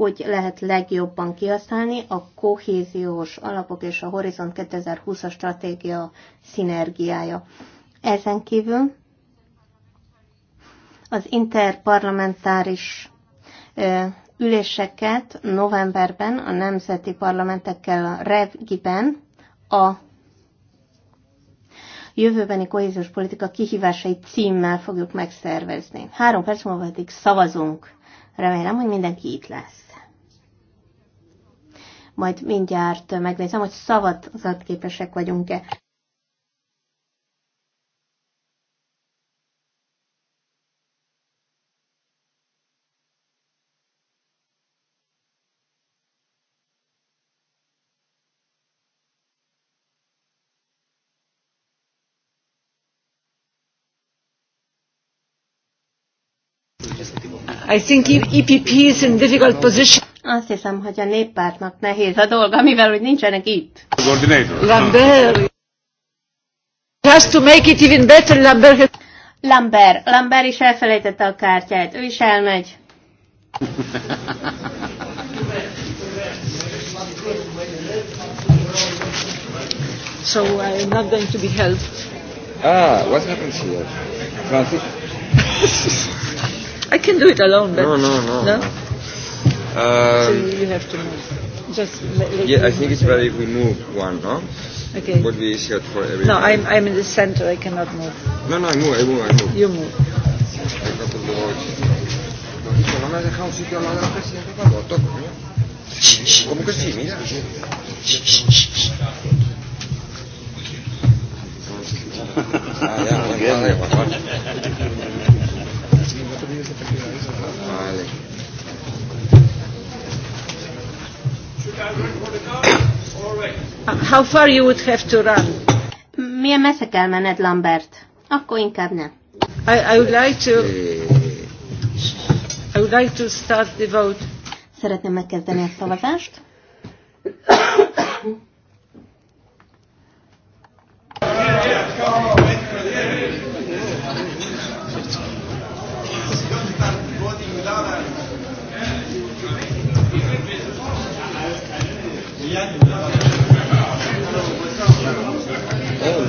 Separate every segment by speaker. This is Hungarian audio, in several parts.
Speaker 1: hogy lehet legjobban kihasználni a kohéziós alapok és a Horizont 2020-as stratégia szinergiája. Ezen kívül az interparlamentáris üléseket novemberben a nemzeti parlamentekkel a revg ben a jövőbeni kohéziós politika kihívásai címmel fogjuk megszervezni. Három perc múlva pedig szavazunk. Remélem, hogy mindenki itt lesz majd mindjárt megnézem, hogy szavazatképesek vagyunk-e. I think EPP is in difficult position. Azt hiszem, hogy a néppártnak nehéz a dolga, mivel hogy nincsenek itt.
Speaker 2: Lambert.
Speaker 1: to make it even better, Lambert. Lambert. Lambert is elfelejtette a kártyát. Ő is elmegy.
Speaker 3: so I'm not going to be helped.
Speaker 4: Ah, what happens here? Francis?
Speaker 3: I can do it alone, but... No, no, no. no?
Speaker 5: Um, so
Speaker 3: you have to move. Just yeah, I think
Speaker 5: it's better if we move one, no? Okay. What we issued for everyone. No, I'm,
Speaker 3: I'm in the center. I cannot move.
Speaker 1: No, no, I move, I move, I move. You move. I got the watch. Vale. How far you would have to run? Milyen messze kell menned, Lambert? Akkor inkább nem. I, I would like to... I would like to start the vote. Szeretném megkezdeni a szavazást.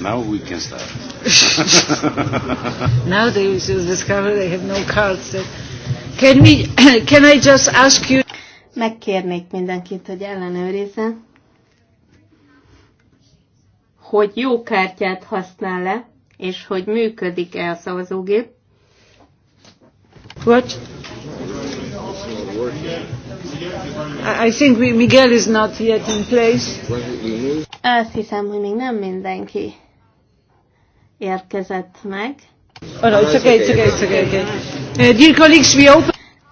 Speaker 6: Now we can start.
Speaker 1: now they will discover they have no cards. Can, we, can I just ask you... Megkérnék mindenkit, hogy ellenőrizze, hogy jó kártyát használ le, és hogy működik-e a szavazógép. What?
Speaker 3: I think Miguel is not yet in place.
Speaker 1: Azt hiszem, hogy még nem mindenki érkezett meg.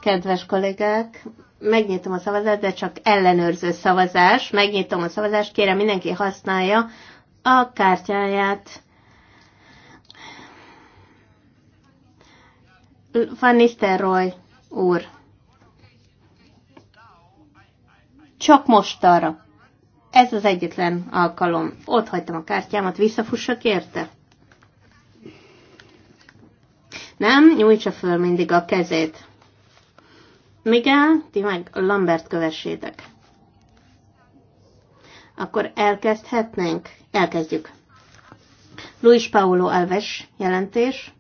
Speaker 1: Kedves kollégák, megnyitom a szavazást, de csak ellenőrző szavazás. Megnyitom a szavazást, kérem mindenki használja a kártyáját. Van Nistelrooy úr. Csak most arra. Ez az egyetlen alkalom. Ott hagytam a kártyámat, visszafussak érte? Nem, nyújtsa föl mindig a kezét. Miguel, ti meg Lambert kövessétek. Akkor elkezdhetnénk? Elkezdjük. Luis Paulo Alves jelentés.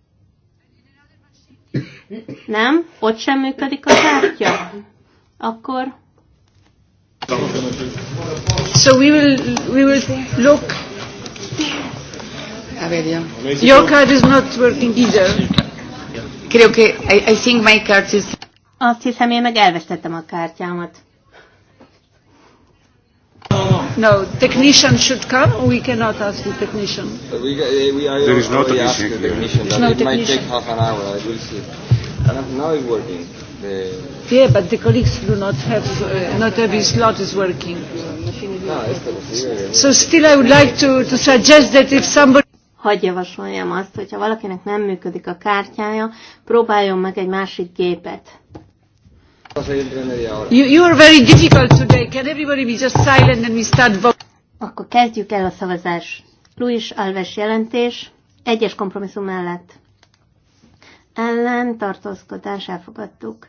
Speaker 1: Nem? Ott sem működik a kártya? Akkor... So we will, we will look. A ver, Your card is not working either. Creo que I, I think my card is... Azt hiszem, én meg elvesztettem a kártyámat. No, technician should
Speaker 3: come. We cannot ask the technician.
Speaker 5: We, we are there is no technician no it technician. might
Speaker 4: take half an hour. I will see. Now it's working. The...
Speaker 3: Yeah, but the colleagues do not have, uh, not every slot is working. So still
Speaker 5: I would like to, to suggest that if
Speaker 1: somebody hagy javasoljam azt, hogyha valakinek nem működik a kártyája, próbáljon meg egy másik gépet.
Speaker 5: You,
Speaker 1: you are very difficult today. Can everybody be just silent and we start voting? Akkor kezdjük el a szavazás. Luis Alves jelentés, egyes kompromisszum mellett. Ellen tartózkodás elfogadtuk.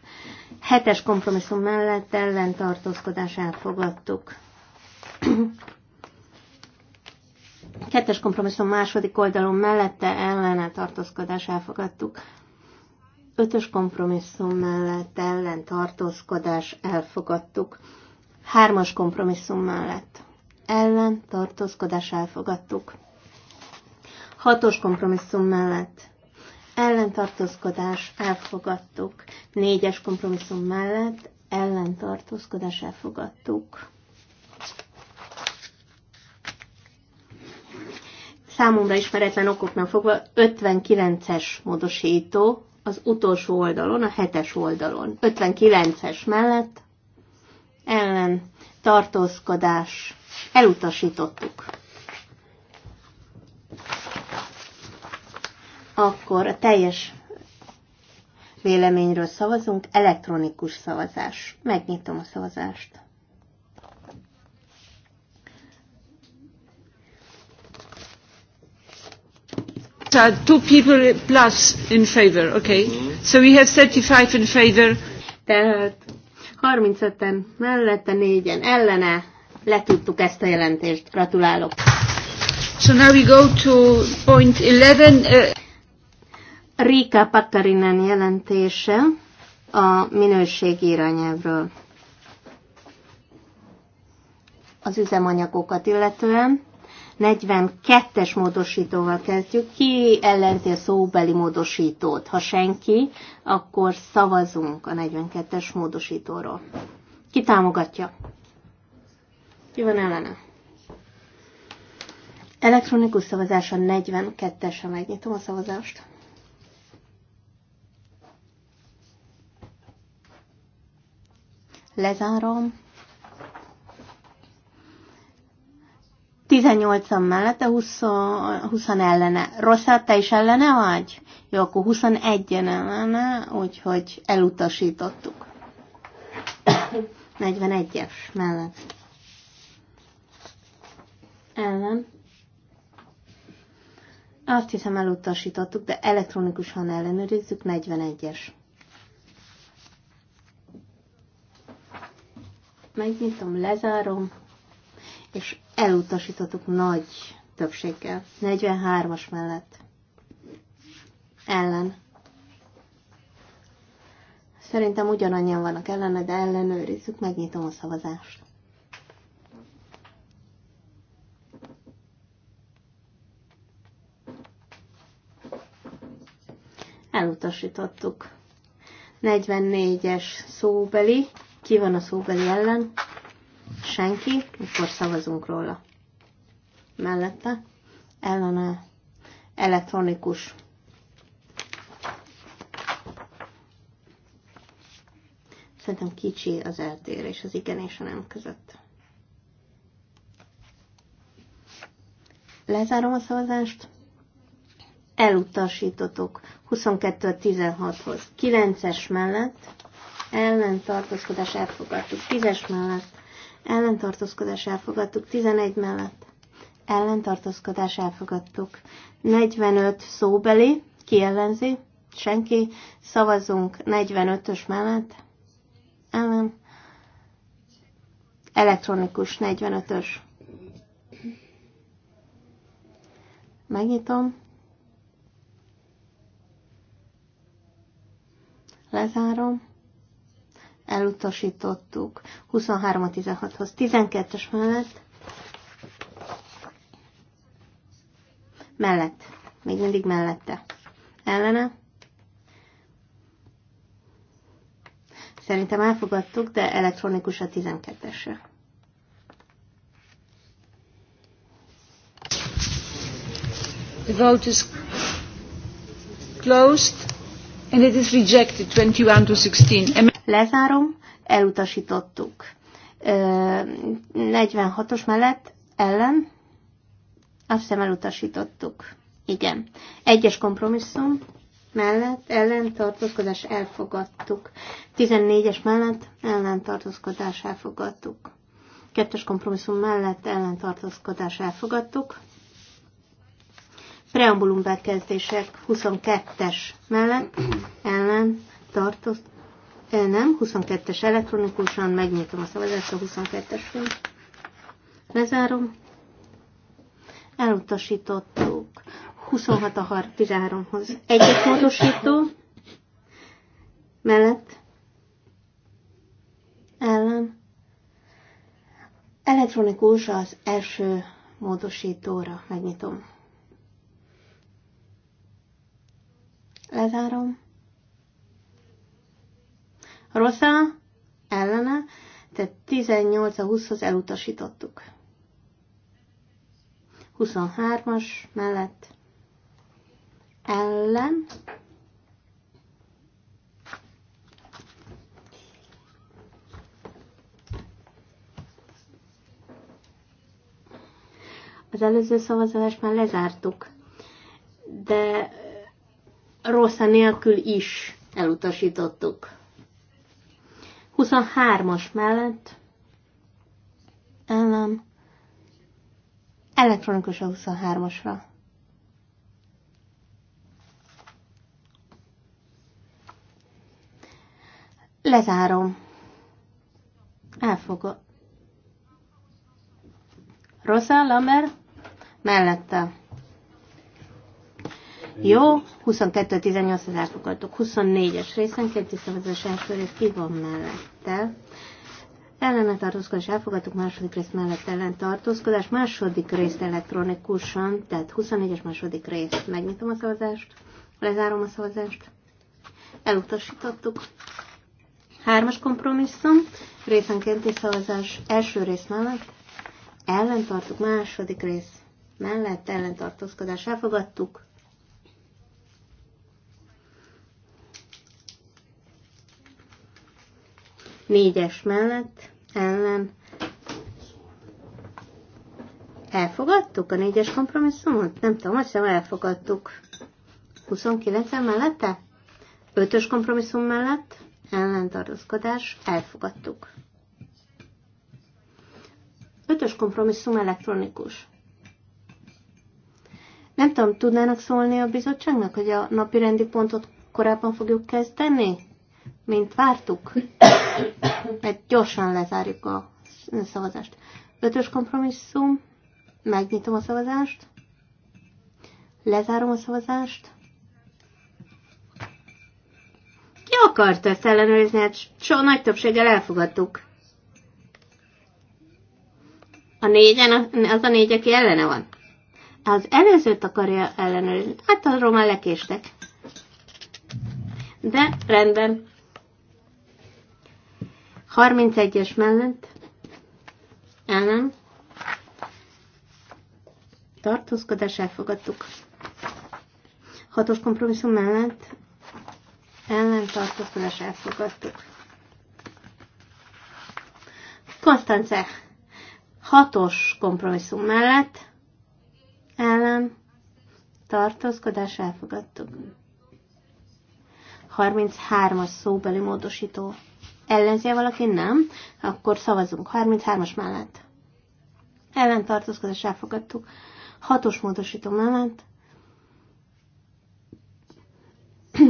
Speaker 1: Hetes kompromisszum mellett ellen tartózkodás elfogadtuk. Kettes kompromisszum második oldalon mellette ellene tartózkodás elfogadtuk. Ötös kompromisszum mellett ellen tartózkodás elfogadtuk. Hármas kompromisszum mellett ellen tartózkodás elfogadtuk. Hatos kompromisszum mellett ellentartózkodás elfogadtuk. Négyes kompromisszum mellett ellentartózkodás elfogadtuk. számomra ismeretlen okoknál fogva 59-es módosító az utolsó oldalon, a hetes oldalon. 59-es mellett ellen tartózkodás elutasítottuk. Akkor a teljes véleményről szavazunk, elektronikus szavazás. Megnyitom a szavazást.
Speaker 3: Uh, two people plus
Speaker 1: in favor, okay. Mhm. So we have 35 in favor. Tehát 35-en mellette, négyen ellene letudtuk ezt a jelentést. Gratulálok. So now we go to point 11. Uh... Rika Pakarinen jelentése a minőség irányelvről. Az üzemanyagokat illetően 42-es módosítóval kezdjük. Ki ellenzi a szóbeli módosítót? Ha senki, akkor szavazunk a 42-es módosítóról. Ki támogatja? Ki van ellene? Elektronikus szavazás a 42-esre megnyitom a szavazást. Lezárom. 18-an mellette, 20, 20 ellene. Rossz, te is ellene vagy? Jó, akkor 21-en ellene, úgyhogy elutasítottuk. 41-es mellett. Ellen. Azt hiszem elutasítottuk, de elektronikusan ellenőrizzük 41-es. Megnyitom, lezárom és elutasítottuk nagy többséggel, 43-as mellett. Ellen. Szerintem ugyanannyian vannak ellene, de ellenőrizzük, megnyitom a szavazást. Elutasítottuk. 44-es szóbeli. Ki van a szóbeli ellen? senki, akkor szavazunk róla. Mellette ellene elektronikus Szerintem kicsi az eltérés az igen és a nem között. Lezárom a szavazást. Elutasítotok. 22-16-hoz. 9-es mellett Ellen tartózkodás elfogadtuk. 10-es mellett ellentartózkodás elfogadtuk, 11 mellett ellentartózkodás elfogadtuk, 45 szóbeli, ki ellenzi, senki, szavazunk 45-ös mellett, ellen, elektronikus 45-ös. Megnyitom. Lezárom elutasítottuk 23-16-hoz. 12-es mellett mellett, még mindig mellette. Ellene? Szerintem elfogadtuk, de elektronikus a 12-esre. The vote is closed and it is rejected 21 to 16. Lezárom, elutasítottuk. 46-os mellett ellen, azt hiszem elutasítottuk. Igen. Egyes kompromisszum mellett ellentartózkodás elfogadtuk. 14-es mellett ellentartózkodás elfogadtuk. Kettes kompromisszum mellett ellentartózkodás elfogadtuk. Preambulum bekezdések 22-es mellett ellen tartózkodás E, nem, 22-es elektronikusan megnyitom a szavazást a 22-esről. Lezárom. Elutasítottuk. 26 a 13-hoz. Egyet módosító. Mellett. Ellen. Elektronikus az első módosítóra. Megnyitom. Lezárom Rosa ellene, tehát 18 a 20-hoz elutasítottuk. 23-as mellett ellen, Az előző szavazást már lezártuk, de rossz nélkül is elutasítottuk. 23-as mellett ellen elektronikus a 23-asra. Lezárom. Elfogad. Rosa Lamer mellette. Jó, 22 18 ezer elfogadtuk. 24-es részenkénti szavazás első rész ki van mellette. Ellene tartózkodás elfogadtuk, második rész mellett ellen tartózkodás, második részt elektronikusan, tehát 24-es második részt Megnyitom a szavazást, lezárom a szavazást, elutasítottuk. Hármas kompromisszum, részenkénti szavazás első rész mellett, ellen tartuk második rész mellett ellen tartózkodás elfogadtuk. Négyes mellett ellen elfogadtuk a négyes kompromisszumot? Nem tudom, azt hiszem elfogadtuk. 29 mellette? Ötös kompromisszum mellett ellentartózkodás elfogadtuk. Ötös kompromisszum elektronikus. Nem tudom, tudnának szólni a bizottságnak, hogy a napi rendi pontot korábban fogjuk kezdeni? mint vártuk. Mert gyorsan lezárjuk a szavazást. Ötös kompromisszum, megnyitom a szavazást, lezárom a szavazást. Ki akarta ezt ellenőrizni? Hát soha nagy többséggel elfogadtuk. A négyen, az a négy, aki ellene van. Az előzőt akarja ellenőrizni. Hát arról már lekéstek. De rendben, 31-es mellett ellen tartózkodás elfogadtuk. 6-os kompromisszum mellett ellen tartózkodás elfogadtuk. Konstance, 6-os kompromisszum mellett ellen tartózkodás elfogadtuk. 33-as szóbeli módosító Ellenzi valaki? Nem. Akkor szavazunk. 33-as mellett. tartózkodás elfogadtuk. 6-os módosító mellett.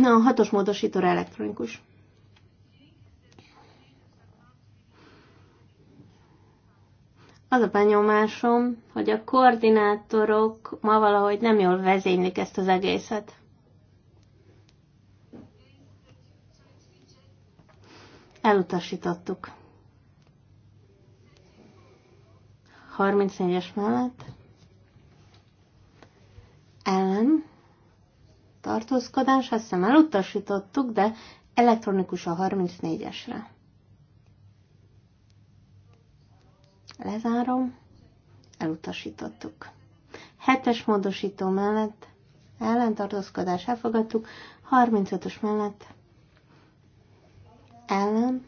Speaker 1: A hatos módosító elektronikus. Az a benyomásom, hogy a koordinátorok ma valahogy nem jól vezénylik ezt az egészet. Elutasítottuk. 34-es mellett ellen tartózkodás, azt hiszem elutasítottuk, de elektronikus a 34-esre. Lezárom, elutasítottuk. 7-es módosító mellett ellentartózkodás elfogadtuk, 35-ös mellett ellen.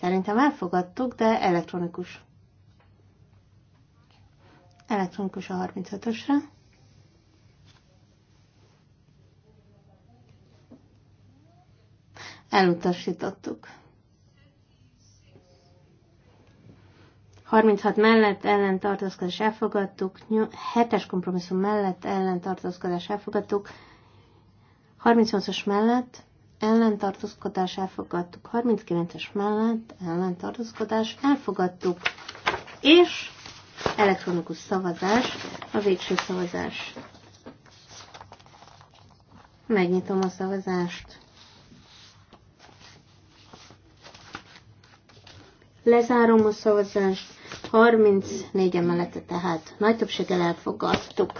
Speaker 1: Szerintem elfogadtuk, de elektronikus. Elektronikus a 35-ösre. Elutasítottuk. 36 mellett ellen tartózkodás elfogadtuk, 7-es kompromisszum mellett ellen tartózkodás elfogadtuk, 38-as mellett ellentartózkodás elfogadtuk, 39-es mellett ellentartózkodás elfogadtuk, és elektronikus szavazás, a végső szavazás. Megnyitom a szavazást. Lezárom a szavazást. 34 emelete tehát nagy többséggel elfogadtuk.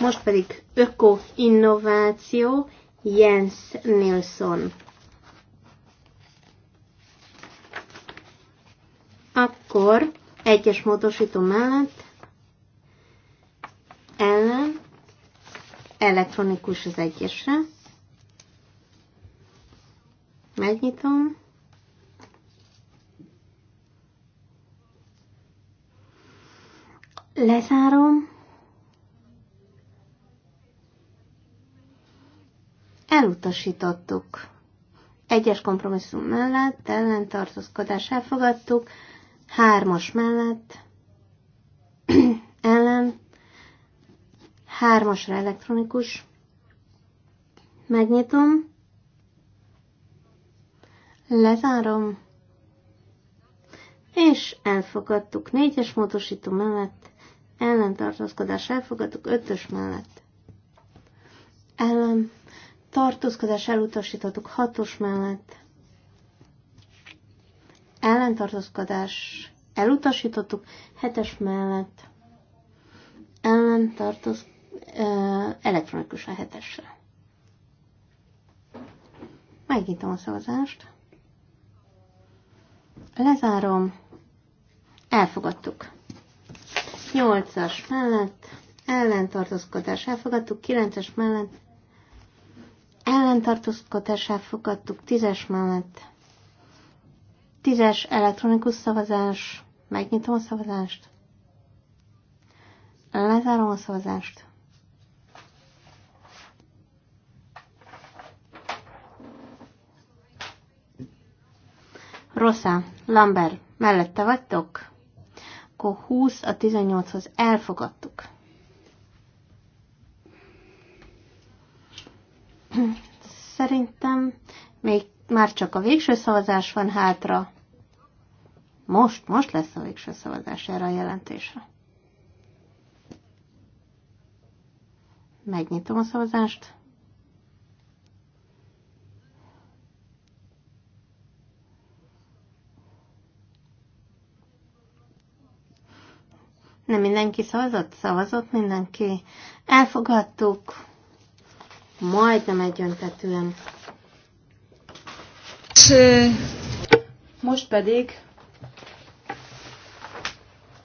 Speaker 1: Most pedig öko-innováció, Jens Nilsson. Akkor egyes módosító mellett ellen elektronikus az egyesre. Megnyitom. Lezárom. elutasítottuk. Egyes kompromisszum mellett, ellentartózkodás elfogadtuk, hármas mellett, ellen, hármasra elektronikus, megnyitom, lezárom, és elfogadtuk négyes módosító mellett, ellentartózkodás elfogadtuk ötös mellett, ellen, tartózkodás elutasítottuk hatos mellett, ellentartózkodás elutasítottuk hetes mellett, ellentartóz a hetesre. Megnyitom a szavazást. Lezárom. Elfogadtuk. 8-as mellett, ellentartózkodás elfogadtuk, 9-es mellett, ellentartózkodás fogadtuk tízes mellett, tízes elektronikus szavazás, megnyitom a szavazást, lezárom a szavazást. Rosszá, Lambert, mellette vagytok? Akkor 20 a 18-hoz elfogadtuk. Szerintem még már csak a végső szavazás van hátra. Most, most lesz a végső szavazás erre a jelentésre. Megnyitom a szavazást. Nem mindenki szavazott? Szavazott mindenki. Elfogadtuk majdnem
Speaker 7: egyöntetően. Most pedig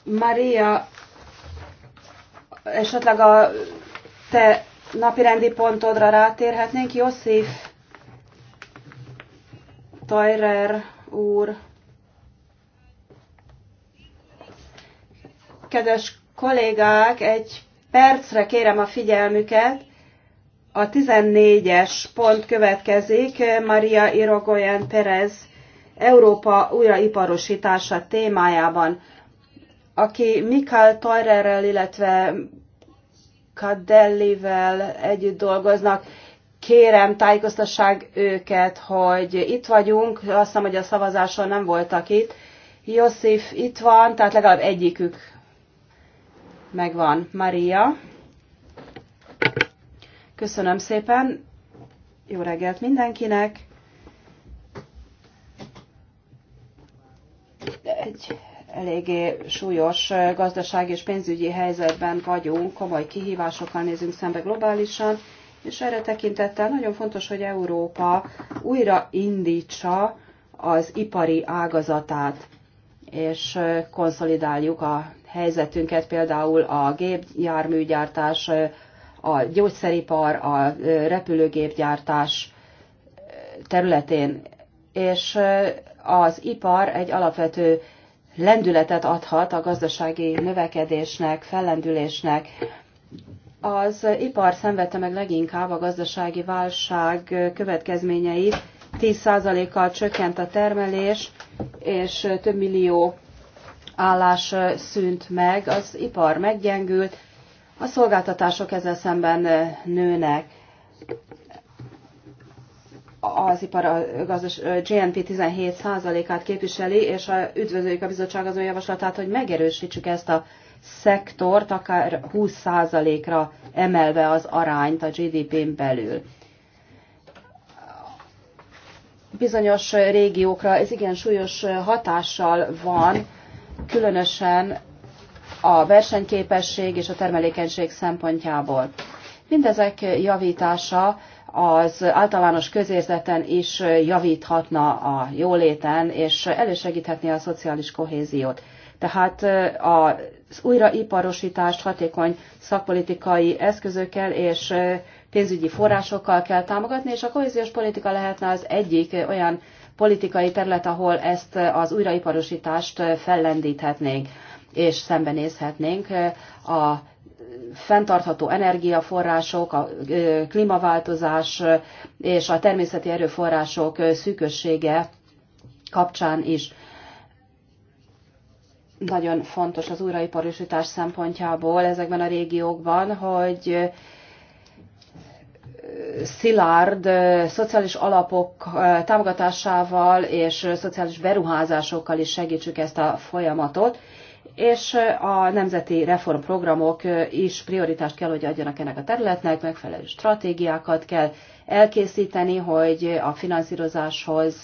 Speaker 7: Maria, esetleg a te napirendi pontodra rátérhetnénk. Josszif Tajrer úr. Kedves kollégák, egy percre kérem a figyelmüket. A 14-es pont következik, Maria Irogoyen Perez Európa újraiparosítása témájában, aki Mikael Toyrerrel, illetve Kadellivel együtt dolgoznak. Kérem, tájékoztassák őket, hogy itt vagyunk. Azt hiszem, hogy a szavazáson nem voltak itt. Josif itt van, tehát legalább egyikük megvan. Maria. Köszönöm szépen, jó reggelt mindenkinek. Egy eléggé súlyos gazdaság és pénzügyi helyzetben vagyunk, komoly kihívásokkal nézünk szembe globálisan, és erre tekintettel nagyon fontos, hogy Európa újra indítsa az ipari ágazatát, és konszolidáljuk a helyzetünket, például a gépjárműgyártás, a gyógyszeripar, a repülőgépgyártás területén, és az ipar egy alapvető lendületet adhat a gazdasági növekedésnek, fellendülésnek. Az ipar szenvedte meg leginkább a gazdasági válság következményeit, 10%-kal csökkent a termelés, és több millió állás szűnt meg, az ipar meggyengült, a szolgáltatások ezzel szemben nőnek. Az ipar a gazdas, GNP 17%-át képviseli, és a, üdvözöljük a bizottság azon javaslatát, hogy megerősítsük ezt a szektort, akár 20%-ra emelve az arányt a GDP-n belül bizonyos régiókra ez igen súlyos hatással van, különösen a versenyképesség és a termelékenység szempontjából. Mindezek javítása az általános közérzeten is javíthatna a jóléten, és elősegíthetné a szociális kohéziót. Tehát az újraiparosítást hatékony szakpolitikai eszközökkel és pénzügyi forrásokkal kell támogatni, és a kohéziós politika lehetne az egyik olyan politikai terület, ahol ezt az újraiparosítást fellendíthetnénk és szembenézhetnénk a fenntartható energiaforrások, a klímaváltozás és a természeti erőforrások szűkössége kapcsán is nagyon fontos az újraiparosítás szempontjából ezekben a régiókban, hogy szilárd szociális alapok támogatásával és szociális beruházásokkal is segítsük ezt a folyamatot, és a nemzeti reformprogramok is prioritást kell, hogy adjanak ennek a területnek, megfelelő stratégiákat kell elkészíteni, hogy a finanszírozáshoz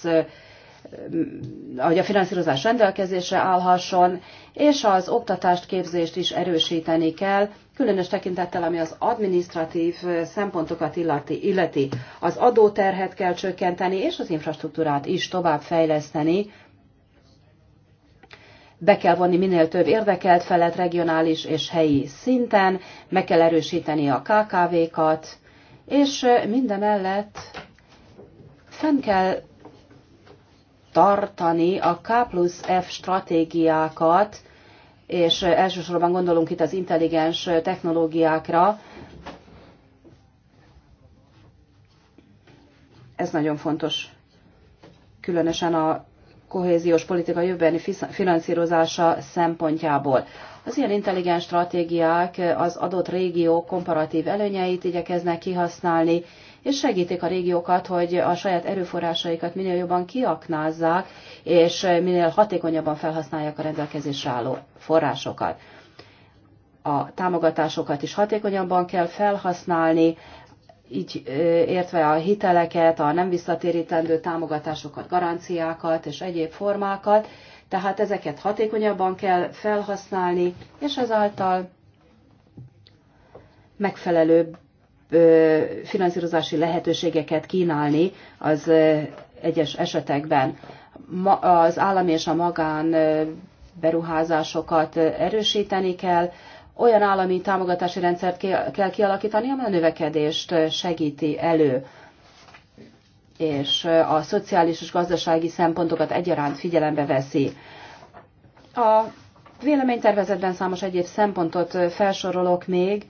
Speaker 7: hogy a finanszírozás rendelkezésre állhasson, és az oktatást, képzést is erősíteni kell, különös tekintettel, ami az administratív szempontokat illeti, illeti. Az adóterhet kell csökkenteni, és az infrastruktúrát is tovább fejleszteni, be kell vonni minél több érdekelt felett regionális és helyi szinten, meg kell erősíteni a KKV-kat, és mindemellett fenn kell tartani a K plusz F stratégiákat, és elsősorban gondolunk itt az intelligens technológiákra. Ez nagyon fontos, különösen a kohéziós politika jövőbeni finanszírozása szempontjából. Az ilyen intelligens stratégiák az adott régió komparatív előnyeit igyekeznek kihasználni, és segítik a régiókat, hogy a saját erőforrásaikat minél jobban kiaknázzák, és minél hatékonyabban felhasználják a rendelkezésre álló forrásokat. A támogatásokat is hatékonyabban kell felhasználni, így értve a hiteleket, a nem visszatérítendő támogatásokat, garanciákat és egyéb formákat, tehát ezeket hatékonyabban kell felhasználni, és ezáltal megfelelőbb finanszírozási lehetőségeket kínálni az egyes esetekben. Az állami és a magán beruházásokat erősíteni kell, olyan állami támogatási rendszert kell kialakítani, amely a növekedést segíti elő, és a szociális és gazdasági szempontokat egyaránt figyelembe veszi. A véleménytervezetben számos egyéb szempontot felsorolok még,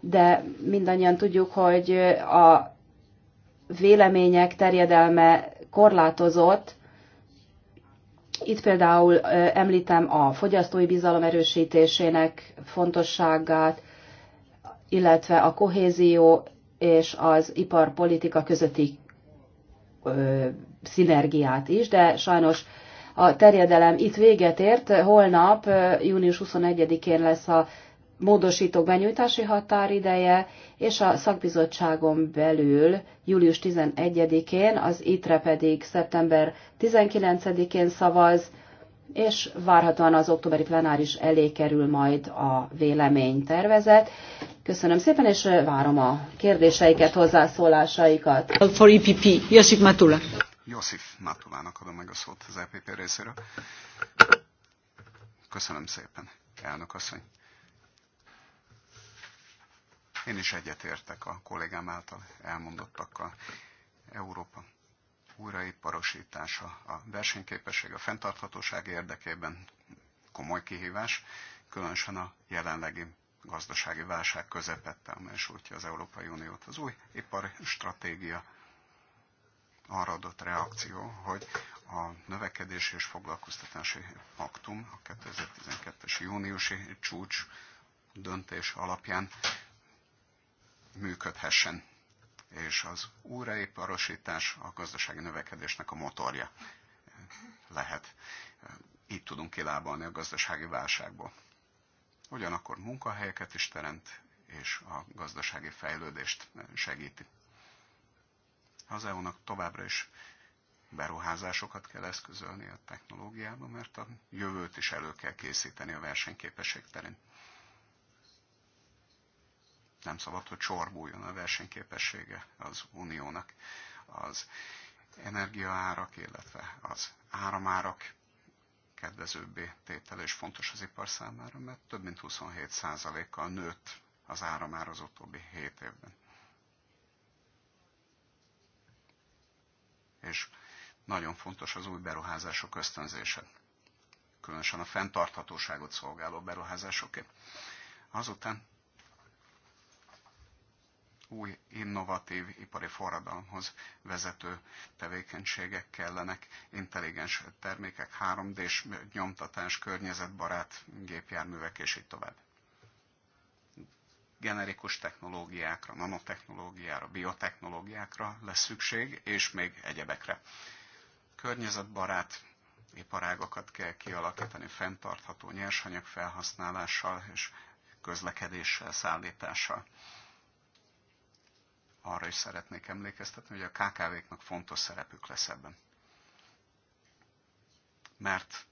Speaker 7: de mindannyian tudjuk, hogy a vélemények terjedelme korlátozott, itt például említem a fogyasztói bizalom erősítésének fontosságát, illetve a kohézió és az iparpolitika közötti szinergiát is, de sajnos a terjedelem itt véget ért. Holnap, június 21-én lesz a módosítók benyújtási határideje, és a szakbizottságon belül július 11-én, az ITRE pedig szeptember 19-én szavaz, és várhatóan az októberi plenáris elé kerül majd a véleménytervezet. Köszönöm szépen, és várom a kérdéseiket, hozzászólásaikat. For EPP, Josip Matula.
Speaker 8: Josip Matulának adom meg a szót az EPP részéről. Köszönöm szépen, elnök asszony. Én is egyetértek a kollégám által elmondottakkal. Európa újraiparosítása, a versenyképesség, a fenntarthatóság érdekében komoly kihívás, különösen a jelenlegi gazdasági válság közepette, amely sújtja az Európai Uniót. Az új iparstratégia arra adott reakció, hogy a növekedési és foglalkoztatási paktum a 2012-es júniusi csúcs döntés alapján működhessen. És az újraiparosítás a gazdasági növekedésnek a motorja lehet. Így tudunk kilábalni a gazdasági válságból. Ugyanakkor munkahelyeket is teremt, és a gazdasági fejlődést segíti. Az EU-nak továbbra is beruházásokat kell eszközölni a technológiába, mert a jövőt is elő kell készíteni a versenyképesség terén nem szabad, hogy csorbuljon a versenyképessége az uniónak. Az energiaárak, illetve az áramárak kedvezőbbé tétele és fontos az ipar számára, mert több mint 27%-kal nőtt az áramár az utóbbi 7 évben. És nagyon fontos az új beruházások ösztönzése, különösen a fenntarthatóságot szolgáló beruházásokért. Azután új innovatív ipari forradalomhoz vezető tevékenységek kellenek, intelligens termékek, 3D-s nyomtatás, környezetbarát gépjárművek és így tovább. Generikus technológiákra, nanotechnológiára, biotechnológiákra lesz szükség, és még egyebekre. Környezetbarát iparágokat kell kialakítani fenntartható nyersanyag felhasználással és közlekedéssel, szállítással arra is szeretnék emlékeztetni, hogy a KKV-knak fontos szerepük lesz ebben. Mert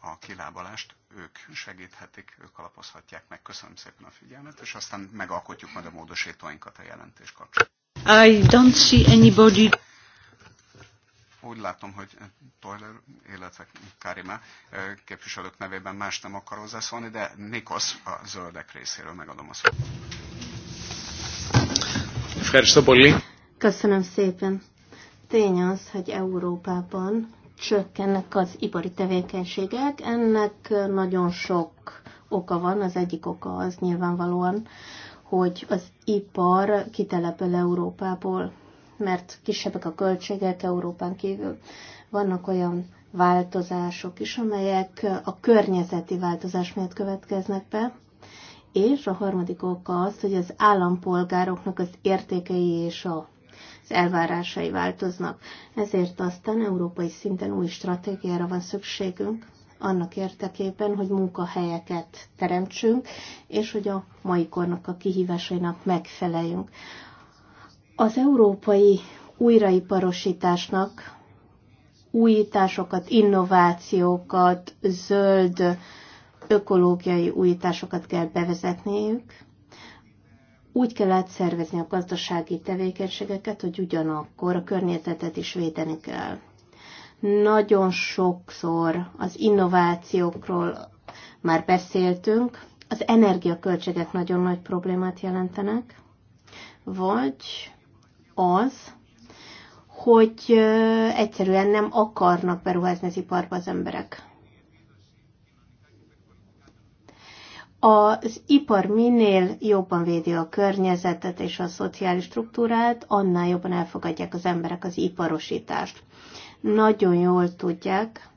Speaker 8: a kilábalást ők segíthetik, ők alapozhatják meg. Köszönöm szépen a figyelmet, és aztán megalkotjuk majd a módosítóinkat a jelentés kapcsán. I
Speaker 3: don't see anybody.
Speaker 8: Úgy látom, hogy Toiler, illetve Karima képviselők nevében más nem akar hozzászólni, de Nikos a zöldek részéről megadom a szót.
Speaker 1: Köszönöm szépen. Tény az, hogy Európában csökkennek az ipari tevékenységek. Ennek nagyon sok oka van. Az egyik oka az nyilvánvalóan, hogy az ipar kitelepül Európából, mert kisebbek a költségek Európán kívül. Vannak olyan változások is, amelyek a környezeti változás miatt következnek be, és a harmadik oka az, hogy az állampolgároknak az értékei és a az elvárásai változnak. Ezért aztán európai szinten új stratégiára van szükségünk, annak érdekében, hogy munkahelyeket teremtsünk, és hogy a mai kornak a kihívásainak megfeleljünk. Az európai újraiparosításnak újításokat, innovációkat, zöld ökológiai újításokat kell bevezetniük, úgy kell átszervezni a gazdasági tevékenységeket, hogy ugyanakkor a környezetet is védeni kell. Nagyon sokszor az innovációkról már beszéltünk, az energiaköltségek nagyon nagy problémát jelentenek, vagy az, hogy egyszerűen nem akarnak beruházni az iparba az emberek. az ipar minél jobban védi a környezetet és a szociális struktúrát, annál jobban elfogadják az emberek az iparosítást. Nagyon jól tudják,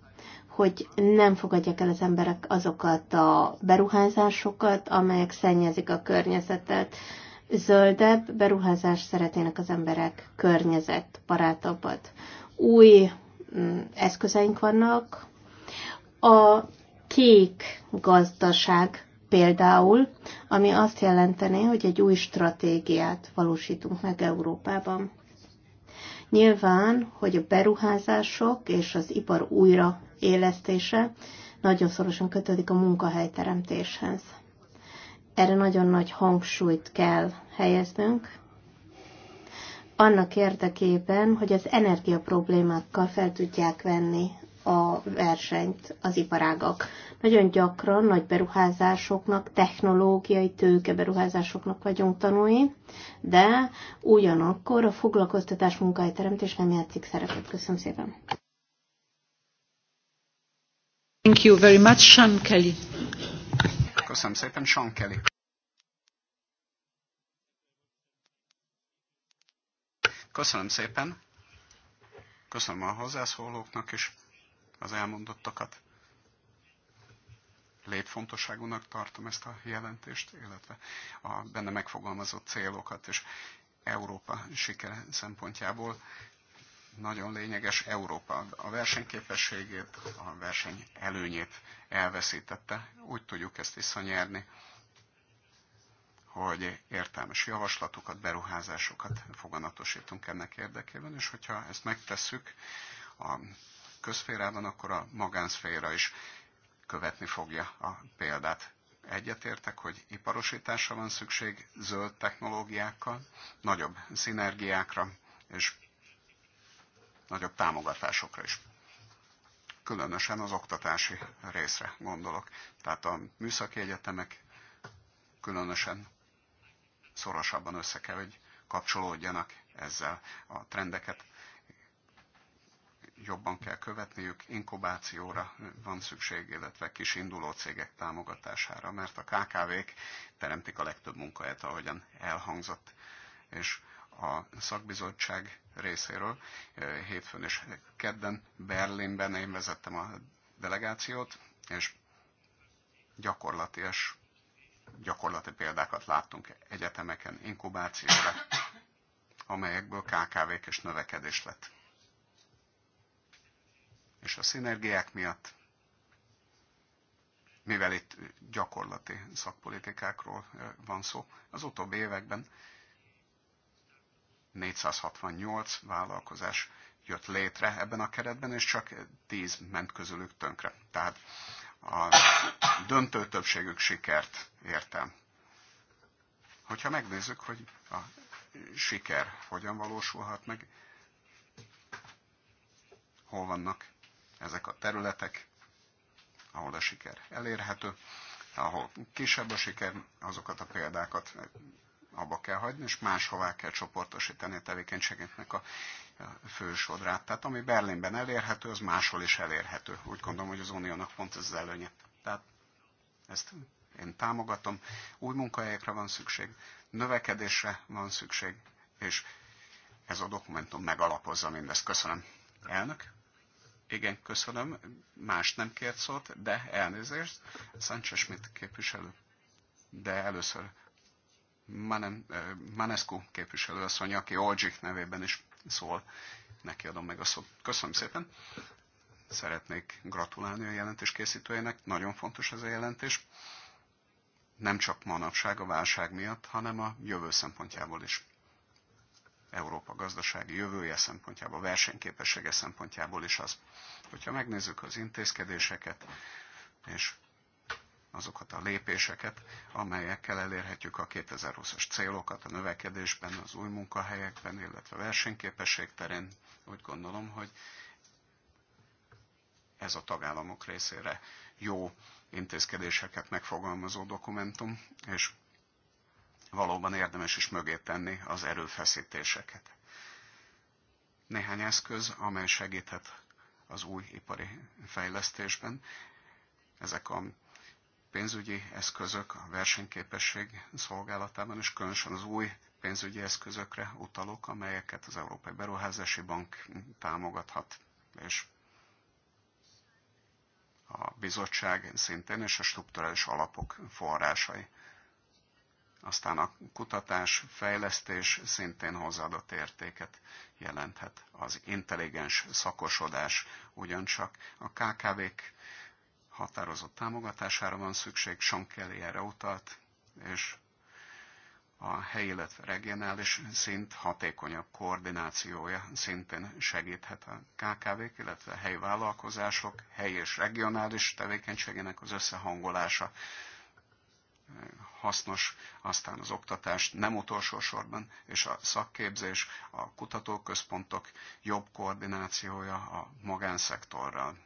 Speaker 1: hogy nem fogadják el az emberek azokat a beruházásokat, amelyek szennyezik a környezetet. Zöldebb beruházást szeretnének az emberek, környezet, barátabbat. Új mm, eszközeink vannak. A kék gazdaság például, ami azt jelenteni, hogy egy új stratégiát valósítunk meg Európában. Nyilván, hogy a beruházások és az ipar újraélesztése nagyon szorosan kötődik a munkahelyteremtéshez. Erre nagyon nagy hangsúlyt kell helyeznünk, annak érdekében, hogy az energia fel tudják venni a versenyt az iparágak. Nagyon gyakran nagy beruházásoknak, technológiai tőkeberuházásoknak vagyunk tanulni, de ugyanakkor a foglalkoztatás munkahelyteremtés nem játszik szerepet. Köszönöm szépen.
Speaker 8: Thank you very much,
Speaker 1: Sean Kelly.
Speaker 8: Köszönöm szépen, Sean Kelly. Köszönöm szépen. Köszönöm a hozzászólóknak is az elmondottakat létfontosságúnak tartom ezt a jelentést, illetve a benne megfogalmazott célokat, és Európa sikere szempontjából nagyon lényeges Európa. A versenyképességét, a verseny előnyét elveszítette. Úgy tudjuk ezt visszanyerni, hogy értelmes javaslatokat, beruházásokat foganatosítunk ennek érdekében, és hogyha ezt megtesszük a közférában, akkor a magánszféra is követni fogja a példát. Egyetértek, hogy iparosításra van szükség zöld technológiákkal, nagyobb szinergiákra és nagyobb támogatásokra is. Különösen az oktatási részre gondolok. Tehát a műszaki egyetemek különösen szorosabban össze kell, hogy kapcsolódjanak ezzel a trendeket jobban kell követniük, inkubációra van szükség, illetve kis induló cégek támogatására, mert a KKV-k teremtik a legtöbb munkahelyet, ahogyan elhangzott. És a szakbizottság részéről eh, hétfőn és kedden Berlinben én vezettem a delegációt, és gyakorlatias gyakorlati példákat láttunk egyetemeken, inkubációra, amelyekből KKV-k és növekedés lett és a szinergiák miatt, mivel itt gyakorlati szakpolitikákról van szó, az utóbbi években 468 vállalkozás jött létre ebben a keretben, és csak 10 ment közülük tönkre. Tehát a döntő többségük sikert értem. Hogyha megnézzük, hogy a siker hogyan valósulhat meg, hol vannak ezek a területek, ahol a siker elérhető, ahol kisebb a siker, azokat a példákat abba kell hagyni, és máshová kell csoportosítani a tevékenységeknek a fősodrát. Tehát ami Berlinben elérhető, az máshol is elérhető. Úgy gondolom, hogy az Uniónak pont ez az előnye. Tehát ezt én támogatom. Új munkahelyekre van szükség, növekedésre van szükség, és ez a dokumentum megalapozza mindezt. Köszönöm. Elnök? Igen, köszönöm. Más nem kért szót, de elnézést. Sánchez Schmidt képviselő. De először Manen, eh, Manescu képviselő asszony, aki Olgyik nevében is szól. Neki adom meg a szót. Köszönöm szépen. Szeretnék gratulálni a jelentés készítőjének. Nagyon fontos ez a jelentés. Nem csak manapság a válság miatt, hanem a jövő szempontjából is Európa gazdasági jövője szempontjából, versenyképessége szempontjából is az. Hogyha megnézzük az intézkedéseket, és azokat a lépéseket, amelyekkel elérhetjük a 2020-as célokat a növekedésben, az új munkahelyekben, illetve versenyképesség terén. Úgy gondolom, hogy ez a tagállamok részére jó intézkedéseket megfogalmazó dokumentum, és valóban érdemes is mögé tenni az erőfeszítéseket. Néhány eszköz, amely segíthet az új ipari fejlesztésben, ezek a pénzügyi eszközök a versenyképesség szolgálatában, és különösen az új pénzügyi eszközökre utalok, amelyeket az Európai Beruházási Bank támogathat, és a bizottság szintén, és a strukturális alapok forrásai aztán a kutatás, fejlesztés szintén hozzáadott értéket jelenthet. Az intelligens szakosodás ugyancsak a KKV-k határozott támogatására van szükség, Sean Kelly erre utalt, és a helyi, illetve regionális szint hatékonyabb koordinációja szintén segíthet a KKV-k, illetve a helyi vállalkozások, helyi és regionális tevékenységének az összehangolása hasznos, aztán az oktatás nem utolsó sorban, és a szakképzés, a kutatóközpontok jobb koordinációja a magánszektorral.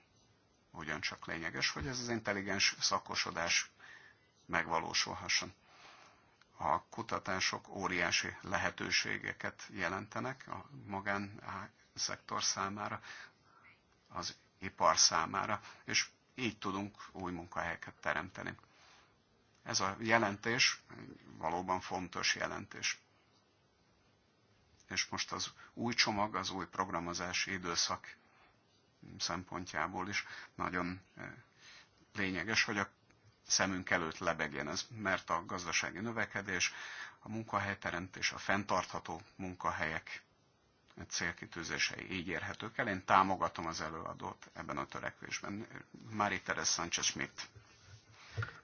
Speaker 8: Ugyancsak lényeges, hogy ez az intelligens szakosodás megvalósulhasson. A kutatások óriási lehetőségeket jelentenek a magánszektor számára, az ipar számára, és így tudunk új munkahelyeket teremteni. Ez a jelentés valóban fontos jelentés. És most az új csomag, az új programozási időszak szempontjából is nagyon eh, lényeges, hogy a szemünk előtt lebegjen ez, mert a gazdasági növekedés, a munkahelyteremtés, a fenntartható munkahelyek célkitűzései így érhetők el. Én támogatom az előadót ebben a törekvésben. Marie Teres Sánchez smith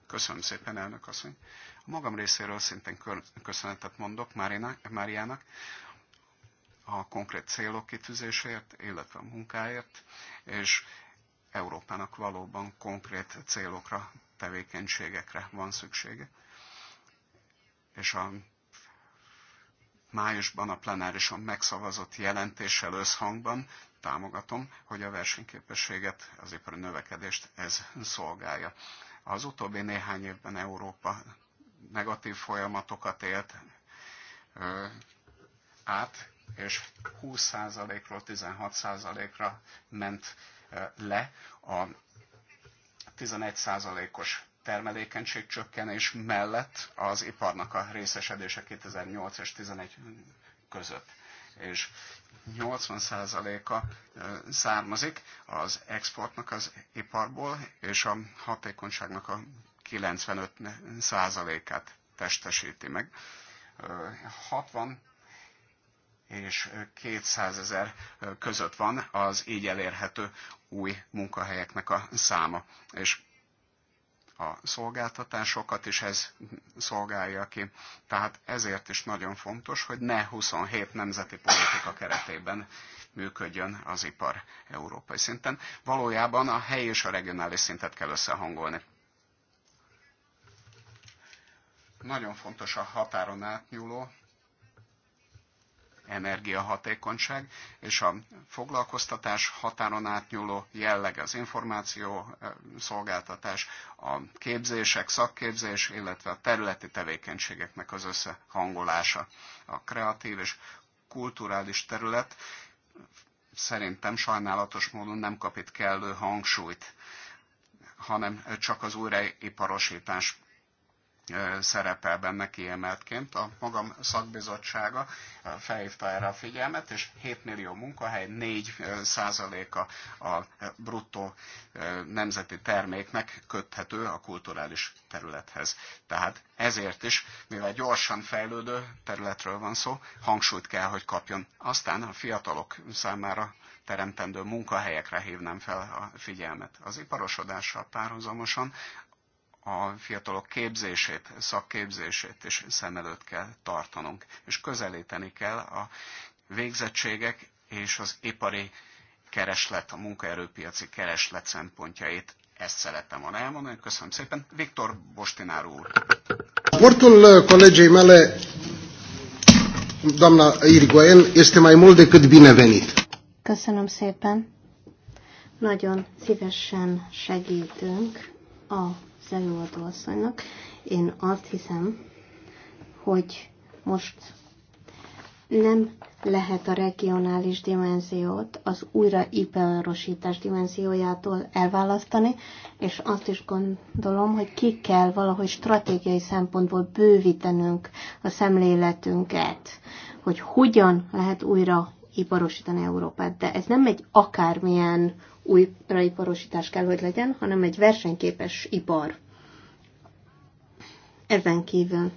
Speaker 8: Köszönöm szépen, elnök asszony. A magam részéről szintén köszönetet mondok Máriának a konkrét célok kitűzéséért, illetve a munkáért, és Európának valóban konkrét célokra, tevékenységekre van szüksége. És a májusban a plenárison megszavazott jelentéssel összhangban támogatom, hogy a versenyképességet, az ipari növekedést ez szolgálja. Az utóbbi néhány évben Európa negatív folyamatokat élt át, és 20%-ról 16%-ra ment le a 11%-os termelékenység csökkenés mellett az iparnak a részesedése 2008 és 2011 között és 80%-a származik az exportnak az iparból, és a hatékonyságnak a 95%-át testesíti meg. 60 és 200 ezer között van az így elérhető új munkahelyeknek a száma. És a szolgáltatásokat, és ez szolgálja ki. Tehát ezért is nagyon fontos, hogy ne 27 nemzeti politika keretében működjön az ipar európai szinten. Valójában a helyi és a regionális szintet kell összehangolni. Nagyon fontos a határon átnyúló energiahatékonyság, és a foglalkoztatás határon átnyúló jelleg az információ eh, szolgáltatás, a képzések, szakképzés, illetve a területi tevékenységeknek az összehangolása. A kreatív és kulturális terület szerintem sajnálatos módon nem kap itt kellő hangsúlyt, hanem csak az újraiparosítás szerepel benne kiemeltként. A magam szakbizottsága felhívta erre a figyelmet, és 7 millió munkahely, 4 százaléka a bruttó nemzeti terméknek köthető a kulturális területhez. Tehát ezért is, mivel gyorsan fejlődő területről van szó, hangsúlyt kell, hogy kapjon. Aztán a fiatalok számára teremtendő munkahelyekre hívnám fel a figyelmet. Az iparosodással párhuzamosan a fiatalok képzését, szakképzését is szem előtt kell tartanunk, és közelíteni kell a végzettségek és az ipari kereslet, a munkaerőpiaci kereslet szempontjait. Ezt szerettem volna elmondani. Köszönöm szépen. Viktor Bostinár úr.
Speaker 6: Portul kollégiai uh, mele, doamna Irigoyen, este mai mult decât binevenit.
Speaker 1: Köszönöm szépen. Nagyon szívesen segítünk a az asszonynak. Én azt hiszem, hogy most nem lehet a regionális dimenziót az újraiparosítás dimenziójától elválasztani, és azt is gondolom, hogy ki kell valahogy stratégiai szempontból bővítenünk a szemléletünket, hogy hogyan lehet újra iparosítani Európát. De ez nem egy akármilyen újraiparosítás kell, hogy legyen, hanem egy versenyképes ipar. Ezen kívül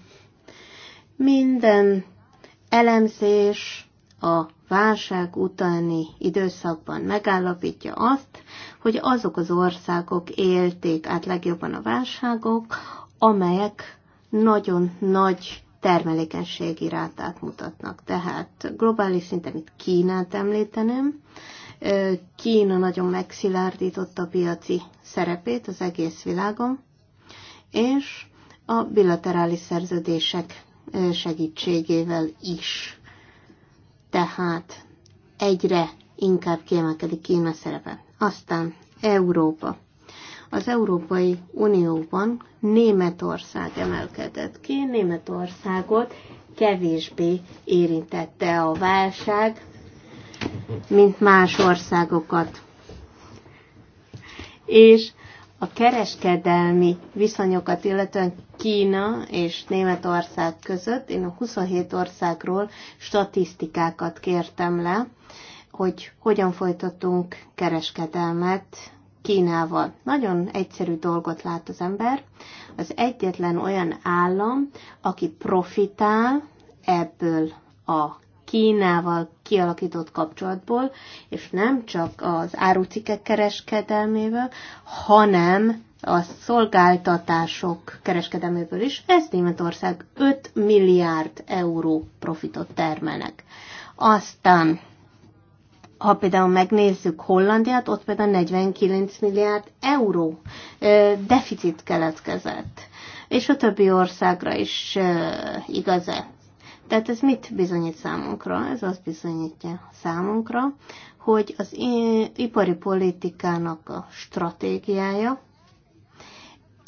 Speaker 1: minden elemzés a válság utáni időszakban megállapítja azt, hogy azok az országok élték át legjobban a válságok, amelyek nagyon nagy termelékenységi rátát mutatnak. Tehát globális szinten itt Kínát említenem, Kína nagyon megszilárdította a piaci szerepét az egész világon, és a bilaterális szerződések segítségével is. Tehát egyre inkább kiemelkedik Kína szerepe. Aztán Európa. Az Európai Unióban Németország emelkedett ki, Németországot kevésbé érintette a válság, mint más országokat. És a kereskedelmi viszonyokat, illetően Kína és Németország között, én a 27 országról statisztikákat kértem le, hogy hogyan folytatunk kereskedelmet Kínával. Nagyon egyszerű dolgot lát az ember. Az egyetlen olyan állam, aki profitál ebből a Kínával kialakított kapcsolatból, és nem csak az árucikek kereskedelméből, hanem a szolgáltatások kereskedelméből is. Ez Németország 5 milliárd euró profitot termelnek. Aztán, ha például megnézzük Hollandiát, ott például 49 milliárd euró deficit keletkezett. És a többi országra is igaz -e. Tehát ez mit bizonyít számunkra? Ez azt bizonyítja számunkra, hogy az ipari politikának a stratégiája,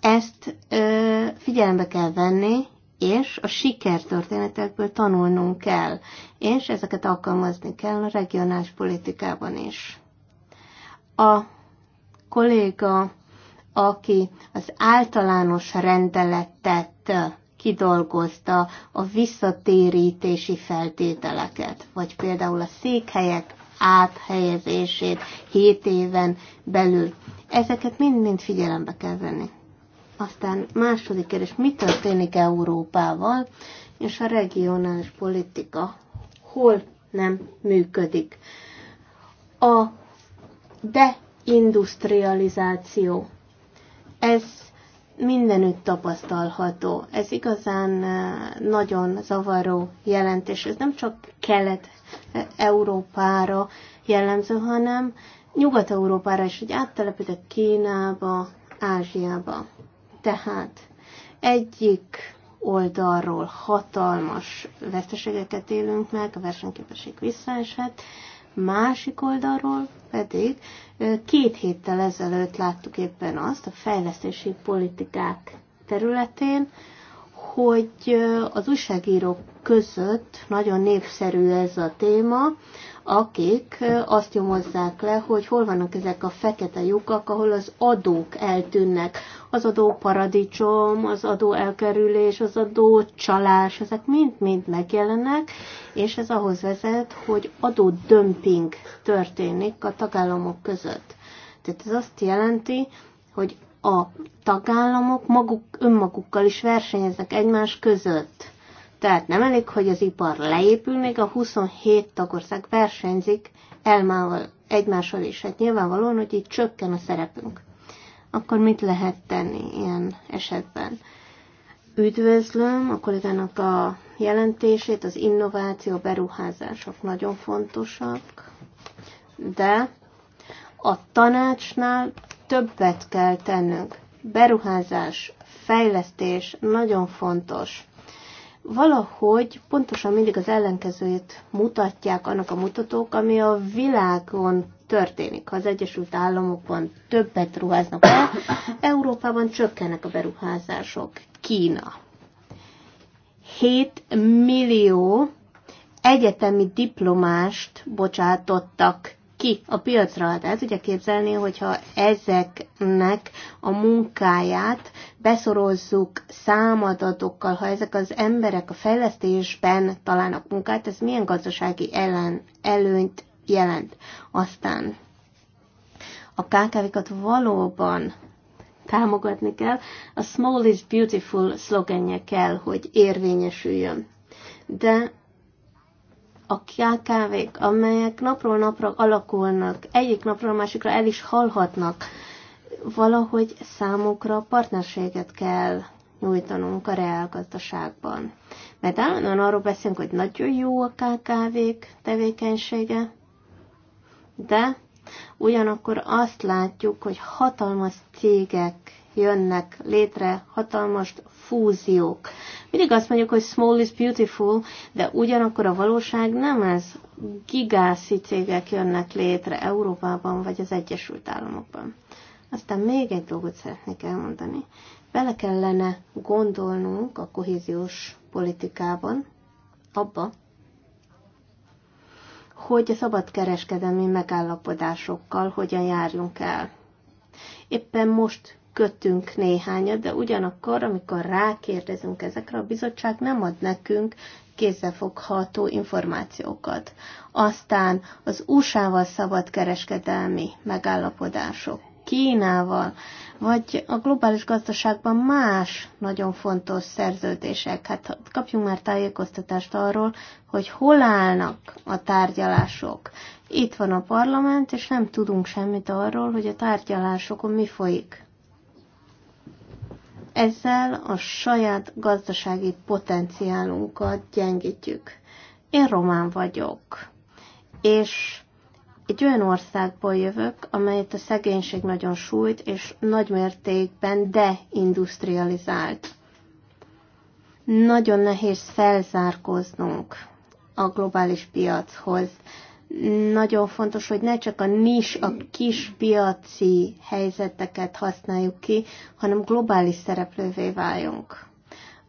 Speaker 1: ezt ö, figyelembe kell venni, és a sikertörténetekből tanulnunk kell, és ezeket alkalmazni kell a regionális politikában is. A kolléga, aki az általános rendeletet kidolgozta a visszatérítési feltételeket, vagy például a székhelyek áthelyezését 7 éven belül. Ezeket mind-mind figyelembe kell venni. Aztán második kérdés, mi történik Európával, és a regionális politika hol nem működik. A deindustrializáció, ez mindenütt tapasztalható. Ez igazán eh, nagyon zavaró jelentés. Ez nem csak Kelet-Európára eh, jellemző, hanem Nyugat-Európára is, hogy áttelepítek Kínába, Ázsiába. Tehát egyik oldalról hatalmas veszteségeket élünk meg, a versenyképesség visszaesett, másik oldalról pedig Két héttel ezelőtt láttuk éppen azt a fejlesztési politikák területén, hogy az újságírók között nagyon népszerű ez a téma, akik azt nyomozzák le, hogy hol vannak ezek a fekete lyukak, ahol az adók eltűnnek. Az adó paradicsom, az adó elkerülés, az adó csalás, ezek mind-mind megjelennek, és ez ahhoz vezet, hogy adódömping történik a tagállamok között. Tehát ez azt jelenti, hogy a tagállamok maguk önmagukkal is versenyeznek egymás között. Tehát nem elég, hogy az ipar leépül, még a 27 tagország versenyzik elmával, egymással is. Hát nyilvánvalóan, hogy így csökken a szerepünk. Akkor mit lehet tenni ilyen esetben? Üdvözlöm a kollégának a jelentését, az innováció, beruházások nagyon fontosak, de a tanácsnál többet kell tennünk. Beruházás, fejlesztés nagyon fontos. Valahogy pontosan mindig az ellenkezőjét mutatják annak a mutatók, ami a világon történik. Ha az Egyesült Államokban többet ruháznak el, Európában csökkennek a beruházások. Kína. 7 millió egyetemi diplomást bocsátottak ki a piacra. De el tudja képzelni, hogyha ezeknek a munkáját beszorozzuk számadatokkal, ha ezek az emberek a fejlesztésben találnak munkát, ez milyen gazdasági ellen, előnyt jelent. Aztán a KKV-kat valóban támogatni kell, a Small is Beautiful szlogenje kell, hogy érvényesüljön. De a KKV-k, amelyek napról napra alakulnak, egyik napról a másikra el is halhatnak, valahogy számukra partnerséget kell nyújtanunk a reálgazdaságban. Mert állandóan arról beszélünk, hogy nagyon jó a KKV-k tevékenysége, de ugyanakkor azt látjuk, hogy hatalmas cégek jönnek létre hatalmas fúziók. Mindig azt mondjuk, hogy small is beautiful, de ugyanakkor a valóság nem ez. Gigászi cégek jönnek létre Európában vagy az Egyesült Államokban. Aztán még egy dolgot szeretnék elmondani. Bele kellene gondolnunk a kohéziós politikában abba, hogy a szabadkereskedelmi megállapodásokkal hogyan járjunk el. Éppen most kötünk néhányat, de ugyanakkor, amikor rákérdezünk ezekre, a bizottság nem ad nekünk kézzelfogható információkat. Aztán az USA-val szabadkereskedelmi megállapodások, Kínával, vagy a globális gazdaságban más nagyon fontos szerződések. Hát kapjunk már tájékoztatást arról, hogy hol állnak a tárgyalások. Itt van a parlament, és nem tudunk semmit arról, hogy a tárgyalásokon mi folyik. Ezzel a saját gazdasági potenciálunkat gyengítjük. Én román vagyok, és egy olyan országból jövök, amelyet a szegénység nagyon sújt, és nagy mértékben deindustrializált. Nagyon nehéz felzárkóznunk a globális piachoz nagyon fontos, hogy ne csak a nis, a kis piaci helyzeteket használjuk ki, hanem globális szereplővé váljunk.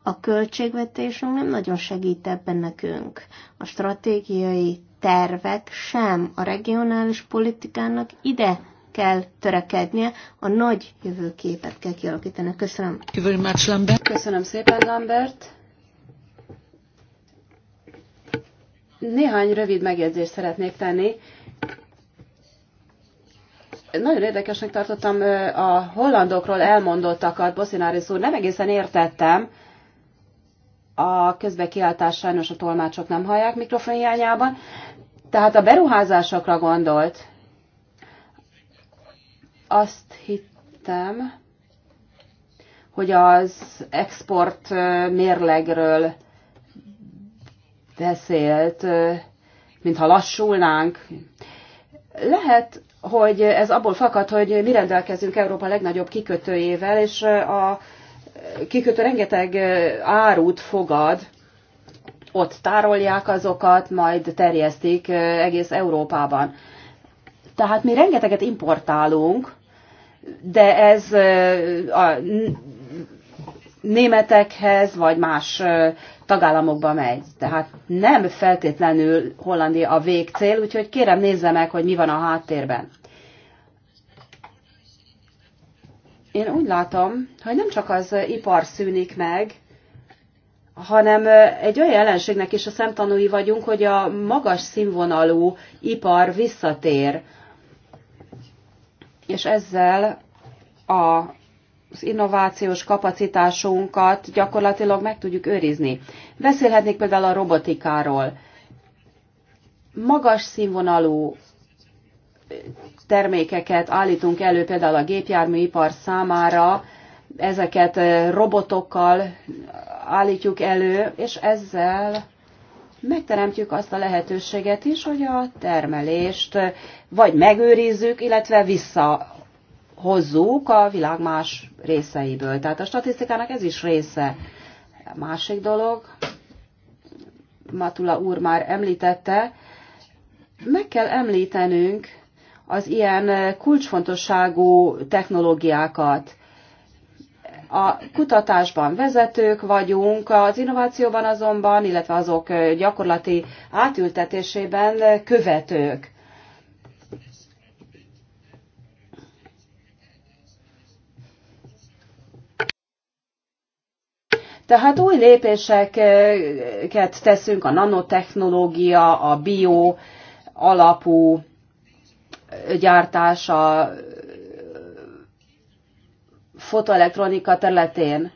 Speaker 1: A költségvetésünk nem nagyon segít ebben nekünk. A stratégiai tervek sem a regionális politikának ide kell törekednie, a nagy
Speaker 7: jövőképet kell kialakítani. Köszönöm. Köszönöm szépen, Lambert. Néhány rövid megjegyzést szeretnék tenni. Nagyon érdekesnek tartottam a hollandokról elmondottakat, Boszináris úr, nem egészen értettem. A kiáltás sajnos a tolmácsok nem hallják mikrofon hiányában. Tehát a beruházásokra gondolt. Azt hittem, hogy az export mérlegről beszélt, mintha lassulnánk. Lehet, hogy ez abból fakad, hogy mi rendelkezünk Európa legnagyobb kikötőjével, és a kikötő rengeteg árut fogad, ott tárolják azokat, majd terjesztik egész Európában. Tehát mi rengeteget importálunk, de ez a németekhez, vagy más tagállamokba megy. Tehát nem feltétlenül Hollandia a végcél, úgyhogy kérem nézze meg, hogy mi van a háttérben. Én úgy látom, hogy nem csak az ipar szűnik meg, hanem egy olyan jelenségnek is a szemtanúi vagyunk, hogy a magas színvonalú ipar visszatér, és ezzel a az innovációs kapacitásunkat gyakorlatilag meg tudjuk őrizni. Beszélhetnék például a robotikáról. Magas színvonalú termékeket állítunk elő például a gépjárműipar számára, ezeket robotokkal állítjuk elő, és ezzel megteremtjük azt a lehetőséget is, hogy a termelést vagy megőrizzük, illetve vissza hozzuk a világ más részeiből. Tehát a statisztikának ez is része. A másik dolog, Matula úr már említette, meg kell említenünk az ilyen kulcsfontosságú technológiákat. A kutatásban vezetők vagyunk, az innovációban azonban, illetve azok gyakorlati átültetésében követők. Tehát új lépéseket teszünk, a nanotechnológia, a bio alapú gyártása, fotoelektronika területén.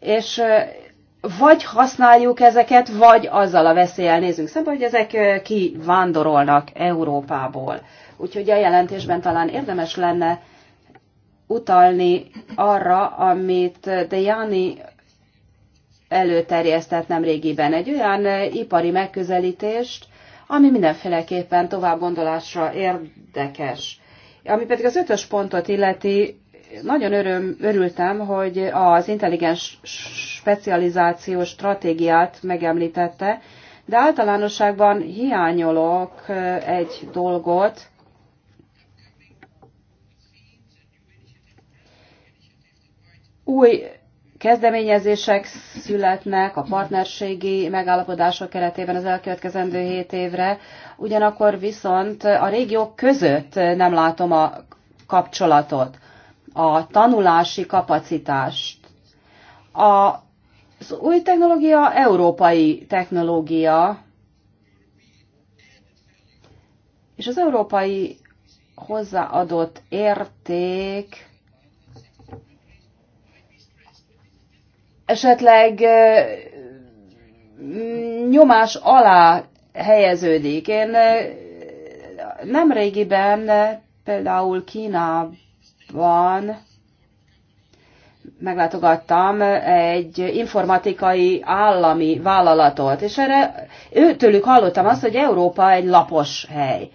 Speaker 7: És vagy használjuk ezeket, vagy azzal a veszéllyel nézünk szembe, hogy ezek kivándorolnak Európából. Úgyhogy a jelentésben talán érdemes lenne utalni arra, amit De Jani előterjesztett nemrégiben. Egy olyan ipari megközelítést, ami mindenféleképpen tovább gondolásra érdekes. Ami pedig az ötös pontot illeti, nagyon öröm, örültem, hogy az intelligens specializációs stratégiát megemlítette, de általánosságban hiányolok egy dolgot, új kezdeményezések születnek a partnerségi megállapodások keretében az elkövetkezendő 7 évre, ugyanakkor viszont a régiók között nem látom a kapcsolatot, a tanulási kapacitást. A az új technológia európai technológia, és az európai hozzáadott érték esetleg nyomás alá helyeződik. Én nem régiben például Kínában meglátogattam egy informatikai állami vállalatot, és erre őtőlük hallottam azt, hogy Európa egy lapos hely.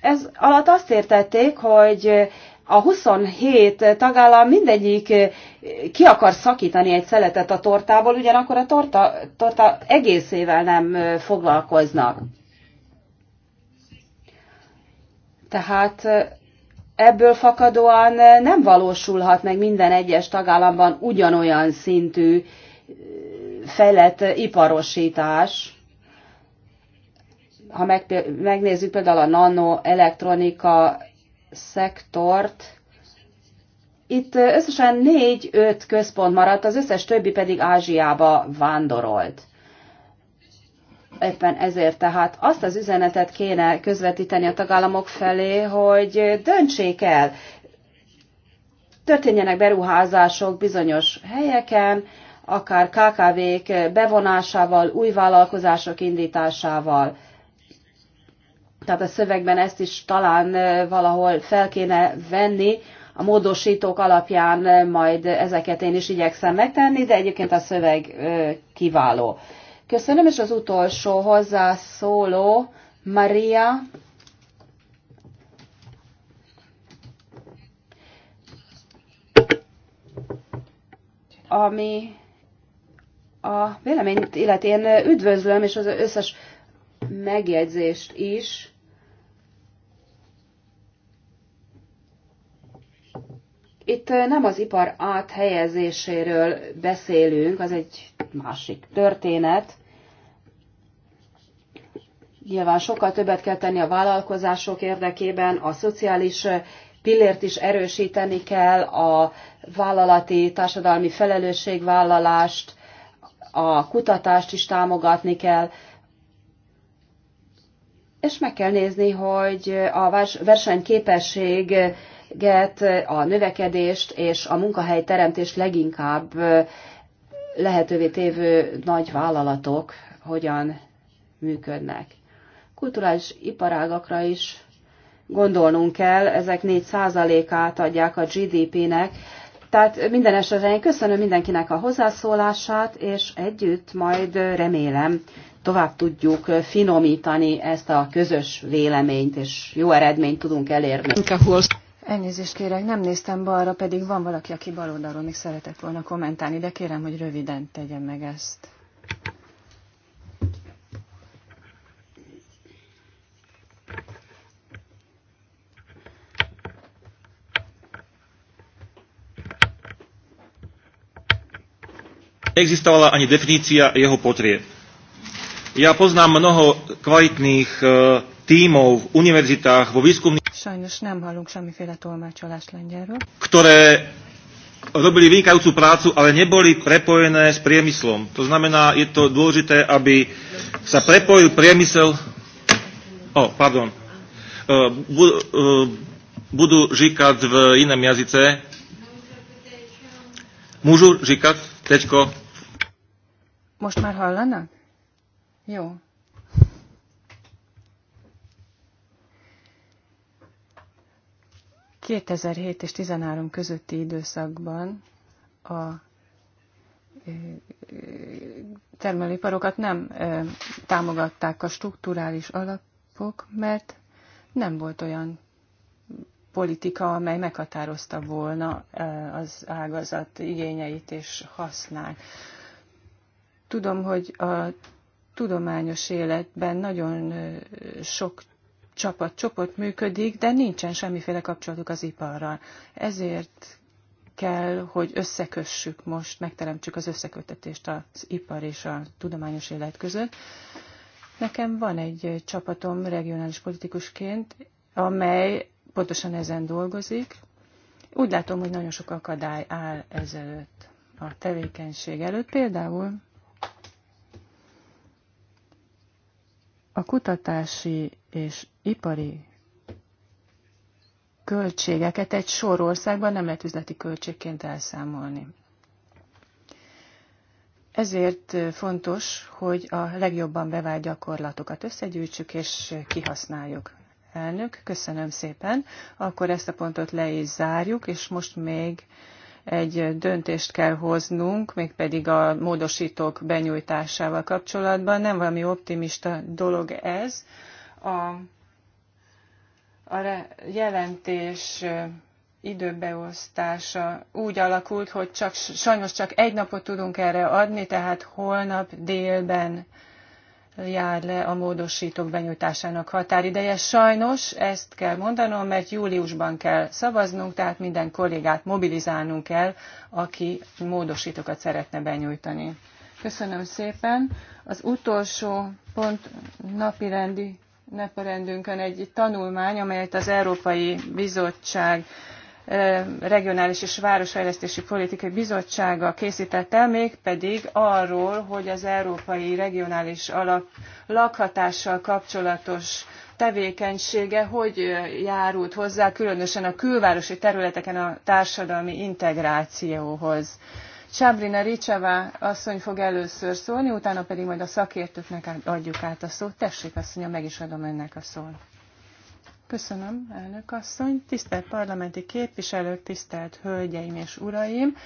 Speaker 7: Ez alatt azt értették, hogy a 27 tagállam mindegyik eh, ki akar szakítani egy szeletet a tortából, ugyanakkor a torta, torta egészével nem eh, foglalkoznak. Tehát eh, ebből fakadóan nem valósulhat meg minden egyes tagállamban ugyanolyan szintű fejlett iparosítás. Ha megnézzük például a nanoelektronika szektort. Itt összesen négy-öt központ maradt, az összes többi pedig Ázsiába vándorolt. Éppen ezért tehát azt az üzenetet kéne közvetíteni a tagállamok felé, hogy döntsék el, történjenek beruházások bizonyos helyeken, akár KKV-k bevonásával, új vállalkozások indításával. Tehát a szövegben ezt is talán valahol fel kéne venni, a módosítók alapján majd ezeket én is igyekszem megtenni, de egyébként a szöveg kiváló. Köszönöm, és az utolsó hozzászóló, Maria. Ami a véleményt illetén üdvözlöm, és az összes megjegyzést is. Itt nem az ipar áthelyezéséről beszélünk, az egy másik történet. Nyilván sokkal többet kell tenni a vállalkozások érdekében, a szociális pillért is erősíteni kell, a vállalati társadalmi felelősségvállalást, a kutatást is támogatni kell, és meg kell nézni, hogy a versenyképesség képesség munkahelyeket, a növekedést és a teremtés leginkább lehetővé tévő nagy vállalatok hogyan működnek. Kulturális iparágakra is gondolnunk kell, ezek 4%-át adják a GDP-nek, tehát minden esetre én köszönöm mindenkinek a hozzászólását, és együtt majd remélem tovább tudjuk finomítani ezt a közös véleményt, és jó eredményt tudunk elérni.
Speaker 2: Elnézést kérek, nem néztem balra, pedig van valaki, aki bal oldalról még szeretett volna kommentálni, de kérem, hogy röviden tegyen meg ezt.
Speaker 9: Existovala ani definícia jeho potrieb. Ja poznám mnoho kvalitných eh, tímov v univerzitách, vo výskumných
Speaker 2: Sajnos nem hallunk semmiféle tolmácsolást lengyelről.
Speaker 9: Ktoré robili vynikajúcu prácu, ale neboli prepojené s priemyslom. To znamená, je to dôležité, aby sa prepojil priemysel... O, oh, pardon. Uh, bu, uh, budu říkat v inom jazyce. Môžu říkať? teďko?
Speaker 2: Most már hallanak? Jó. 2007 és 13 közötti időszakban a termelőiparokat nem támogatták a strukturális alapok, mert nem volt olyan politika, amely meghatározta volna az ágazat igényeit és használt. Tudom, hogy a tudományos életben nagyon sok csoport működik, de nincsen semmiféle kapcsolatuk az iparral. Ezért kell, hogy összekössük most, megteremtsük az összekötetést az ipar és a tudományos élet között. Nekem van egy csapatom regionális politikusként, amely pontosan ezen dolgozik. Úgy látom, hogy nagyon sok akadály áll ezelőtt a tevékenység előtt. Például A kutatási és ipari költségeket egy sor országban nem lehet üzleti költségként elszámolni. Ezért fontos, hogy a legjobban bevált gyakorlatokat összegyűjtsük és kihasználjuk. Elnök, köszönöm szépen. Akkor ezt a pontot le is zárjuk, és most még egy döntést kell hoznunk, mégpedig a módosítók benyújtásával kapcsolatban. Nem valami optimista dolog ez. A, a jelentés időbeosztása úgy alakult, hogy csak, sajnos csak egy napot tudunk erre adni, tehát holnap délben jár le a módosítók benyújtásának határideje. Sajnos ezt kell mondanom, mert júliusban kell szavaznunk, tehát minden kollégát mobilizálnunk kell, aki módosítókat szeretne benyújtani. Köszönöm szépen. Az utolsó pont napirendi naparendünkön egy tanulmány, amelyet az Európai Bizottság Regionális és Városfejlesztési Politikai Bizottsága készített el, mégpedig arról, hogy az Európai Regionális Alap lakhatással kapcsolatos tevékenysége hogy járult hozzá különösen a külvárosi területeken a társadalmi integrációhoz. Csábrina Ricsevá asszony fog először szólni, utána pedig majd a szakértőknek adjuk át a szót. Tessék, asszonya, meg is adom önnek a szót. Köszönöm, elnök asszony. Tisztelt parlamenti képviselők, tisztelt hölgyeim és uraim!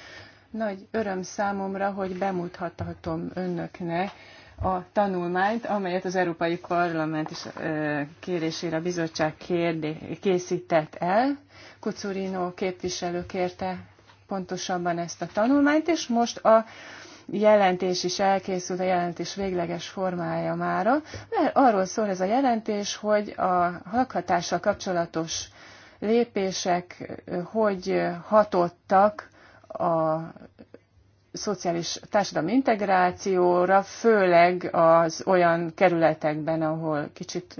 Speaker 2: Nagy öröm számomra, hogy bemutathatom önöknek a tanulmányt, amelyet az Európai Parlament is kérésére a bizottság kérdé, készített el. Kucurino képviselő kérte pontosabban ezt a tanulmányt, és most a jelentés is elkészült, a jelentés végleges formája mára, mert arról szól ez a jelentés, hogy a lakhatással kapcsolatos lépések hogy hatottak a szociális társadalmi integrációra, főleg az olyan kerületekben, ahol kicsit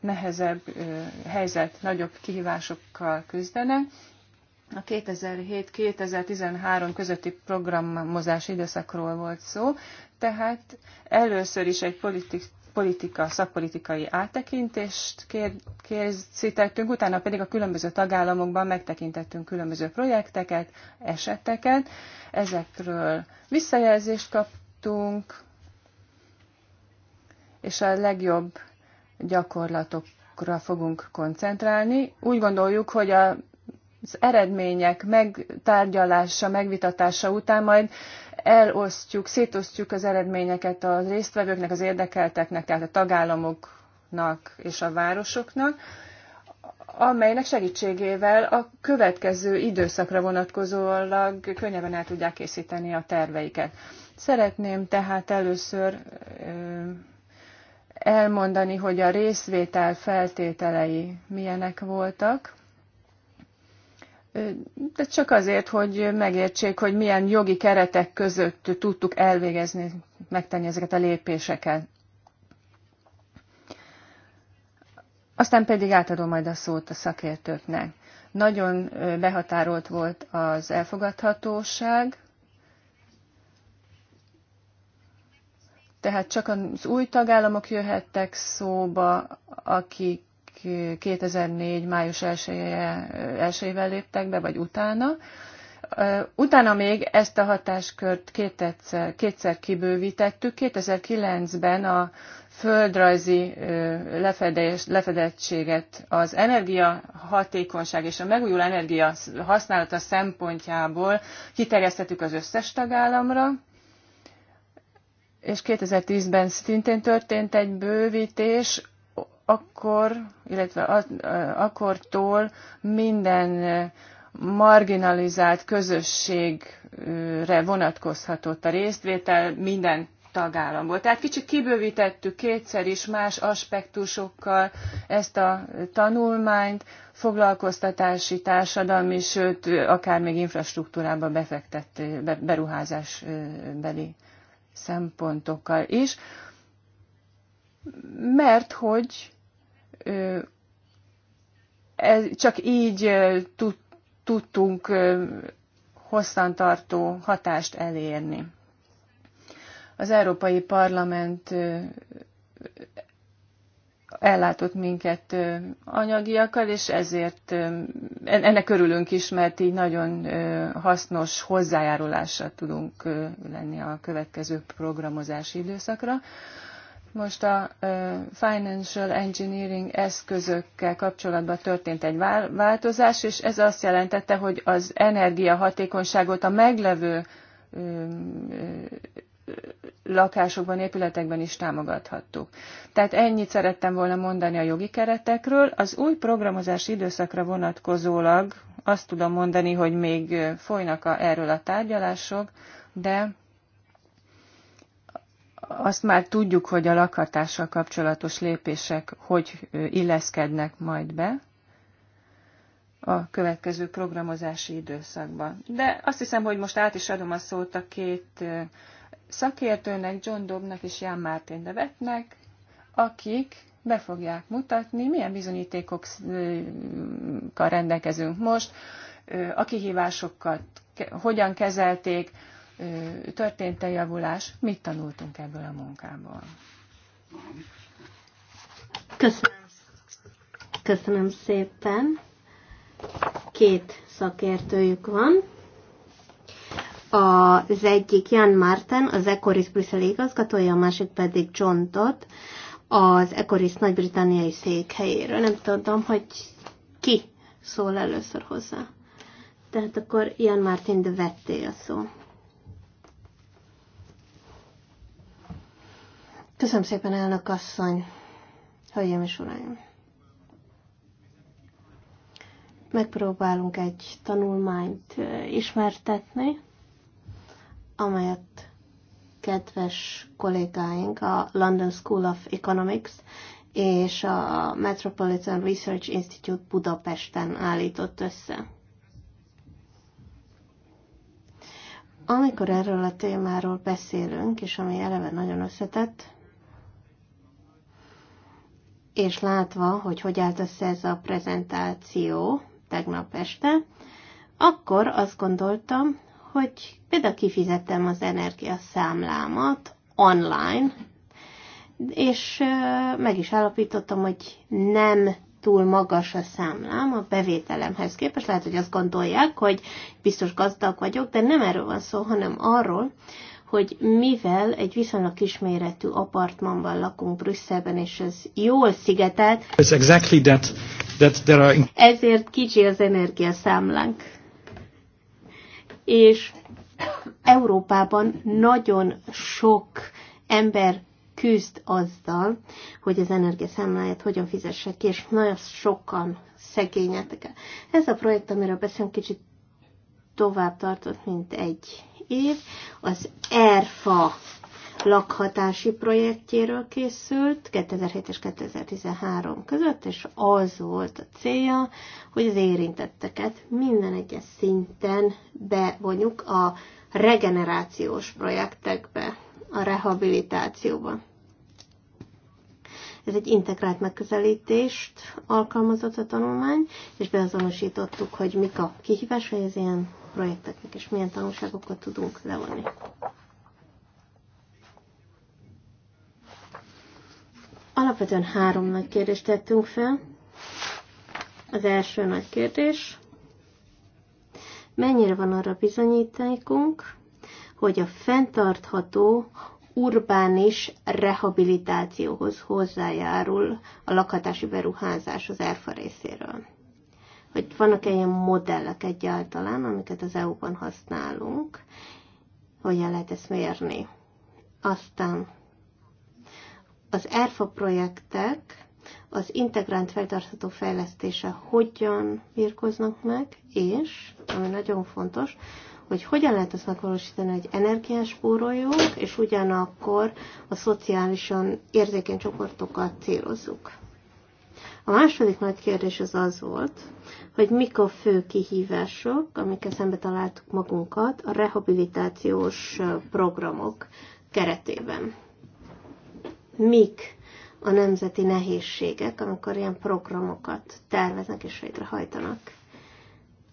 Speaker 2: nehezebb helyzet, nagyobb kihívásokkal küzdenek, a 2007-2013 közötti programozási időszakról volt szó, tehát először is egy politik, politika, szakpolitikai áttekintést készítettünk, utána pedig a különböző tagállamokban megtekintettünk különböző projekteket, eseteket. Ezekről visszajelzést kaptunk, és a legjobb gyakorlatokra fogunk koncentrálni. Úgy gondoljuk, hogy a az eredmények megtárgyalása, megvitatása után majd elosztjuk, szétosztjuk az eredményeket a résztvevőknek, az érdekelteknek, tehát a tagállamoknak és a városoknak, amelynek segítségével a következő időszakra vonatkozólag könnyebben el tudják készíteni a terveiket. Szeretném tehát először elmondani, hogy a részvétel feltételei milyenek voltak de csak azért, hogy megértsék, hogy milyen jogi keretek között tudtuk elvégezni, megtenni ezeket a lépéseket. Aztán pedig átadom majd a szót a szakértőknek. Nagyon behatárolt volt az elfogadhatóság, tehát csak az új tagállamok jöhettek szóba, akik 2004. május 1 léptek be, vagy utána. Utána még ezt a hatáskört kétszer, kétszer kibővítettük. 2009-ben a földrajzi lefedés, lefedettséget az energiahatékonyság és a megújuló energia használata szempontjából kiterjesztettük az összes tagállamra, és 2010-ben szintén történt egy bővítés, akkor, illetve az, akkortól minden marginalizált közösségre vonatkozhatott a résztvétel minden tagállamból. Tehát kicsit kibővítettük kétszer is más aspektusokkal ezt a tanulmányt, foglalkoztatási, társadalmi, sőt, akár még infrastruktúrába befektett beruházásbeli szempontokkal is, mert hogy csak így tudtunk hosszantartó hatást elérni. Az Európai Parlament ellátott minket anyagiakkal, és ezért ennek örülünk is, mert így nagyon hasznos hozzájárulással tudunk lenni a következő programozási időszakra. Most a financial engineering eszközökkel kapcsolatban történt egy változás, és ez azt jelentette, hogy az energiahatékonyságot a meglevő lakásokban, épületekben is támogathattuk. Tehát ennyit szerettem volna mondani a jogi keretekről. Az új programozási időszakra vonatkozólag azt tudom mondani, hogy még folynak a, erről a tárgyalások, de azt már tudjuk, hogy a lakhatással kapcsolatos lépések hogy illeszkednek majd be a következő programozási időszakban. De azt hiszem, hogy most át is adom a szót a két szakértőnek, John Dobnak és Jan Martin Devetnek, akik be fogják mutatni, milyen bizonyítékokkal rendelkezünk most, a kihívásokat hogyan kezelték, Történt-e javulás? Mit tanultunk ebből a munkából?
Speaker 1: Köszönöm. Köszönöm szépen. Két szakértőjük van. Az egyik Jan Martin, az Ecoris Brüsszel igazgatója, a másik pedig John Todd, az Ecoris nagy-britanniai székhelyéről. Nem tudom, hogy ki szól először hozzá. Tehát akkor Jan Martin, de vettél a szó. Köszönöm szépen, elnök asszony, hölgyeim és uraim. Megpróbálunk egy tanulmányt ismertetni, amelyet kedves kollégáink a London School of Economics és a Metropolitan Research Institute Budapesten állított össze. Amikor erről a témáról beszélünk, és ami eleve nagyon összetett, és látva, hogy hogy állt össze ez a prezentáció tegnap este, akkor azt gondoltam, hogy például kifizettem az energiaszámlámat online, és meg is állapítottam, hogy nem túl magas a számlám a bevételemhez képest. Lehet, hogy azt gondolják, hogy biztos gazdag vagyok, de nem erről van szó, hanem arról, hogy mivel egy viszonylag kisméretű apartmanban lakunk Brüsszelben, és ez jól szigetelt,
Speaker 5: It's exactly that, that there are...
Speaker 1: ezért kicsi az energiaszámlánk. És Európában nagyon sok ember küzd azzal, hogy az energiaszámláját hogyan fizessek, és nagyon sokan szegényetek el. Ez a projekt, amiről beszélünk, kicsit tovább tartott, mint egy év, az ERFA lakhatási projektjéről készült 2007 és 2013 között, és az volt a célja, hogy az érintetteket minden egyes szinten bevonjuk a regenerációs projektekbe, a rehabilitációba. Ez egy integrált megközelítést alkalmazott a tanulmány, és beazonosítottuk, hogy mik a hogy ez ilyen projekteknek, és milyen tanulságokat tudunk levonni. Alapvetően három nagy kérdést tettünk fel. Az első nagy kérdés, mennyire van arra bizonyítékunk, hogy a fenntartható urbánis rehabilitációhoz hozzájárul a lakhatási beruházás az ERFA részéről hogy vannak-e ilyen modellek egyáltalán, amiket az EU-ban használunk, hogyan lehet ezt mérni. Aztán az ERFA projektek az integrált feltartható fejlesztése hogyan birkoznak meg, és, ami nagyon fontos, hogy hogyan lehet azt megvalósítani, hogy energiás spóroljunk, és ugyanakkor a szociálisan érzékeny csoportokat célozzuk. A második nagy kérdés az az volt, hogy mik a fő kihívások, amikkel szembe találtuk magunkat a rehabilitációs programok keretében. Mik a nemzeti nehézségek, amikor ilyen programokat terveznek és végrehajtanak,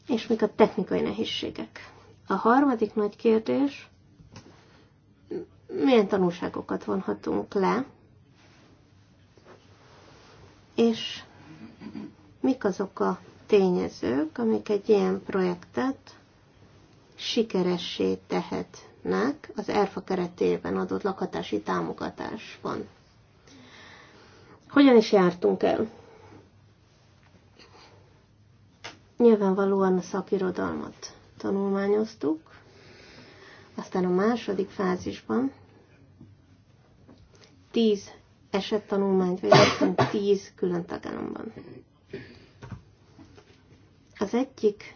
Speaker 1: és mik a technikai nehézségek. A harmadik nagy kérdés, milyen tanulságokat vonhatunk le és mik azok a tényezők, amik egy ilyen projektet sikeressé tehetnek az ERFA keretében adott lakhatási támogatásban. Hogyan is jártunk el? Nyilvánvalóan a szakirodalmat tanulmányoztuk, aztán a második fázisban tíz tanulmányt, végeztünk tíz külön tagállamban. Az egyik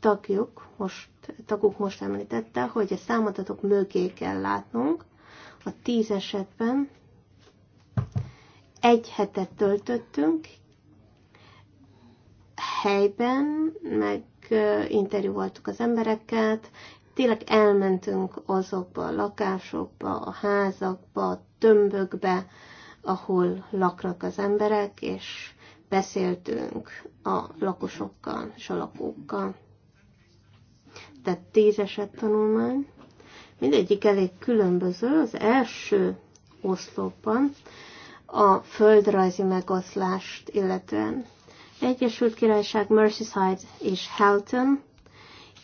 Speaker 1: tagjuk most, taguk most említette, hogy a számadatok mögé kell látnunk. A tíz esetben egy hetet töltöttünk, helyben, meg voltuk az embereket, tényleg elmentünk azokba a lakásokba, a házakba, a tömbökbe, ahol laknak az emberek, és beszéltünk a lakosokkal és a lakókkal. Tehát tíz eset tanulmány. Mindegyik elég különböző. Az első oszlopban a földrajzi megoszlást illetően. Egyesült Királyság, Merseyside és Halton.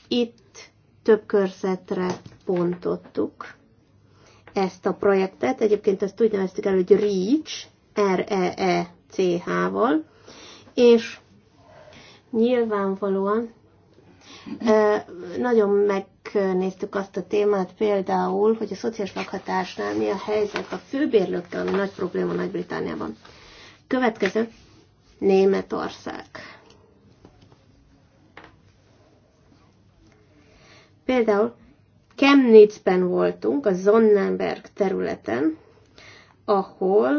Speaker 1: Itt több körzetre pontottuk ezt a projektet. Egyébként ezt úgy neveztük el, hogy REACH, e R-E-E-C-H-val, és nyilvánvalóan nagyon megnéztük azt a témát például, hogy a szociális lakhatásnál mi a helyzet a főbérlőkkel, ami nagy probléma Nagy-Britániában. Következő, Németország. Például Chemnitzben voltunk, a Zonnenberg területen, ahol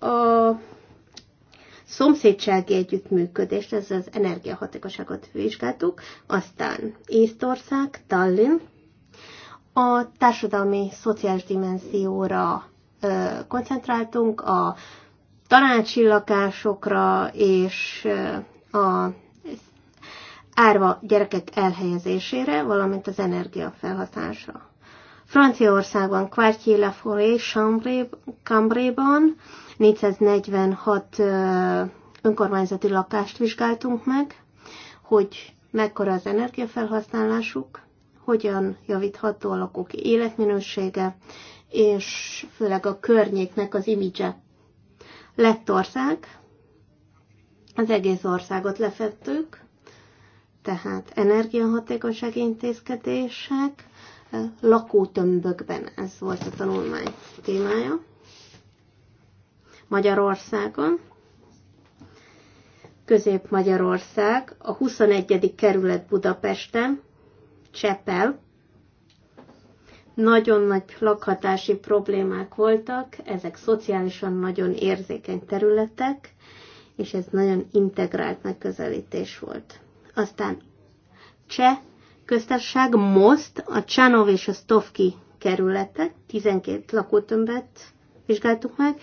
Speaker 1: a szomszédsági együttműködést, ez az energiahatékosságot vizsgáltuk, aztán Észtország, Tallinn, a társadalmi szociális dimenzióra ö, koncentráltunk, a tanácsi lakásokra és ö, a árva gyerekek elhelyezésére, valamint az energiafelhatásra. Franciaországban, Quartier la Forêt, Cambréban 446 önkormányzati lakást vizsgáltunk meg, hogy mekkora az energiafelhasználásuk, hogyan javítható a lakók életminősége, és főleg a környéknek az imidzse. ország, az egész országot lefettük, tehát energiahatékonysági intézkedések eh, lakótömbökben, ez volt a tanulmány témája. Magyarországon, Közép-Magyarország, a 21. kerület Budapesten, Csepel, nagyon nagy lakhatási problémák voltak, ezek szociálisan nagyon érzékeny területek, és ez nagyon integrált megközelítés volt. Aztán Cseh köztársaság Most, a Csánov és a Stovki kerületek, 12 lakótömbet vizsgáltuk meg,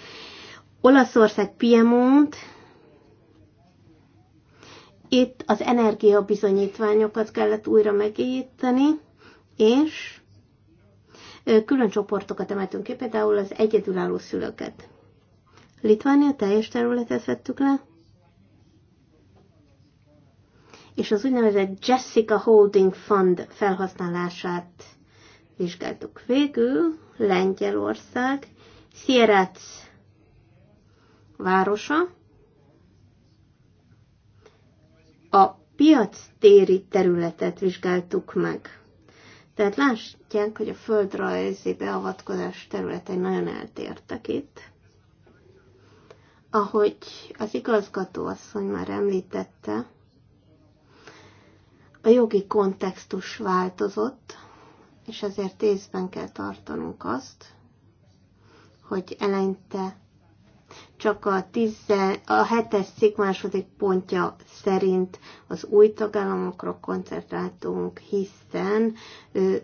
Speaker 1: Olaszország Piemont, itt az energiabizonyítványokat kellett újra megépíteni, és külön csoportokat emeltünk ki, például az egyedülálló szülőket. Litvánia teljes területet vettük le, és az úgynevezett Jessica Holding Fund felhasználását vizsgáltuk. Végül Lengyelország, Sierac városa, a piac téri területet vizsgáltuk meg. Tehát látják, hogy a földrajzi beavatkozás területei nagyon eltértek itt. Ahogy az igazgató asszony már említette, a jogi kontextus változott, és ezért észben kell tartanunk azt, hogy eleinte csak a, tizze, a hetes cikk második pontja szerint az új tagállamokra koncentráltunk, hiszen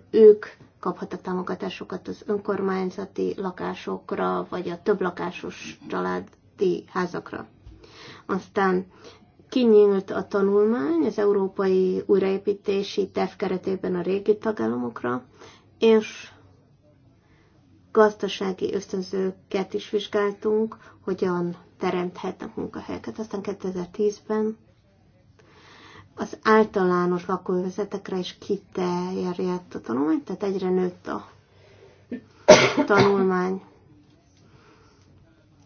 Speaker 1: ők kaphattak támogatásokat az önkormányzati lakásokra, vagy a lakásos családi házakra. Aztán kinyílt a tanulmány az európai újraépítési terv keretében a régi tagállamokra, és gazdasági ösztönzőket is vizsgáltunk, hogyan teremthetnek munkahelyeket. Aztán 2010-ben az általános lakóvezetekre is kiterjedt a tanulmány, tehát egyre nőtt a tanulmány.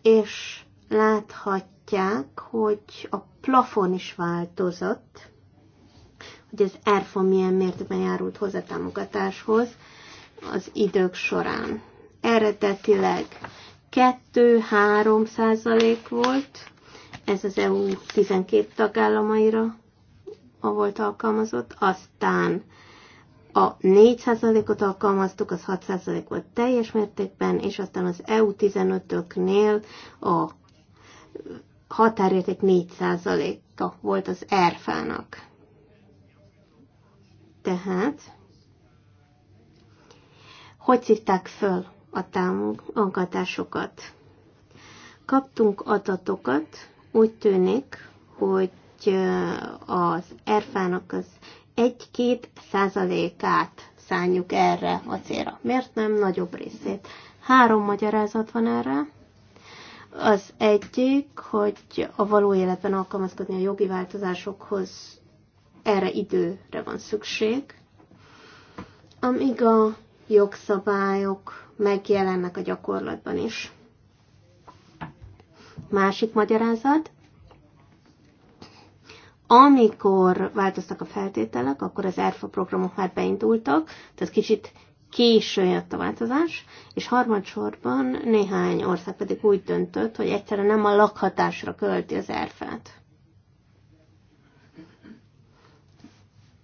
Speaker 1: És láthatják, hogy a plafon is változott, hogy az ERFA milyen mértékben járult hozzátámogatáshoz az idők során. Eredetileg 2-3 százalék volt, ez az EU 12 tagállamaira volt alkalmazott, aztán a 4%-ot alkalmaztuk, az 6% volt teljes mértékben, és aztán az EU 15-öknél a határérték 4%-a volt az erfának. Tehát, hogy szívták föl a támogatásokat? Kaptunk adatokat, úgy tűnik, hogy az erfának az 1-2 százalékát szánjuk erre a célra. Miért nem nagyobb részét? Három magyarázat van erre az egyik, hogy a való életben alkalmazkodni a jogi változásokhoz erre időre van szükség, amíg a jogszabályok megjelennek a gyakorlatban is. Másik magyarázat, amikor változtak a feltételek, akkor az ERFA programok már beindultak, tehát kicsit későn jött a változás, és harmadsorban néhány ország pedig úgy döntött, hogy egyszerűen nem a lakhatásra költi az erfát.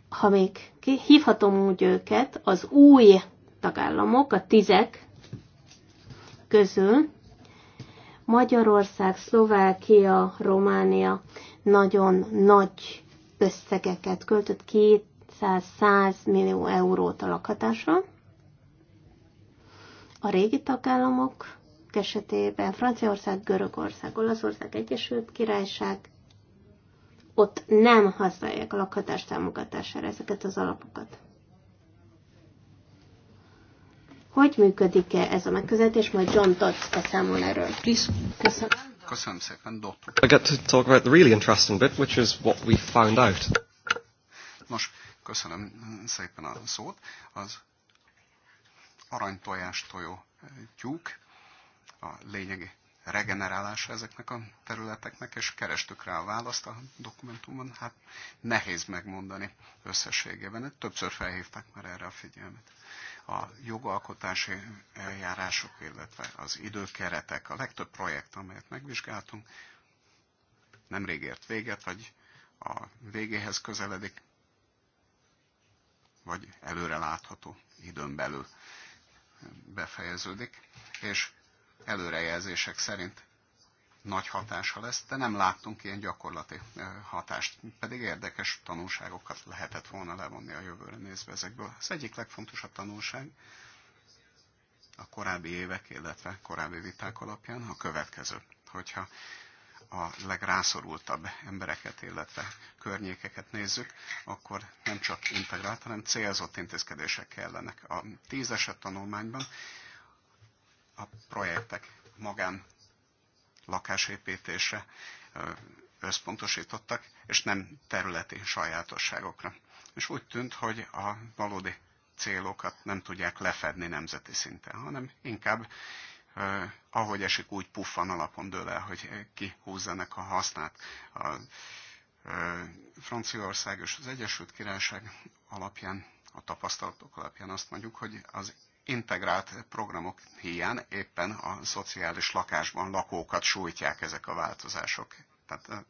Speaker 1: Ha még hívhatom úgy őket, az új tagállamok, a tizek közül Magyarország, Szlovákia, Románia nagyon nagy összegeket költött, 200 millió eurót a lakhatásra a régi tagállamok esetében Franciaország, Görögország, Olaszország, Egyesült Királyság, ott nem használják a lakhatás támogatására ezeket az alapokat. Hogy működik-e ez a megközelítés? Majd John Dodds beszámol erről. Köszönöm.
Speaker 8: Köszönöm szépen,
Speaker 5: I get to talk about the really interesting bit, which is what we found out.
Speaker 8: Nos, köszönöm szépen a szót. Az aranytojás tojó eh, tyúk, a lényegi regenerálása ezeknek a területeknek, és kerestük rá a választ a dokumentumon, hát nehéz megmondani összességében. Többször felhívták már erre a figyelmet. A jogalkotási eljárások, illetve az időkeretek, a legtöbb projekt, amelyet megvizsgáltunk, nemrég ért véget, vagy a végéhez közeledik, vagy előre látható időn belül befejeződik, és előrejelzések szerint nagy hatása lesz, de nem láttunk ilyen gyakorlati hatást. Pedig érdekes tanulságokat lehetett volna levonni a jövőre nézve ezekből. Az egyik legfontosabb tanulság a korábbi évek, illetve korábbi viták alapján a következő. Hogyha a legrászorultabb embereket, illetve környékeket nézzük, akkor nem csak integrált, hanem célzott intézkedések kellenek. A tíz eset tanulmányban a projektek magán lakásépítésre összpontosítottak, és nem területi sajátosságokra. És úgy tűnt, hogy a valódi célokat nem tudják lefedni nemzeti szinten, hanem inkább ahogy esik, úgy puffan alapon dől el, hogy kihúzzanak a hasznát. A Franciaország és az Egyesült Királyság alapján, a tapasztalatok alapján azt mondjuk, hogy az integrált programok hiány éppen a szociális lakásban lakókat sújtják ezek a változások. Tehát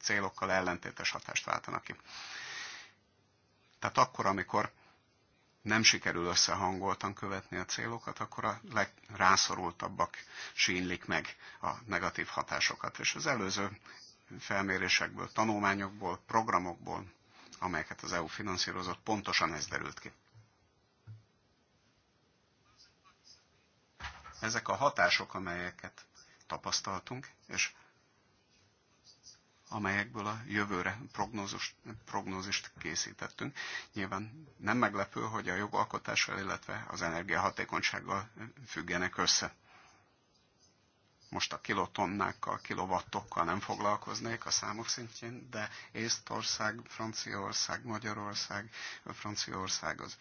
Speaker 8: célokkal ellentétes hatást váltanak ki. Tehát akkor, amikor nem sikerül összehangoltan követni a célokat, akkor a legrászorultabbak sínlik meg a negatív hatásokat. És az előző felmérésekből, tanulmányokból, programokból, amelyeket az EU finanszírozott, pontosan ez derült ki. Ezek a hatások, amelyeket tapasztaltunk, és amelyekből a jövőre prognózust, prognózist készítettünk. Nyilván nem meglepő, hogy a jogalkotással, illetve az energiahatékonysággal függenek össze. Most a kilotonnákkal, kilovattokkal nem foglalkoznék a számok szintjén, de Észtország, Franciaország, Magyarország, Franciaország az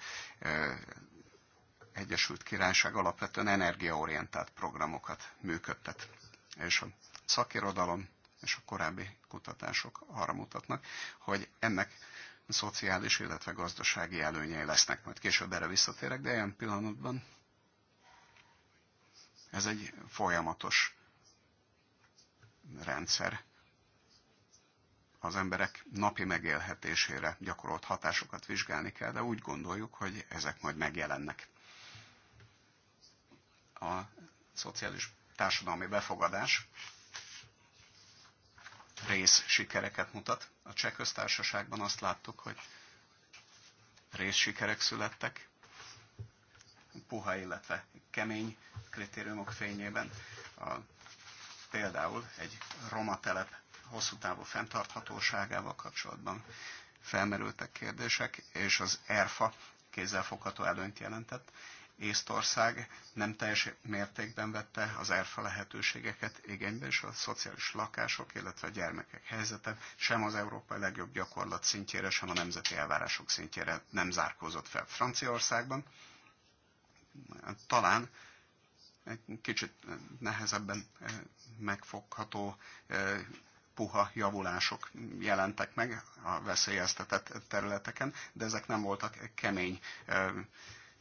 Speaker 8: Egyesült Királyság alapvetően energiaorientált programokat működtet. És a szakirodalom és a korábbi kutatások arra mutatnak, hogy ennek szociális, illetve gazdasági előnyei lesznek. Majd később erre visszatérek, de ilyen pillanatban ez egy folyamatos rendszer. Az emberek napi megélhetésére gyakorolt hatásokat vizsgálni kell, de úgy gondoljuk, hogy ezek majd megjelennek. A szociális társadalmi befogadás rész sikereket mutat. A cseh köztársaságban azt láttuk, hogy rész sikerek születtek, puha, illetve kemény kritériumok fényében. A, például egy roma telep hosszú távú fenntarthatóságával kapcsolatban felmerültek kérdések, és az ERFA kézzelfogható előnyt jelentett, Észtország nem teljes mértékben vette az erfa lehetőségeket igénybe, és a szociális lakások, illetve a gyermekek helyzete sem az európai legjobb gyakorlat szintjére, sem a nemzeti elvárások szintjére nem zárkózott fel Franciaországban. Talán egy kicsit nehezebben eh, megfogható eh, puha javulások jelentek meg a veszélyeztetett területeken, de ezek nem voltak kemény eh,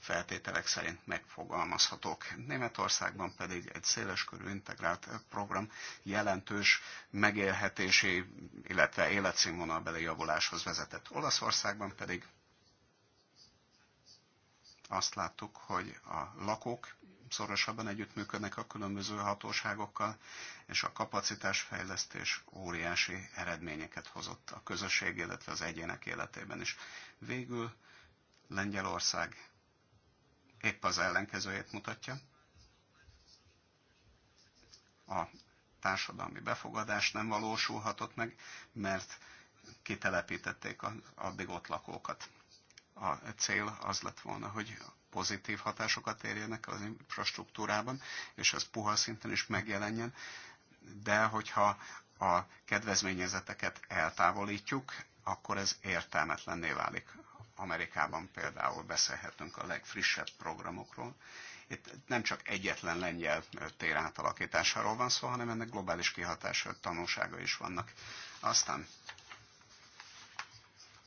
Speaker 8: feltételek szerint megfogalmazhatók. Németországban pedig egy széleskörű integrált program jelentős megélhetési, illetve életszínvonalbeli javuláshoz vezetett. Olaszországban pedig azt láttuk, hogy a lakók szorosabban együttműködnek a különböző hatóságokkal, és a kapacitásfejlesztés óriási eredményeket hozott a közösség, illetve az egyének életében is. Végül Lengyelország épp az ellenkezőjét mutatja. A társadalmi befogadás nem valósulhatott meg, mert kitelepítették az addig ott lakókat. A cél az lett volna, hogy pozitív hatásokat érjenek az infrastruktúrában, és ez puha szinten is megjelenjen, de hogyha a kedvezményezeteket eltávolítjuk, akkor ez értelmetlenné válik. Amerikában például beszélhetünk a legfrissebb programokról. Itt nem csak egyetlen lengyel tér átalakításáról van szó, hanem ennek globális kihatása, tanulsága is vannak. Aztán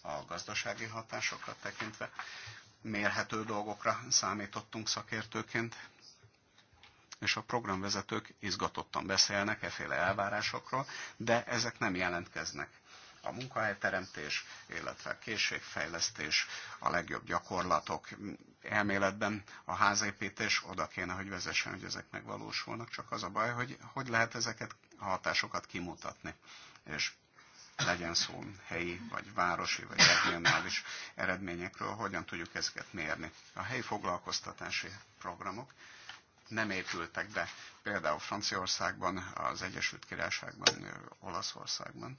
Speaker 8: a gazdasági hatásokat tekintve mérhető dolgokra számítottunk szakértőként, és a programvezetők izgatottan beszélnek eféle elvárásokról, de ezek nem jelentkeznek a munkahelyteremtés, illetve a készségfejlesztés, a legjobb gyakorlatok. Elméletben a házépítés oda kéne, hogy vezessen, hogy ezek megvalósulnak, csak az a baj, hogy hogy lehet ezeket a hatásokat kimutatni. És legyen szó helyi, vagy városi, vagy regionális eredményekről, hogyan tudjuk ezeket mérni. A helyi foglalkoztatási programok nem épültek be például Franciaországban, az Egyesült Királyságban, Olaszországban.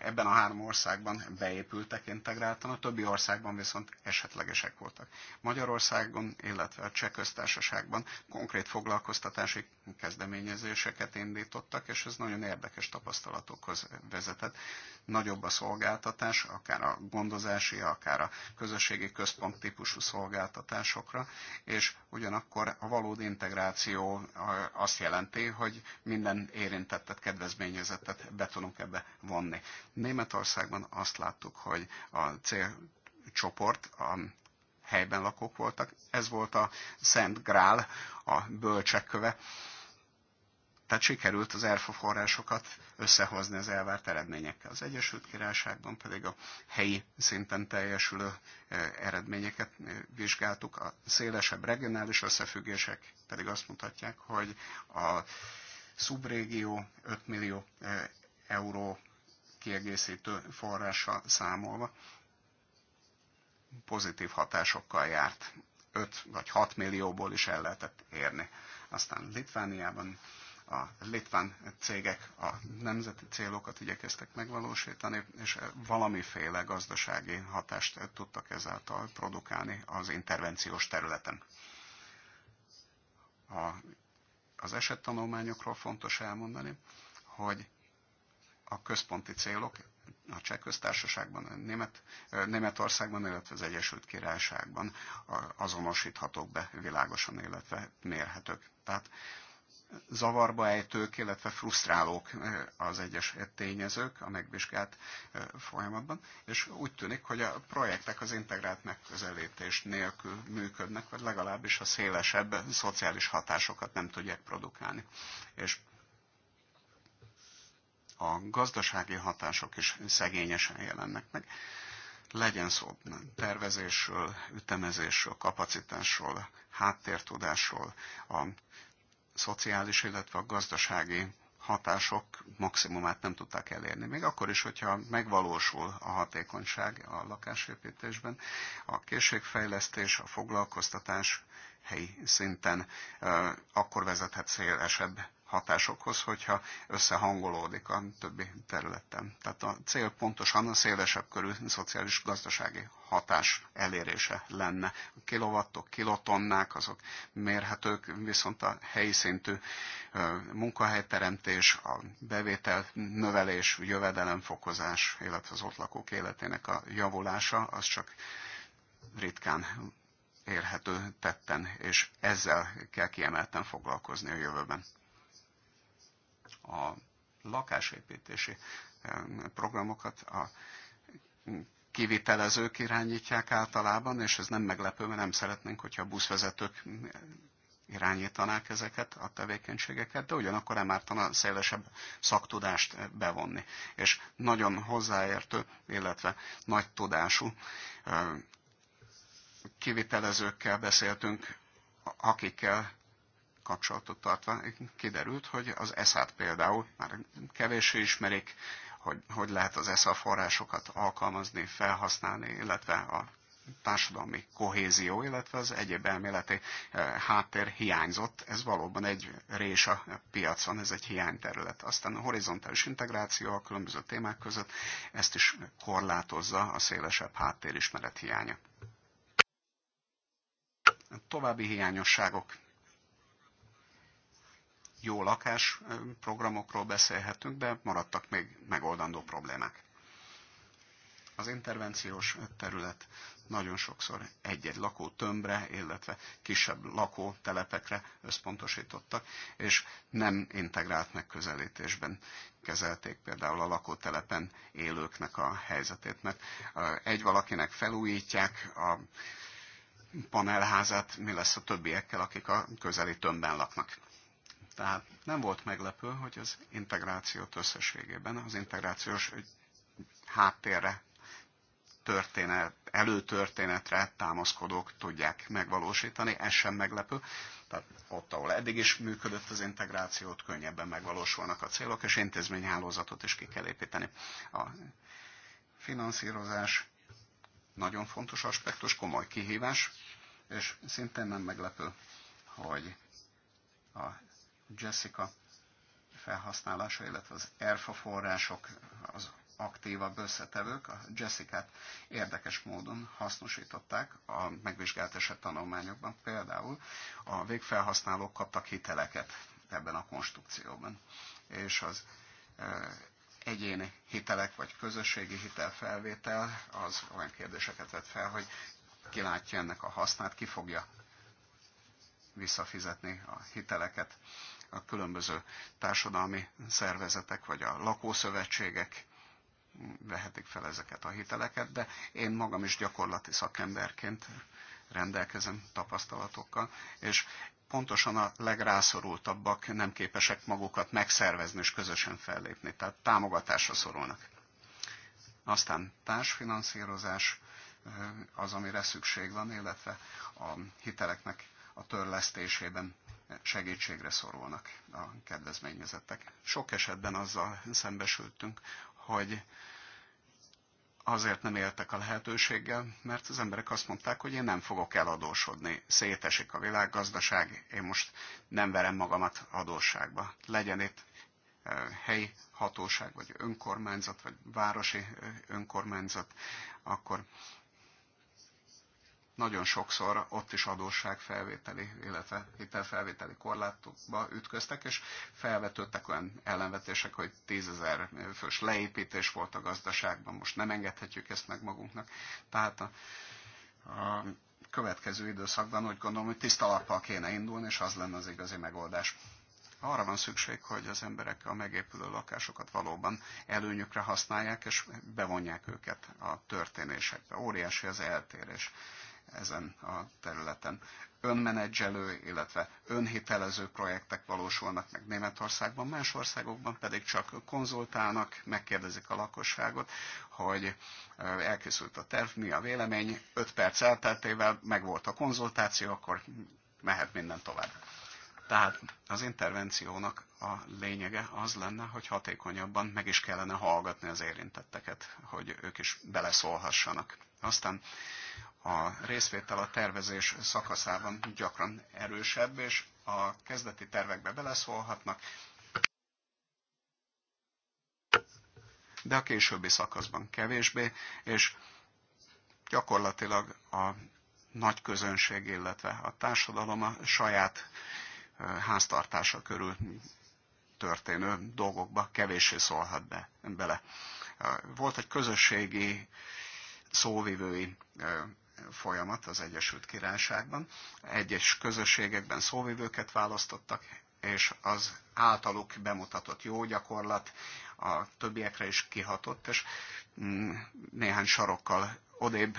Speaker 8: Ebben a három országban beépültek integráltan, a többi országban viszont esetlegesek voltak. Magyarországon, illetve a Cseh köztársaságban konkrét foglalkoztatási kezdeményezéseket indítottak, és ez nagyon érdekes tapasztalatokhoz vezetett. Nagyobb a szolgáltatás, akár a gondozási, akár a közösségi központ típusú szolgáltatásokra, és ugyanakkor a valódi integráció azt jelenti, hogy minden érintettet, kedvezményezettet be tudunk ebbe vonni. Németországban azt láttuk, hogy a célcsoport a helyben lakók voltak. Ez volt a Szent Grál, a bölcsek köve tehát sikerült az ERFA forrásokat összehozni az elvárt eredményekkel. Az Egyesült Királyságban pedig a helyi szinten teljesülő e, eredményeket e, vizsgáltuk. A szélesebb regionális összefüggések pedig azt mutatják, hogy a szubrégió 5 millió e, euró kiegészítő forrása számolva pozitív hatásokkal járt. 5 vagy 6 millióból is el lehetett érni. Aztán Litvániában a litván cégek a nemzeti célokat igyekeztek megvalósítani, és valamiféle gazdasági hatást tudtak ezáltal produkálni az intervenciós területen. A, az esettanulmányokról fontos elmondani, hogy a központi célok a Cseh köztársaságban, a Német, Németországban, illetve az Egyesült Királyságban azonosíthatók be világosan, illetve mérhetők. Tehát zavarba ejtők, illetve frusztrálók az egyes tényezők a megvizsgált folyamatban, és úgy tűnik, hogy a projektek az integrált megközelítés nélkül működnek, vagy legalábbis a szélesebb szociális hatásokat nem tudják produkálni. És a gazdasági hatások is szegényesen jelennek meg. Legyen szó tervezésről, ütemezésről, kapacitásról, háttértudásról, a szociális, illetve a gazdasági hatások maximumát nem tudták elérni. Még akkor is, hogyha megvalósul a hatékonyság a lakásépítésben, a készségfejlesztés, a foglalkoztatás helyi szinten, akkor vezethet szélesebb hatásokhoz, hogyha összehangolódik a többi területen. Tehát a cél pontosan a szélesebb körű szociális gazdasági hatás elérése lenne. A kilovattok, kilotonnák, azok mérhetők, viszont a helyi szintű munkahelyteremtés, a bevétel növelés, jövedelemfokozás, illetve az ott lakók életének a javulása, az csak ritkán érhető tetten, és ezzel kell kiemelten foglalkozni a jövőben a lakásépítési programokat a kivitelezők irányítják általában, és ez nem meglepő, mert nem szeretnénk, hogyha a buszvezetők irányítanák ezeket a tevékenységeket, de ugyanakkor emártan a szélesebb szaktudást bevonni. És nagyon hozzáértő, illetve nagy tudású kivitelezőkkel beszéltünk, akikkel kapcsolatot tartva, kiderült, hogy az ESZ-t például már kevéssé ismerik, hogy, hogy lehet az ESZA forrásokat alkalmazni, felhasználni, illetve a társadalmi kohézió, illetve az egyéb elméleti eh, háttér hiányzott. Ez valóban egy rés a piacon, ez egy hiányterület. Aztán a horizontális integráció a különböző témák között ezt is korlátozza a szélesebb háttérismeret hiánya. További hiányosságok jó lakásprogramokról beszélhetünk, de maradtak még megoldandó problémák. Az intervenciós terület nagyon sokszor egy-egy lakó tömbre, illetve kisebb lakó telepekre összpontosítottak, és nem integrált megközelítésben kezelték például a lakótelepen élőknek a helyzetét, mert egy valakinek felújítják a panelházát, mi lesz a többiekkel, akik a közeli tömbben laknak. Tehát nem volt meglepő, hogy az integrációt összességében, az integrációs háttérre történet, előtörténetre támaszkodók tudják megvalósítani, ez sem meglepő. Tehát ott, ahol eddig is működött az integrációt, könnyebben megvalósulnak a célok, és intézményhálózatot is ki kell építeni. A finanszírozás nagyon fontos aspektus, komoly kihívás, és szintén nem meglepő, hogy a Jessica felhasználása, illetve az ERFA források, az aktívabb összetevők a Jessica-t érdekes módon hasznosították a megvizsgált eset tanulmányokban. Például a végfelhasználók kaptak hiteleket ebben a konstrukcióban, és az egyéni hitelek vagy közösségi hitelfelvétel az olyan kérdéseket vett fel, hogy ki látja ennek a hasznát, ki fogja visszafizetni a hiteleket a különböző társadalmi szervezetek vagy a lakószövetségek vehetik fel ezeket a hiteleket, de én magam is gyakorlati szakemberként rendelkezem tapasztalatokkal, és pontosan a legrászorultabbak nem képesek magukat megszervezni és közösen fellépni, tehát támogatásra szorulnak. Aztán társfinanszírozás az, amire szükség van, illetve a hiteleknek a törlesztésében segítségre szorulnak a kedvezményezettek. Sok esetben azzal szembesültünk, hogy azért nem éltek a lehetőséggel, mert az emberek azt mondták, hogy én nem fogok eladósodni, szétesik a világgazdaság, én most nem verem magamat adósságba. Legyen itt helyi hatóság, vagy önkormányzat, vagy városi önkormányzat, akkor nagyon sokszor ott is adósságfelvételi, illetve hitelfelvételi korlátokba ütköztek, és felvetődtek olyan ellenvetések, hogy tízezer fős leépítés volt a gazdaságban, most nem engedhetjük ezt meg magunknak. Tehát a, a következő időszakban úgy gondolom, hogy tiszta alappal kéne indulni, és az lenne az igazi megoldás. Arra van szükség, hogy az emberek a megépülő lakásokat valóban előnyükre használják, és bevonják őket a történésekbe. Óriási az eltérés ezen a területen. Önmenedzselő, illetve önhitelező projektek valósulnak meg Németországban, más országokban pedig csak konzultálnak, megkérdezik a lakosságot, hogy elkészült a terv, mi a vélemény, 5 perc elteltével megvolt a konzultáció, akkor mehet minden tovább. Tehát az intervenciónak a lényege az lenne, hogy hatékonyabban meg is kellene hallgatni az érintetteket, hogy ők is beleszólhassanak. Aztán a részvétel a tervezés szakaszában gyakran erősebb, és a kezdeti tervekbe beleszólhatnak, de a későbbi szakaszban kevésbé, és gyakorlatilag a nagy közönség, illetve a társadalom a saját háztartása körül történő dolgokba kevéssé szólhat be, bele. Volt egy közösségi szóvivői folyamat az Egyesült Királyságban. Egyes közösségekben szóvivőket választottak, és az általuk bemutatott jó gyakorlat a többiekre is kihatott, és mm, néhány sarokkal odébb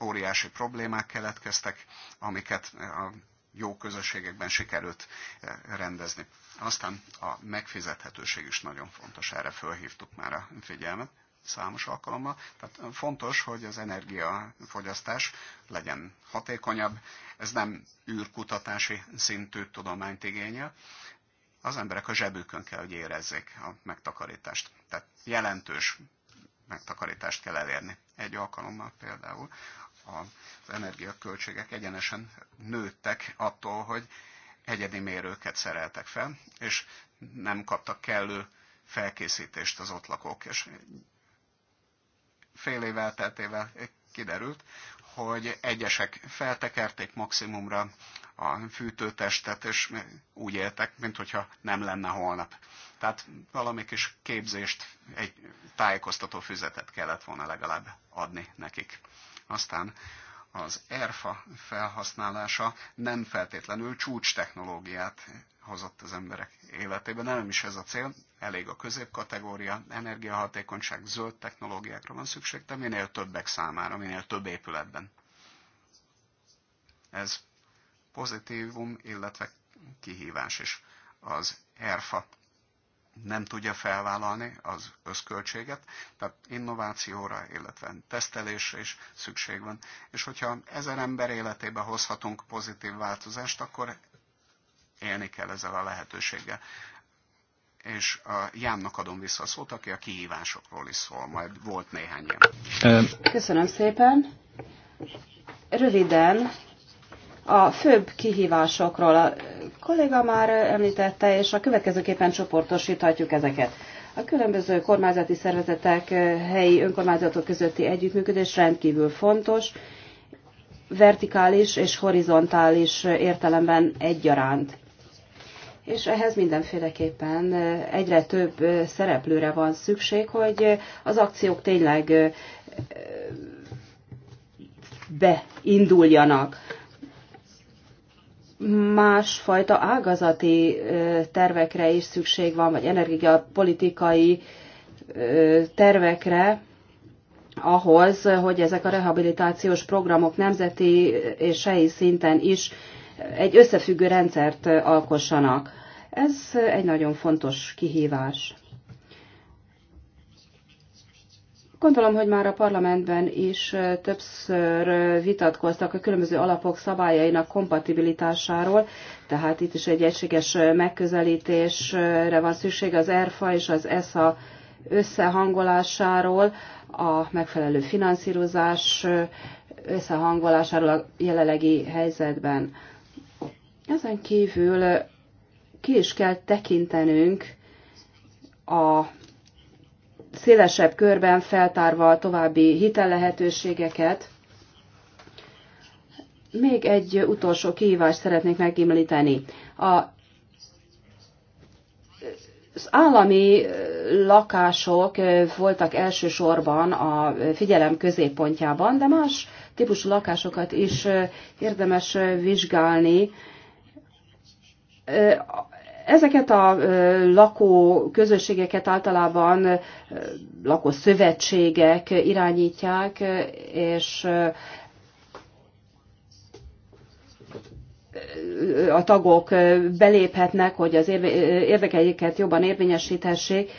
Speaker 8: óriási problémák keletkeztek, amiket a jó közösségekben sikerült e, rendezni. Aztán a megfizethetőség is nagyon fontos, erre fölhívtuk már a figyelmet számos alkalommal. Tehát fontos, hogy az energiafogyasztás legyen hatékonyabb. Ez nem űrkutatási szintű tudományt igényel. Az emberek a zsebükön kell, hogy érezzék a megtakarítást. Tehát jelentős megtakarítást kell elérni. Egy alkalommal például az energiaköltségek egyenesen nőttek attól, hogy egyedi mérőket szereltek fel, és nem kaptak kellő felkészítést az ott lakók, és fél év elteltével kiderült, hogy egyesek feltekerték maximumra a fűtőtestet, és úgy éltek, mintha nem lenne holnap. Tehát valami kis képzést, egy tájékoztató füzetet kellett volna legalább adni nekik. Aztán az ERFA felhasználása nem feltétlenül csúcs technológiát hozott az emberek életében. Nem is ez a cél, elég a középkategória, energiahatékonyság, zöld technológiákra van szükség, de minél többek számára, minél több épületben. Ez pozitívum, illetve kihívás is. Az ERFA nem tudja felvállalni az összköltséget, tehát innovációra, illetve tesztelésre is szükség van. És hogyha ezer ember életébe hozhatunk pozitív változást, akkor élni kell ezzel a lehetőséggel. És a Jánnak adom vissza a szót, aki a kihívásokról is szól, majd volt néhány
Speaker 7: ilyen. Köszönöm szépen. Röviden, a főbb kihívásokról a kolléga már említette, és a következőképpen csoportosíthatjuk ezeket. A különböző kormányzati szervezetek, helyi önkormányzatok közötti együttműködés rendkívül fontos, vertikális és horizontális értelemben egyaránt és ehhez mindenféleképpen egyre több szereplőre van szükség, hogy az akciók tényleg beinduljanak. Másfajta ágazati tervekre is szükség van, vagy energiapolitikai tervekre, ahhoz, hogy ezek a rehabilitációs programok nemzeti és helyi szinten is egy összefüggő rendszert alkossanak. Ez egy nagyon fontos kihívás. Gondolom, hogy már a parlamentben is többször vitatkoztak a különböző alapok szabályainak kompatibilitásáról, tehát itt is egy egységes megközelítésre van szükség az ERFA és az ESA összehangolásáról, a megfelelő finanszírozás összehangolásáról a jelenlegi helyzetben. Ezen kívül ki is kell tekintenünk a szélesebb körben feltárva a további hitellehetőségeket. Még egy utolsó kihívást szeretnék megimlíteni. A az állami lakások voltak elsősorban a figyelem középpontjában, de más típusú lakásokat is érdemes vizsgálni, Ezeket a lakó közösségeket általában lakószövetségek irányítják, és a tagok beléphetnek, hogy az érdekeiket jobban érvényesíthessék.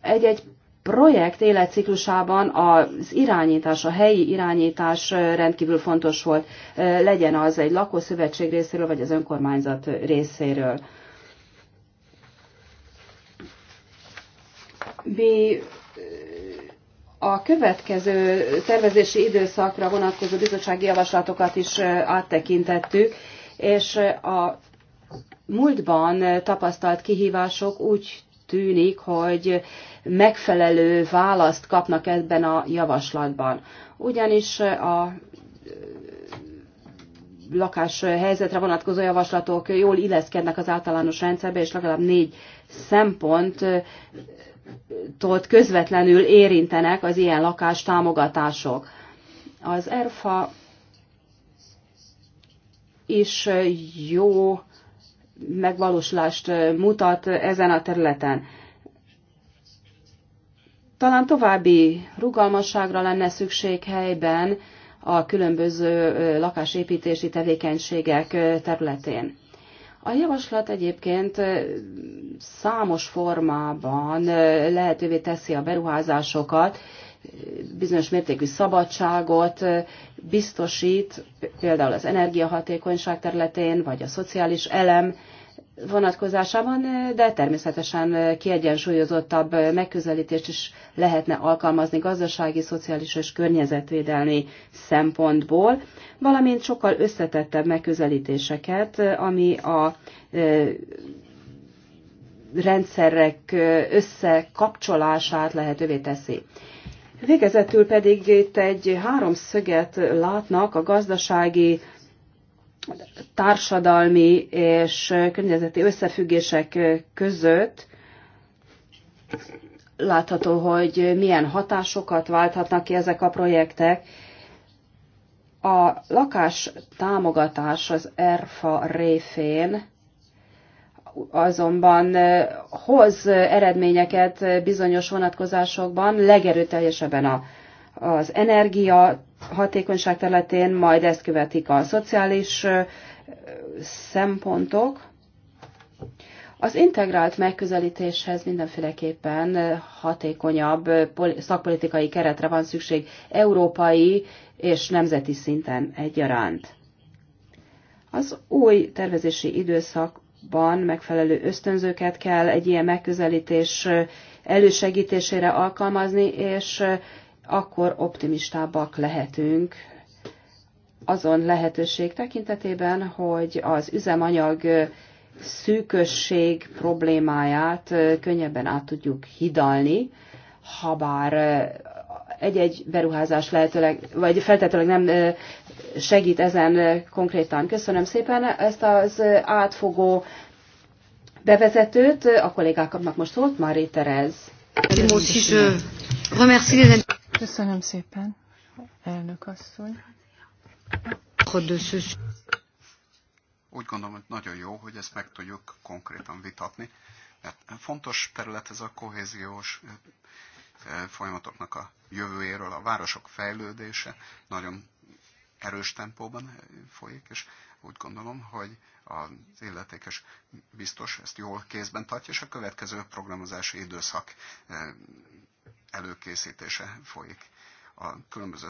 Speaker 7: Egy-egy projekt életciklusában az irányítás, a helyi irányítás rendkívül fontos volt, legyen az egy lakószövetség részéről, vagy az önkormányzat részéről. Mi a következő tervezési időszakra vonatkozó bizottsági javaslatokat is áttekintettük, és a múltban tapasztalt kihívások úgy tűnik, hogy megfelelő választ kapnak ebben a javaslatban. Ugyanis a lakás helyzetre vonatkozó javaslatok jól illeszkednek az általános rendszerbe, és legalább négy szempontot közvetlenül érintenek az ilyen lakás támogatások. Az ERFA is jó megvalósulást mutat ezen a területen. Talán további rugalmasságra lenne szükség helyben a különböző lakásépítési tevékenységek területén. A javaslat egyébként számos formában lehetővé teszi a beruházásokat, bizonyos mértékű szabadságot biztosít, például az energiahatékonyság területén, vagy a szociális elem vonatkozásában, de természetesen kiegyensúlyozottabb megközelítést is lehetne alkalmazni gazdasági, szociális és környezetvédelmi szempontból, valamint sokkal összetettebb megközelítéseket, ami a e, rendszerek e, összekapcsolását lehetővé teszi. Végezetül pedig itt egy háromszöget látnak a gazdasági, társadalmi és környezeti összefüggések között. Látható, hogy milyen hatásokat válthatnak ki ezek a projektek. A lakás támogatás az ERFA révén azonban hoz eredményeket bizonyos vonatkozásokban, legerőteljesebben a, az energia hatékonyság területén, majd ezt követik a szociális szempontok. Az integrált megközelítéshez mindenféleképpen hatékonyabb szakpolitikai keretre van szükség európai és nemzeti szinten egyaránt. Az új tervezési időszak ban megfelelő ösztönzőket kell egy ilyen megközelítés elősegítésére alkalmazni, és akkor optimistábbak lehetünk azon lehetőség tekintetében, hogy az üzemanyag szűkösség problémáját könnyebben át tudjuk hidalni, bár egy-egy beruházás lehetőleg, vagy feltetőleg nem segít ezen konkrétan. Köszönöm szépen ezt az átfogó bevezetőt. A kollégák most szót, Mari Terez.
Speaker 2: Köszönöm szépen, elnök
Speaker 10: asszony.
Speaker 8: Úgy gondolom, hogy nagyon jó, hogy ezt meg tudjuk konkrétan vitatni, mert fontos terület ez a kohéziós folyamatoknak a jövőjéről, a városok fejlődése, nagyon erős tempóban folyik, és úgy gondolom, hogy az illetékes biztos ezt jól kézben tartja, és a következő programozási időszak előkészítése folyik. A különböző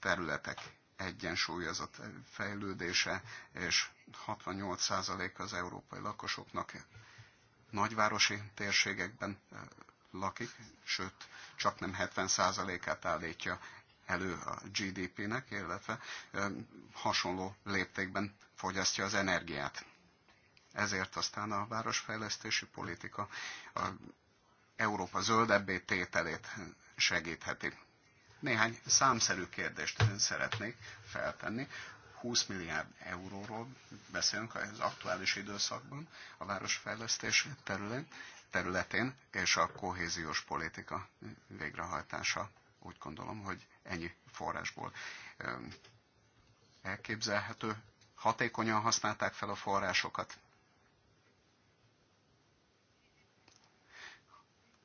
Speaker 8: területek egyensúlyozott fejlődése, és 68% az európai lakosoknak nagyvárosi térségekben lakik, sőt, csak nem 70%-át állítja elő a GDP-nek, illetve hasonló léptékben fogyasztja az energiát. Ezért aztán a városfejlesztési politika a Európa zöldebbé tételét segítheti. Néhány számszerű kérdést szeretnék feltenni. 20 milliárd euróról beszélünk az aktuális időszakban a városfejlesztés területén, területén és a kohéziós politika végrehajtása úgy gondolom, hogy ennyi forrásból elképzelhető. Hatékonyan használták fel a forrásokat.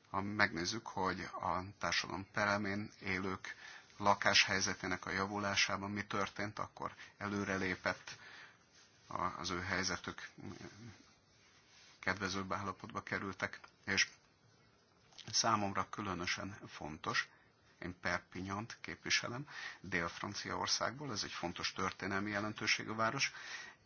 Speaker 8: Ha megnézzük, hogy a társadalom peremén élők lakáshelyzetének a javulásában mi történt, akkor előrelépett az ő helyzetük, kedvezőbb állapotba kerültek, és számomra különösen fontos, én Perpignant képviselem, Dél-Franciaországból, ez egy fontos történelmi jelentőségű város,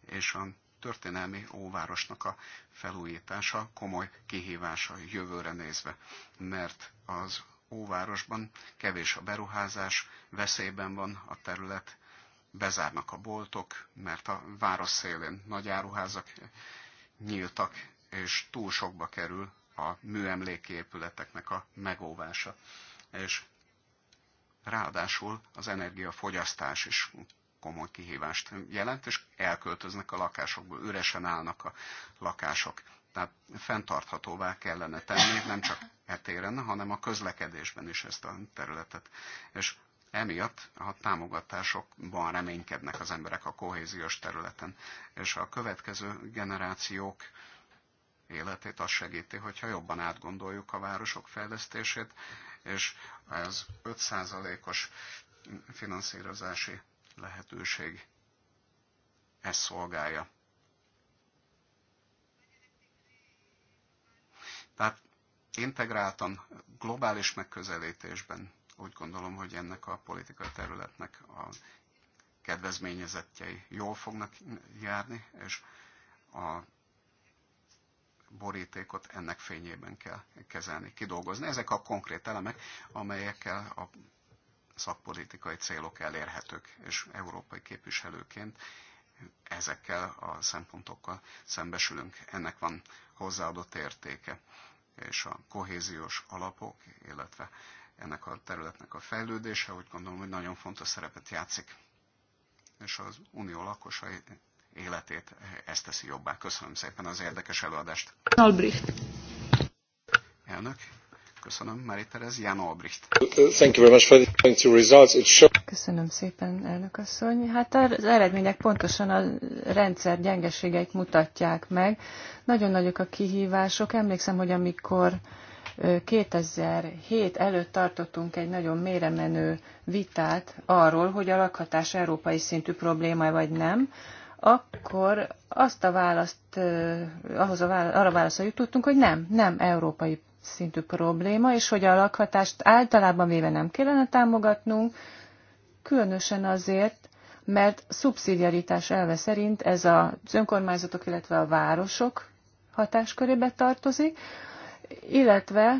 Speaker 8: és a történelmi óvárosnak a felújítása komoly kihívása jövőre nézve, mert az óvárosban kevés a beruházás, veszélyben van a terület, bezárnak a boltok, mert a város szélén nagy áruházak nyíltak, és túl sokba kerül a műemléki épületeknek a megóvása. És Ráadásul az energiafogyasztás is komoly kihívást jelent, és elköltöznek a lakásokból, üresen állnak a lakások. Tehát fenntarthatóvá kellene tenni, nem csak etéren, hanem a közlekedésben is ezt a területet. És emiatt a támogatásokban reménykednek az emberek a kohéziós területen, és a következő generációk életét az segíti, hogyha jobban átgondoljuk a városok fejlesztését, és az 5%-os finanszírozási lehetőség ezt szolgálja. Tehát integráltan, globális megközelítésben úgy gondolom, hogy ennek a politikai területnek a kedvezményezettjei jól fognak járni, és a borítékot ennek fényében kell kezelni, kidolgozni. Ezek a konkrét elemek, amelyekkel a szakpolitikai célok elérhetők, és európai képviselőként ezekkel a szempontokkal szembesülünk. Ennek van hozzáadott értéke, és a kohéziós alapok, illetve ennek a területnek a fejlődése, úgy gondolom, hogy nagyon fontos szerepet játszik. És az unió lakosai életét ezt teszi jobbá. Köszönöm szépen az érdekes előadást. Albrecht. Elnök. Köszönöm, Mari Terez, Jan Albrecht. Thank
Speaker 5: you very much for the results. It
Speaker 8: show...
Speaker 2: Köszönöm szépen, elnök asszony. Hát az eredmények pontosan a rendszer gyengeségeit mutatják meg. Nagyon nagyok a kihívások. Emlékszem, hogy amikor 2007 előtt tartottunk egy nagyon méremenő vitát arról, hogy a lakhatás európai szintű probléma vagy nem akkor azt a választ, ahhoz a választ, arra válaszra jutottunk, hogy nem, nem európai szintű probléma, és hogy a lakhatást általában véve nem kellene támogatnunk, különösen azért, mert szubszidiaritás elve szerint ez az önkormányzatok, illetve a városok hatáskörébe tartozik, illetve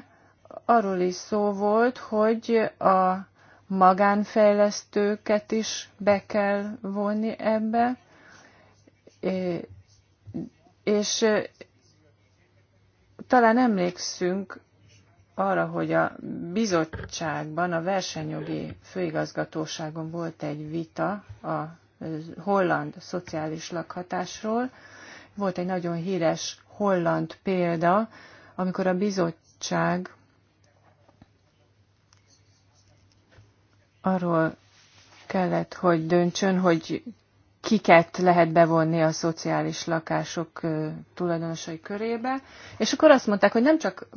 Speaker 2: arról is szó volt, hogy a magánfejlesztőket is be kell vonni ebbe, és talán emlékszünk arra, hogy a bizottságban, a versenyjogi főigazgatóságon volt egy vita a holland szociális lakhatásról. Volt egy nagyon híres holland példa, amikor a bizottság arról kellett, hogy döntsön, hogy kiket lehet bevonni a szociális lakások tulajdonosai körébe. És akkor azt mondták, hogy nem csak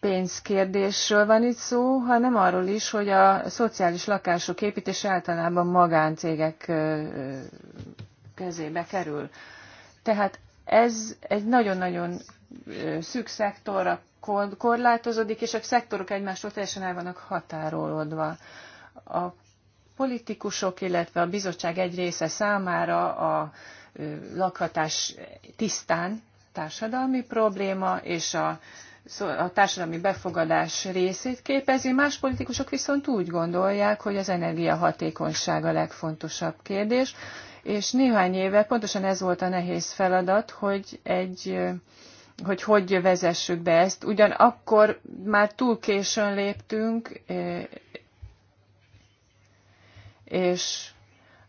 Speaker 2: pénzkérdésről van itt szó, hanem arról is, hogy a szociális lakások építése általában magáncégek kezébe kerül. Tehát ez egy nagyon-nagyon szűk szektorra korlátozódik, és a szektorok egymástól teljesen el vannak határolódva. A politikusok, illetve a bizottság egy része számára a lakhatás tisztán társadalmi probléma, és a, a társadalmi befogadás részét képezi. Más politikusok viszont úgy gondolják, hogy az energiahatékonyság a legfontosabb kérdés, és néhány éve pontosan ez volt a nehéz feladat, hogy egy hogy hogy vezessük be ezt. Ugyanakkor már túl későn léptünk, és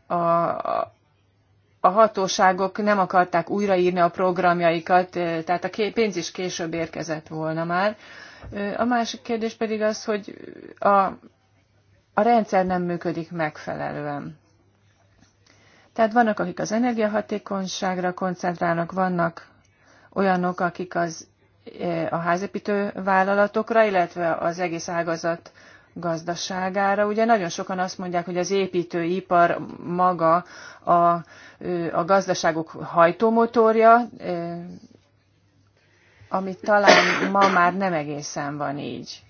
Speaker 2: a, a hatóságok nem akarták újraírni a programjaikat, tehát a pénz is később érkezett volna már. A másik kérdés pedig az, hogy a, a rendszer nem működik megfelelően. Tehát vannak, akik az energiahatékonyságra koncentrálnak, vannak olyanok, akik az, a házépítő vállalatokra, illetve az egész ágazat gazdaságára. Ugye nagyon sokan azt mondják, hogy az építőipar maga a, a gazdaságok hajtómotorja, amit talán ma már nem egészen van így.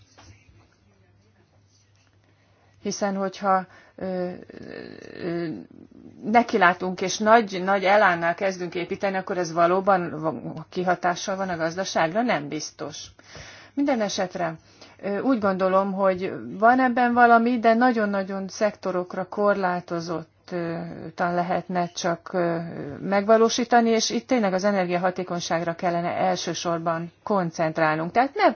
Speaker 2: Hiszen, hogyha nekilátunk és nagy, nagy elánnal kezdünk építeni, akkor ez valóban kihatással van a gazdaságra? Nem biztos. Minden esetre úgy gondolom, hogy van ebben valami, de nagyon-nagyon szektorokra korlátozott tan lehetne csak megvalósítani, és itt tényleg az energiahatékonyságra kellene elsősorban koncentrálnunk. Tehát ne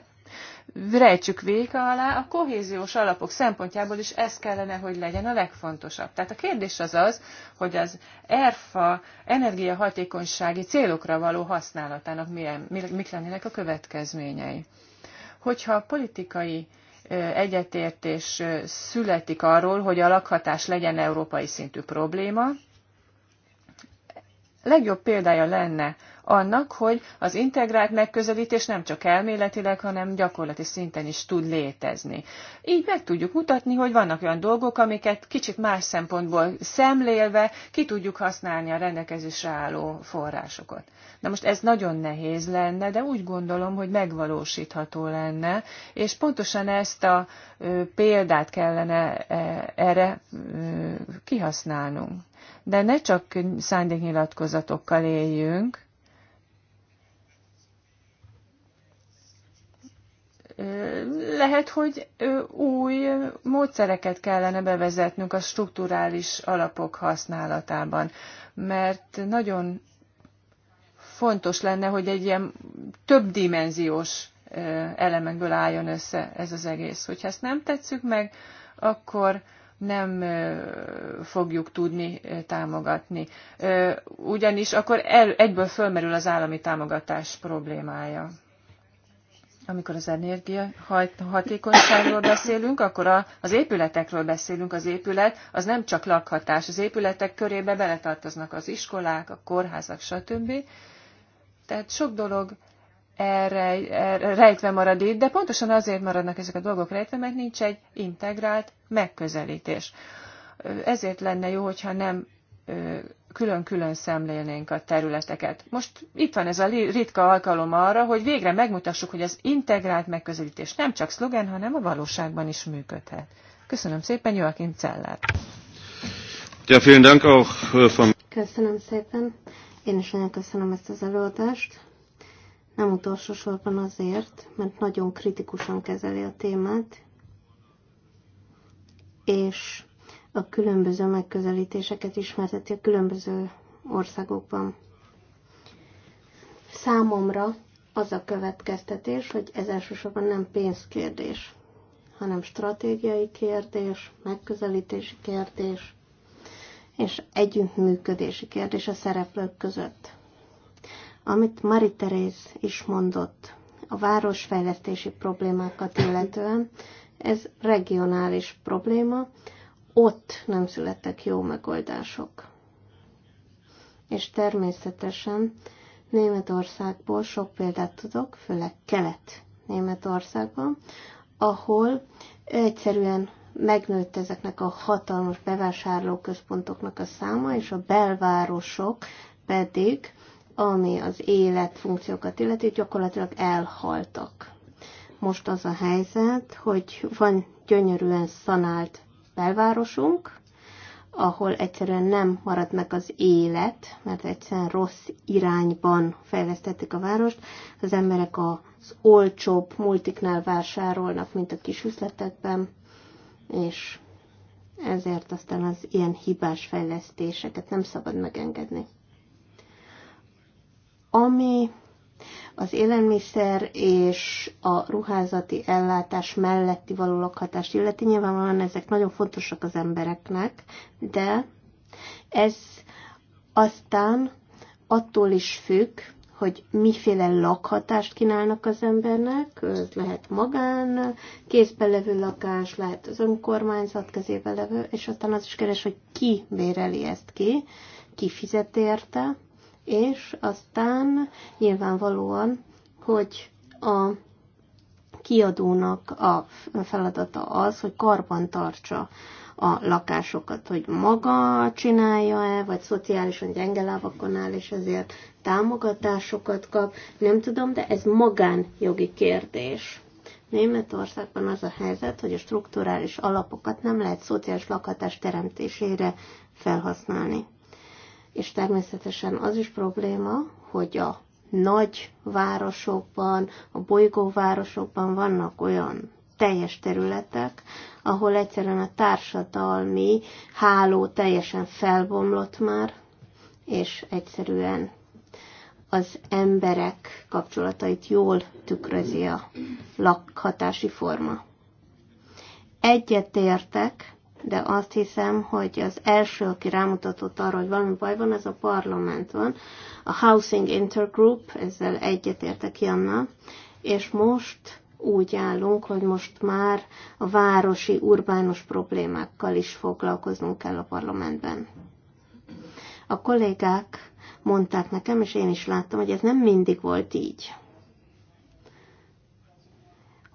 Speaker 2: rejtsük véka alá, a kohéziós alapok szempontjából is ez kellene, hogy legyen a legfontosabb. Tehát a kérdés az az, hogy az ERFA energiahatékonysági célokra való használatának milyen, mik lennének a következményei. Hogyha politikai egyetértés születik arról, hogy a lakhatás legyen európai szintű probléma, legjobb példája lenne annak, hogy az integrált megközelítés nem csak elméletileg, hanem gyakorlati szinten is tud létezni. Így meg tudjuk mutatni, hogy vannak olyan dolgok, amiket kicsit más szempontból szemlélve ki tudjuk használni a rendelkezésre álló forrásokat. Na most ez nagyon nehéz lenne, de úgy gondolom, hogy megvalósítható lenne, és pontosan ezt a ö, példát kellene e, erre ö, kihasználnunk. De ne csak szándéknyilatkozatokkal éljünk, Lehet, hogy új módszereket kellene bevezetnünk a strukturális alapok használatában, mert nagyon fontos lenne, hogy egy ilyen többdimenziós elemekből álljon össze ez az egész. Hogyha ezt nem tetszük meg, akkor nem fogjuk tudni támogatni. Ugyanis akkor egyből fölmerül az állami támogatás problémája amikor az energia hatékonyságról beszélünk, akkor a, az épületekről beszélünk. Az épület az nem csak lakhatás. Az épületek körébe beletartoznak az iskolák, a kórházak, stb. Tehát sok dolog erre, erre rejtve marad itt, de pontosan azért maradnak ezek a dolgok rejtve, mert nincs egy integrált megközelítés. Ezért lenne jó, hogyha nem külön-külön szemlélnénk a területeket. Most itt van ez a ritka alkalom arra, hogy végre megmutassuk, hogy az integrált megközelítés nem csak szlogen, hanem a valóságban is működhet. Köszönöm szépen, Joachim Celler.
Speaker 9: Ja, vielen Dank auch äh,
Speaker 1: Köszönöm szépen. Én is nagyon köszönöm ezt az előadást. Nem utolsó sorban azért, mert nagyon kritikusan kezeli a témát, és a különböző megközelítéseket ismerteti a különböző országokban. Számomra az a következtetés, hogy ez elsősorban nem pénzkérdés, hanem stratégiai kérdés, megközelítési kérdés, és együttműködési kérdés a szereplők között. Amit Mari Teréz is mondott a városfejlesztési problémákat illetően, ez regionális probléma, ott nem születtek jó megoldások. És természetesen Németországból sok példát tudok, főleg Kelet-Németországban, ahol egyszerűen megnőtt ezeknek a hatalmas bevásárlóközpontoknak a száma, és a belvárosok pedig, ami az életfunkciókat illeti, gyakorlatilag elhaltak. Most az a helyzet, hogy van gyönyörűen szanált belvárosunk, ahol egyszerűen nem maradt meg az élet, mert egyszerűen rossz irányban fejlesztették a várost. Az emberek az olcsóbb multiknál vásárolnak, mint a kis üzletekben, és ezért aztán az ilyen hibás fejlesztéseket nem szabad megengedni. Ami az élelmiszer és a ruházati ellátás melletti való lakhatást illeti. Nyilvánvalóan ezek nagyon fontosak az embereknek, de ez aztán attól is függ, hogy miféle lakhatást kínálnak az embernek, ez lehet magán, kézben levő lakás, lehet az önkormányzat kezében levő, és aztán az is keres, hogy ki béreli ezt ki, ki fizet érte, és aztán nyilvánvalóan, hogy a kiadónak a feladata az, hogy karban tartsa a lakásokat, hogy maga csinálja-e, vagy szociálisan gyenge lábakon áll, és ezért támogatásokat kap, nem tudom, de ez magánjogi kérdés. Németországban az a helyzet, hogy a strukturális alapokat nem lehet szociális lakhatás teremtésére felhasználni és természetesen az is probléma, hogy a nagy városokban, a bolygóvárosokban vannak olyan teljes területek, ahol egyszerűen a társadalmi háló teljesen felbomlott már, és egyszerűen az emberek kapcsolatait jól tükrözi a lakhatási forma. Egyetértek de azt hiszem, hogy az első, aki rámutatott arra, hogy valami baj van, ez a parlament van. A Housing Intergroup, ezzel egyetértek Janna, és most úgy állunk, hogy most már a városi, urbánus problémákkal is foglalkoznunk kell a parlamentben. A kollégák mondták nekem, és én is láttam, hogy ez nem mindig volt így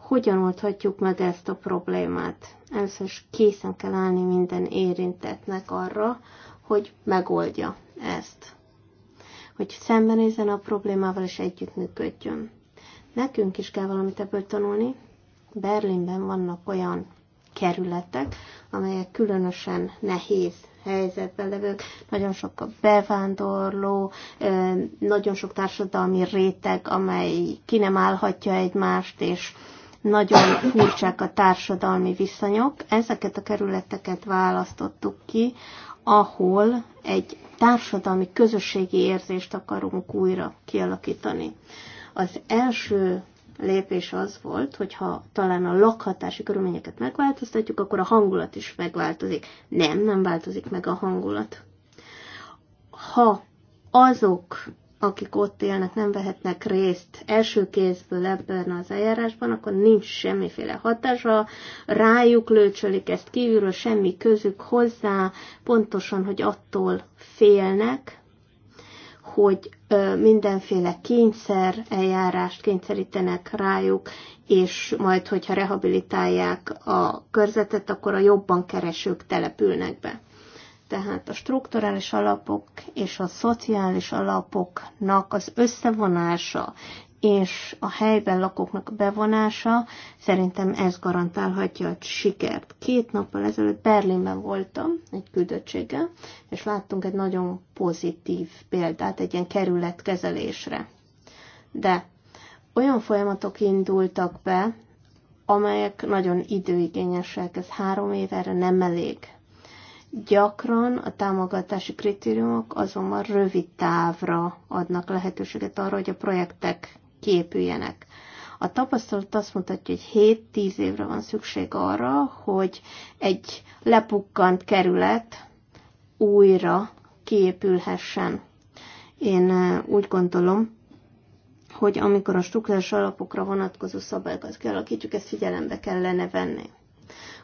Speaker 1: hogyan oldhatjuk meg ezt a problémát. Először is készen kell állni minden érintetnek arra, hogy megoldja ezt. Hogy szembenézzen a problémával és együttműködjön. Nekünk is kell valamit ebből tanulni. Berlinben vannak olyan kerületek, amelyek különösen nehéz helyzetben levők, nagyon sok a bevándorló, nagyon sok társadalmi réteg, amely ki nem állhatja egymást, és nagyon furcsák a társadalmi viszonyok. Ezeket a kerületeket választottuk ki, ahol egy társadalmi közösségi érzést akarunk újra kialakítani. Az első lépés az volt, hogyha talán a lakhatási körülményeket megváltoztatjuk, akkor a hangulat is megváltozik. Nem, nem változik meg a hangulat. Ha azok akik ott élnek, nem vehetnek részt első kézből ebben az eljárásban, akkor nincs semmiféle hatása, rájuk lőcsölik ezt kívülről, semmi közük hozzá, pontosan, hogy attól félnek, hogy ö, mindenféle kényszer eljárást kényszerítenek rájuk, és majd, hogyha rehabilitálják a körzetet, akkor a jobban keresők települnek be. Tehát a strukturális alapok és a szociális alapoknak az összevonása és a helyben lakóknak a bevonása szerintem ez garantálhatja a sikert. Két nappal ezelőtt Berlinben voltam egy küldöttséggel, és láttunk egy nagyon pozitív példát egy ilyen kerületkezelésre. De olyan folyamatok indultak be, amelyek nagyon időigényesek, ez három év erre nem elég. Gyakran a támogatási kritériumok azonban rövid távra adnak lehetőséget arra, hogy a projektek kiépüljenek. A tapasztalat azt mutatja, hogy 7-10 évre van szükség arra, hogy egy lepukkant kerület újra kiépülhessen. Én úgy gondolom, hogy amikor a struktúrás alapokra vonatkozó szabályokat kialakítjuk, ezt figyelembe kellene venni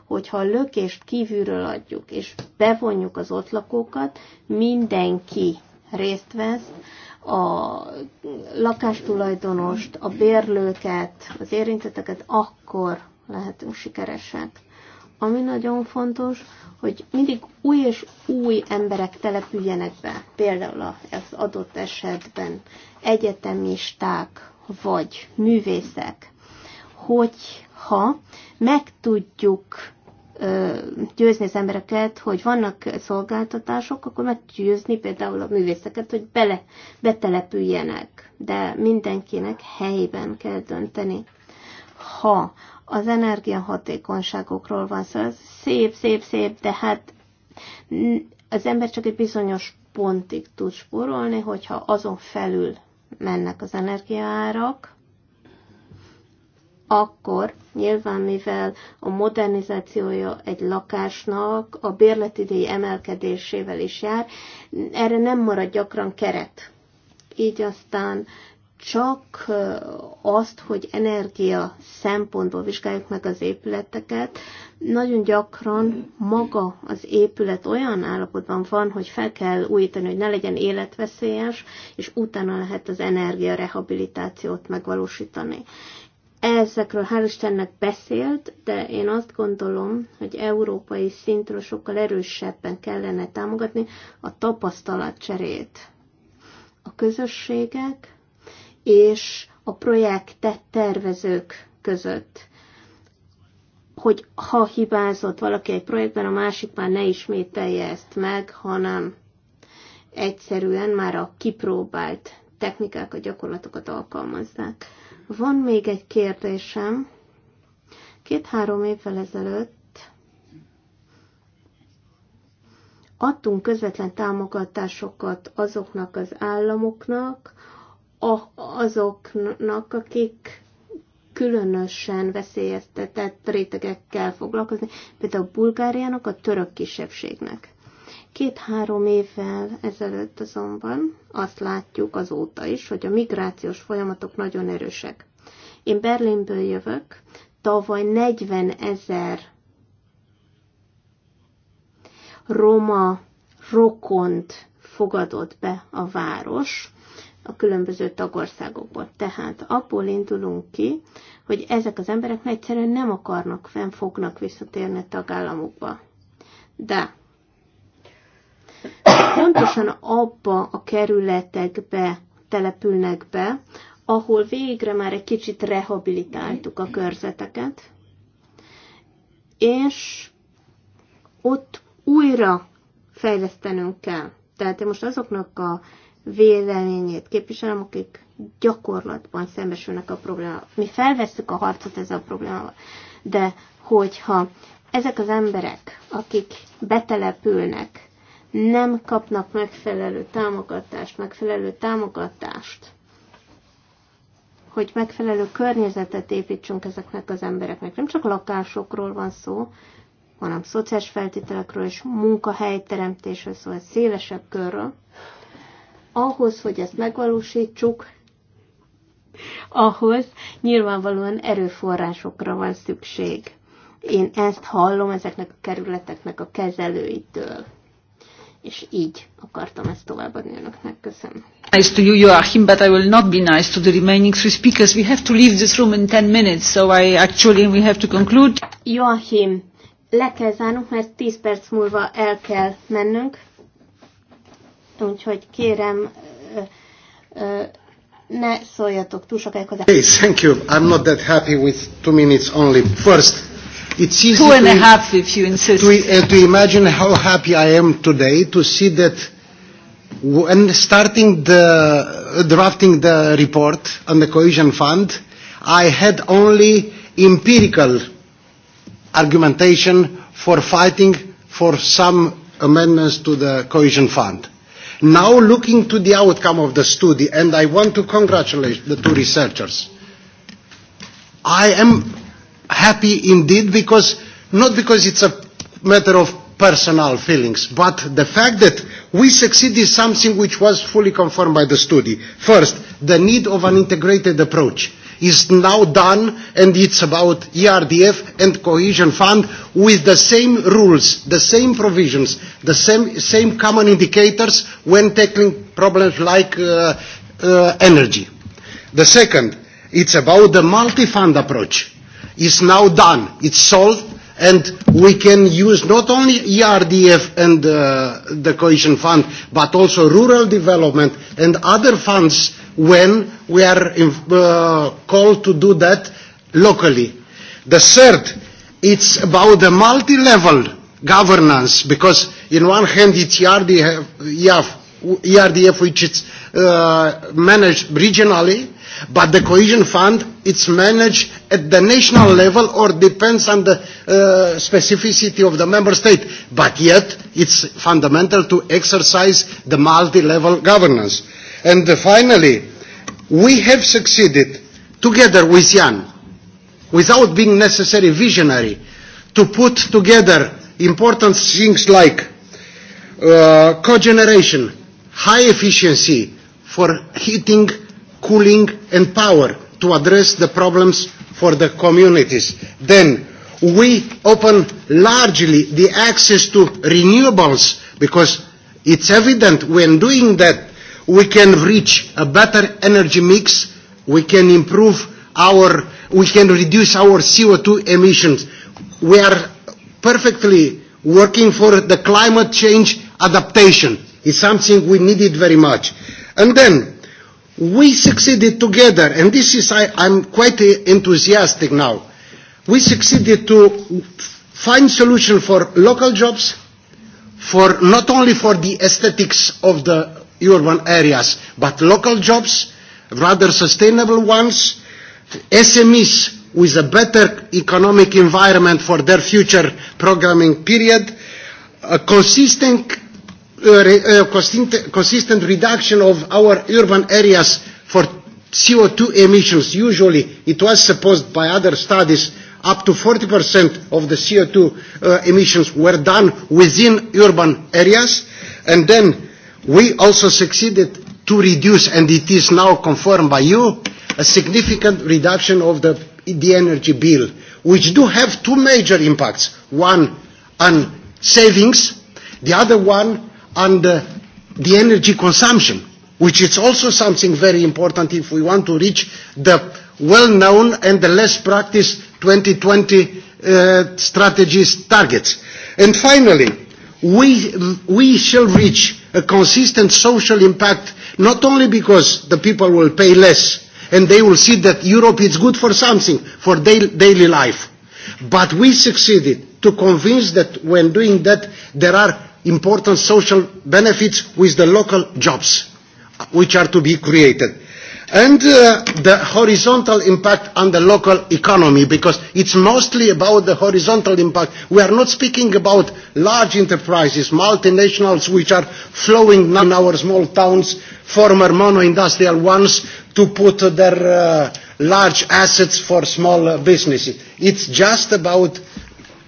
Speaker 1: hogyha a lökést kívülről adjuk, és bevonjuk az ott lakókat, mindenki részt vesz, a lakástulajdonost, a bérlőket, az érintetteket, akkor lehetünk sikeresek. Ami nagyon fontos, hogy mindig új és új emberek települjenek be, például az adott esetben egyetemisták, vagy művészek, hogyha meg tudjuk győzni az embereket, hogy vannak szolgáltatások, akkor meggyőzni például a művészeket, hogy bele, betelepüljenek. De mindenkinek helyben kell dönteni. Ha az energiahatékonyságokról van szó, szóval szép, szép, szép, de hát az ember csak egy bizonyos pontig tud spórolni, hogyha azon felül mennek az energiaárak, akkor nyilván mivel a modernizációja egy lakásnak a bérletidéi emelkedésével is jár, erre nem marad gyakran keret. Így aztán csak azt, hogy energia szempontból vizsgáljuk meg az épületeket, nagyon gyakran maga az épület olyan állapotban van, hogy fel kell újítani, hogy ne legyen életveszélyes, és utána lehet az energia rehabilitációt megvalósítani. Ezekről hál' Istennek beszélt, de én azt gondolom, hogy európai szintről sokkal erősebben kellene támogatni a tapasztalatcserét. A közösségek és a projektet tervezők között hogy ha hibázott valaki egy projektben, a másik már ne ismételje ezt meg, hanem egyszerűen már a kipróbált technikák a gyakorlatokat alkalmazzák. Van még egy kérdésem. Két-három évvel ezelőtt adtunk közvetlen támogatásokat azoknak az államoknak, a, azoknak, akik különösen veszélyeztetett rétegekkel foglalkozni, például Bulgáriának, a török kisebbségnek. Két-három évvel ezelőtt azonban azt látjuk azóta is, hogy a migrációs folyamatok nagyon erősek. Én Berlinből jövök, tavaly 40 ezer roma rokont fogadott be a város a különböző tagországokból. Tehát abból indulunk ki, hogy ezek az emberek egyszerűen nem akarnak, fenn fognak visszatérni a tagállamukba. De pontosan abba a kerületekbe települnek be, ahol végre már egy kicsit rehabilitáltuk a körzeteket, és ott újra fejlesztenünk kell. Tehát én most azoknak a véleményét képviselem, akik gyakorlatban szembesülnek a problémával. Mi felveszük a harcot ezzel a problémával, de hogyha ezek az emberek, akik betelepülnek, nem kapnak megfelelő támogatást, megfelelő támogatást, hogy megfelelő környezetet építsünk ezeknek az embereknek. Nem csak lakásokról van szó, hanem szociális feltételekről és munkahelyteremtésről, szóval szélesebb körről. Ahhoz, hogy ezt megvalósítsuk, ahhoz nyilvánvalóan erőforrásokra van szükség. Én ezt hallom ezeknek a kerületeknek a kezelőitől és így akartam ezt továbbadni önöknek. Köszönöm.
Speaker 3: Nice to you, Joachim, but I will not be nice to the remaining three speakers. We have to leave this room in 10 minutes, so I actually we have to conclude.
Speaker 1: Joachim, le kell zárnunk, mert 10 perc múlva el kell mennünk. Úgyhogy kérem, ne szóljatok túl sokáig hozzá. Hey,
Speaker 6: thank you. I'm not that happy with two minutes only. First, It seems two and to, a half, if you insist. To, uh, to imagine how happy I am today to see that when starting the uh, drafting the report on the cohesion fund, I had only empirical argumentation for fighting for some amendments to the cohesion fund. Now looking to the outcome of the study, and I want to congratulate the two researchers, I am happy indeed because, not because it's a matter of personal feelings, but the fact that we succeed is something which was fully confirmed by the study. First, the need of an integrated approach is now done and it's about ERDF and cohesion fund with the same rules, the same provisions, the same, same common indicators when tackling problems like uh, uh, energy. The second, it's about the multi-fund approach is now done. It's solved and we can use not only ERDF and uh, the cohesion fund, but also rural development and other funds when we are uh, called to do that locally. The third, it's about the multi-level governance, because in one hand it's ERDF, ERDF which is uh, managed regionally, But the cohesion fund, it's managed at the national level or depends on the uh, specificity of the member state. But yet, it's fundamental to exercise the multi-level governance. And uh, finally, we have succeeded, together with Jan, without being necessary visionary, to put together important things like uh, cogeneration, high efficiency for heating cooling and power to address the problems for the communities. Then we open largely the access to renewables because it's evident when doing that we can reach a better energy mix, we can improve our, we can reduce our CO2 emissions. We are perfectly working for the climate change adaptation. It's something we needed very much. And then we succeeded together, and this is, I, I'm quite enthusiastic now, we succeeded to find solution for local jobs, for not only for the aesthetics of the urban areas, but local jobs, rather sustainable ones, SMEs with a better economic environment for their future programming period, a consistent consistent, consistent reduction of our urban areas for CO2 emissions. Usually it was supposed by other studies up to 40% of the CO2 uh, emissions were done within urban areas. And then we also succeeded to reduce, and it is now confirmed by you, a significant reduction of the, the energy bill, which do have two major impacts. One on savings, the other one on the, the energy consumption, which is also something very important if we want to reach the well-known and the less practiced 2020 uh, strategies targets. And finally, we, we shall reach a consistent social impact not only because the people will pay less and they will see that Europe is good for something, for da daily life, but we succeeded to convince that when doing that there are important social benefits with the local jobs which are to be created. And uh, the horizontal impact on the local economy, because it's mostly about the horizontal impact. We are not speaking about large enterprises, multinationals, which are flowing in our small towns, former mono-industrial ones, to put their uh, large assets for small businesses. It's just about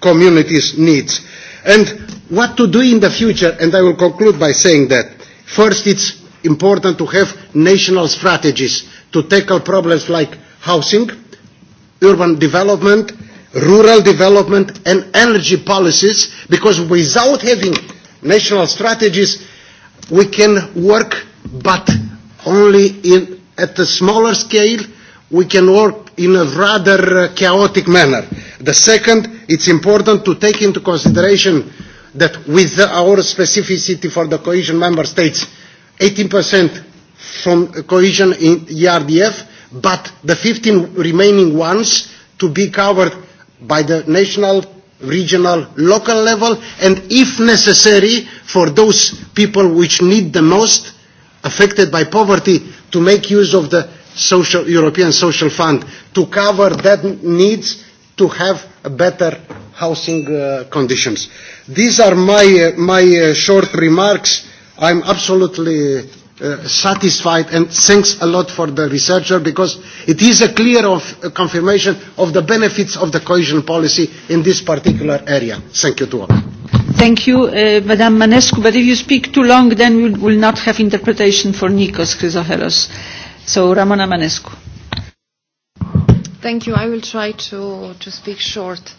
Speaker 6: communities' needs. And what to do in the future, and I will conclude by saying that. First, it's important to have national strategies to tackle problems like housing, urban development, rural development and energy policies because without having national strategies we can work but only in, at a smaller scale we can work in a rather chaotic manner. The second, it's important to take into consideration that with our specificity for the cohesion member states, 18% from cohesion in ERDF, but the 15 remaining ones to be covered by the national, regional, local level, and if necessary, for those people which need the most, affected by poverty, to make use of the social, European Social Fund to cover that needs to have better housing uh, conditions. These are my, uh, my uh, short remarks. I'm absolutely uh, satisfied and thanks a lot for the researcher because it is a clear of, a confirmation of the benefits of the cohesion policy in this particular area. Thank you to all.
Speaker 3: Thank you, uh, Madame Manescu. But if you speak too long, then we will not have interpretation for Nikos Chrysohelos. So, Ramona Manescu.
Speaker 4: Thank you. I will try to, to speak short.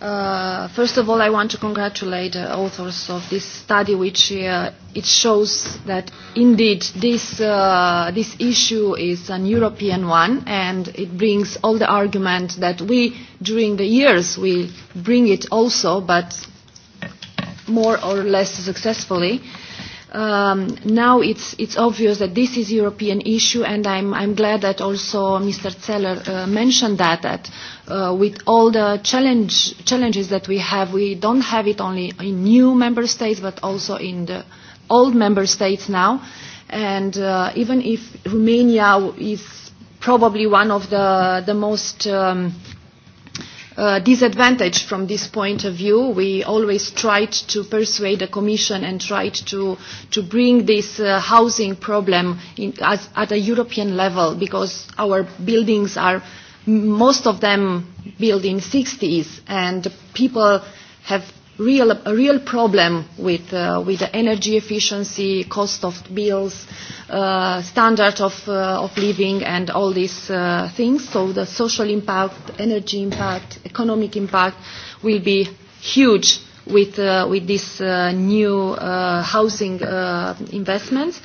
Speaker 4: Uh, first of all, I want to congratulate the authors of this study, which uh, it shows that indeed this, uh, this issue is an European one, and it brings all the argument that we, during the years, we bring it also, but more or less successfully. Uh, um, now it's, it's obvious that this is a European issue, and I'm, I'm glad that also Mr. Zeller uh, mentioned that, that uh, with all the challenge, challenges that we have, we don't have it only in new member states, but also in the old member states now. And uh, even if Romania is probably one of the, the most um, uh, disadvantage from this point of view. We always tried to persuade the Commission and tried to, to bring this uh, housing problem in, as, at a European level because our buildings are, most of them built in 60s and people have real, a real problem with, uh, with the energy efficiency, cost of bills, uh, standard of, uh, of living and all these uh, things. So the social impact, energy impact, economic impact will be huge with, uh, with this uh, new uh, housing uh, investments.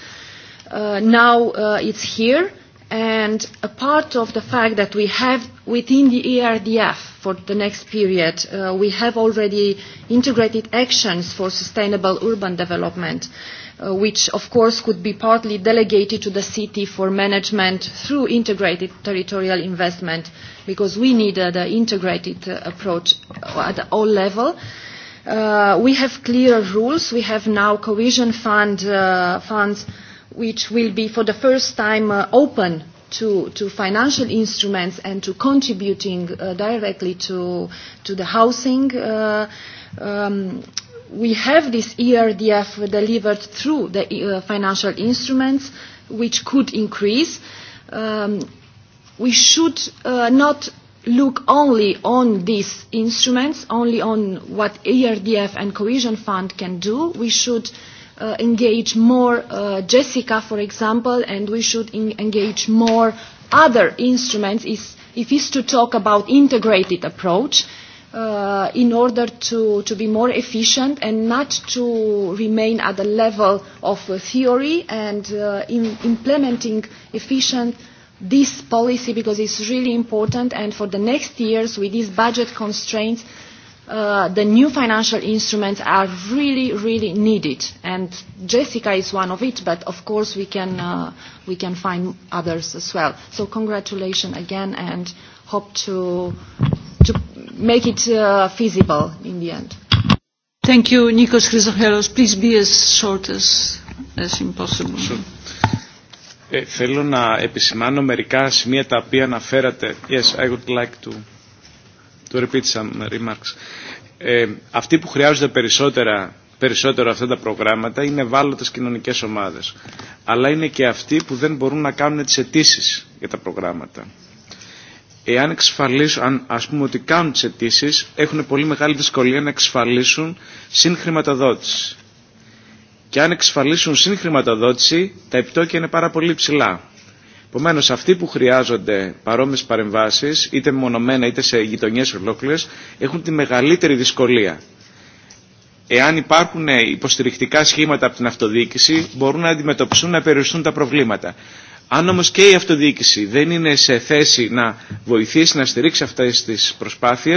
Speaker 4: Uh, now uh, it's here And a part of the fact that we have within the ERDF for the next period, uh, we have already integrated actions for sustainable urban development, uh, which of course could be partly delegated to the city for management through integrated territorial investment, because we need uh, the integrated uh, approach at all level. Uh, we have clear rules. We have now cohesion fund uh, funds which will be for the first time uh, open to, to financial instruments and to contributing uh, directly to, to the housing. Uh, um, we have this ERDF delivered through the uh, financial instruments, which could increase. Um, we should uh, not look only on these instruments, only on what ERDF and cohesion fund can do. We should uh, uh, engage more uh, Jessica, for example, and we should in- engage more other instruments is, if it's to talk about integrated approach uh, in order to, to be more efficient and not to remain at the level of uh, theory and uh, in implementing efficient this policy because it's really important and for the next years with these budget constraints Uh, the new financial instruments are really, really needed. And Jessica is one of it, but of course we can, uh, we can find others as well. So congratulations again and hope to, to make it uh, feasible in the end.
Speaker 3: Thank you, Nikos Chrysohelos. Please be as short as, as impossible. Sure.
Speaker 9: Ε, eh, θέλω να επισημάνω μερικά σημεία τα οποία αναφέρατε. Yes, I would like to to repeat some remarks. Ε, αυτοί που χρειάζονται περισσότερα περισσότερο αυτά τα προγράμματα είναι ευάλωτες κοινωνικές ομάδες. Αλλά είναι και αυτοί που δεν μπορούν να κάνουν τις αιτήσει για τα προγράμματα. Εάν εξασφαλίσουν, αν ας πούμε ότι κάνουν τις αιτήσει, έχουν πολύ μεγάλη δυσκολία να εξασφαλίσουν συγχρηματοδότηση. Και αν εξασφαλίσουν συγχρηματοδότηση, τα επιτόκια είναι πάρα πολύ ψηλά. Επομένω, αυτοί που χρειάζονται παρόμοιε παρεμβάσει, είτε μονομένα είτε σε γειτονιέ ολόκληρε, έχουν τη μεγαλύτερη δυσκολία. Εάν υπάρχουν υποστηρικτικά σχήματα από την αυτοδιοίκηση, μπορούν να αντιμετωπιστούν, να περιοριστούν τα προβλήματα. Αν όμω και η αυτοδιοίκηση δεν είναι σε θέση να βοηθήσει, να στηρίξει αυτέ τι προσπάθειε,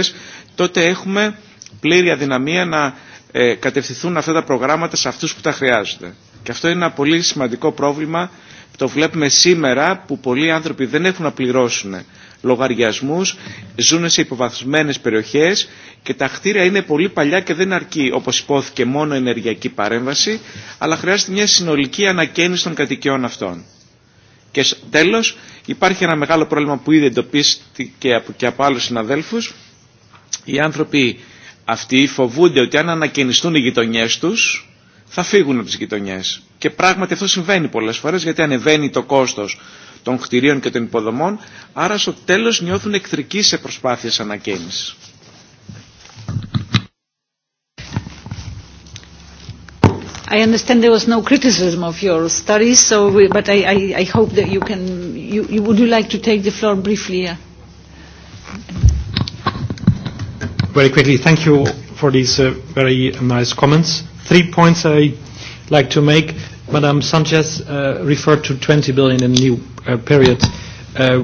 Speaker 9: τότε έχουμε πλήρη αδυναμία να ε, κατευθυνθούν αυτά τα προγράμματα σε αυτού που τα χρειάζονται. Και αυτό είναι ένα πολύ σημαντικό πρόβλημα Το βλέπουμε σήμερα που πολλοί άνθρωποι δεν έχουν να πληρώσουν λογαριασμούς, ζουν σε υποβαθμισμένες περιοχές και τα χτίρια είναι πολύ παλιά και δεν αρκεί, όπως υπόθηκε, μόνο ενεργειακή παρέμβαση, αλλά χρειάζεται μια συνολική ανακαίνιση των κατοικιών αυτών. Και τέλος, υπάρχει ένα μεγάλο πρόβλημα που ήδη εντοπίστηκε και από άλλους συναδέλφους. Οι άνθρωποι αυτοί φοβούνται ότι αν ανακαινιστούν οι γειτονιές τους, θα φύγουν από τι γειτονιέ. Και πράγματι αυτό συμβαίνει πολλέ φορέ γιατί ανεβαίνει το κόστο των κτηρίων και των υποδομών, άρα στο τέλο νιώθουν εχθρικοί σε προσπάθειε ανακαίνησης.
Speaker 3: I understand there was no criticism of your studies, so we, but I, I, I hope that you can. You, you, would you like to take the floor briefly? Yeah.
Speaker 5: Very quickly, thank you for these uh, very nice comments. Three points I like to make. Madame Sanchez uh, referred to 20 billion in new uh, period. Uh,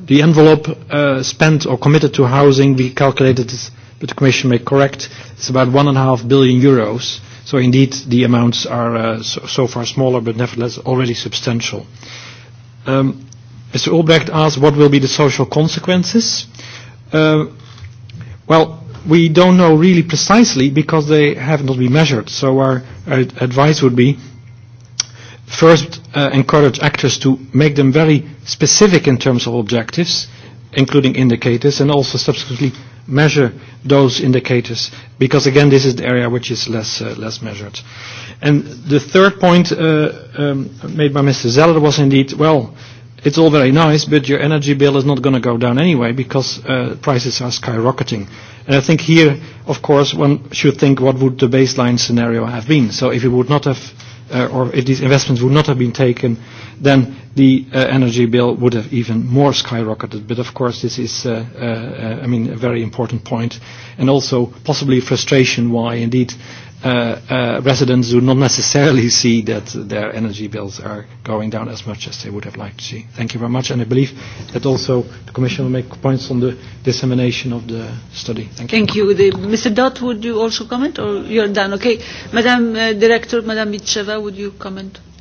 Speaker 5: the envelope uh, spent or committed to housing, we calculated this, but the Commission may correct, it's about 1.5 billion euros. So indeed, the amounts are uh, so, so far smaller, but nevertheless already substantial. Um, Mr. Ulbrecht asked what will be the social consequences. Uh, well, we don't know really precisely because they have not been measured. So our, our advice would be first uh, encourage actors to make them very specific in terms of objectives, including indicators, and also subsequently measure those indicators because again this is the area which is less uh, less measured. And the third point uh, um, made by Mr. Zeller was indeed well it's all very nice, but your energy bill is not going to go down anyway because uh, prices are skyrocketing. And I think here, of course, one should think what would the baseline scenario have been. So if it would not have, uh, or if these investments would not have been taken, then the uh, energy bill would have even more skyrocketed. But of course, this is, uh, uh, uh I mean, a very important point, and also possibly frustration why indeed uh, uh, residents do not necessarily see that their energy bills are going down as much as they would have liked to see. Thank you very much, and I believe that also the Commission will make points on the dissemination of the study. Thank
Speaker 3: you. Thank you. The, Mr. Dott, would you also comment, or you're done? Okay, Madam uh, Director,
Speaker 10: Madam Mitcheva, would you comment? Uh,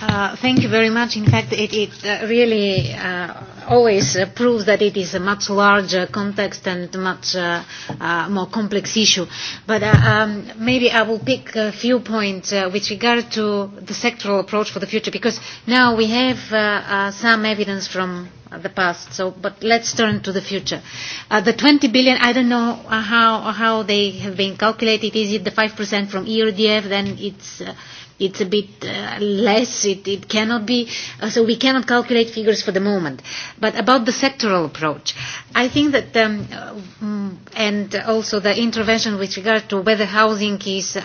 Speaker 10: Uh, thank you very much. In fact, it, it uh, really uh, always uh, proves that it is a much larger context and much uh, uh, more complex issue. But uh, um, maybe I will pick a few points uh, with regard to the sectoral approach for the future, because now we have uh, uh, some evidence from the past. So, but let's turn to the future. Uh, the 20 billion, I don't know how how they have been calculated. Is it the 5% from ERDF? Then it's uh, it's a bit uh, less, it, it cannot be, uh, so we cannot calculate figures for the moment. But about the sectoral approach, I think that, um, uh, mm, and also the intervention with regard to whether housing is um,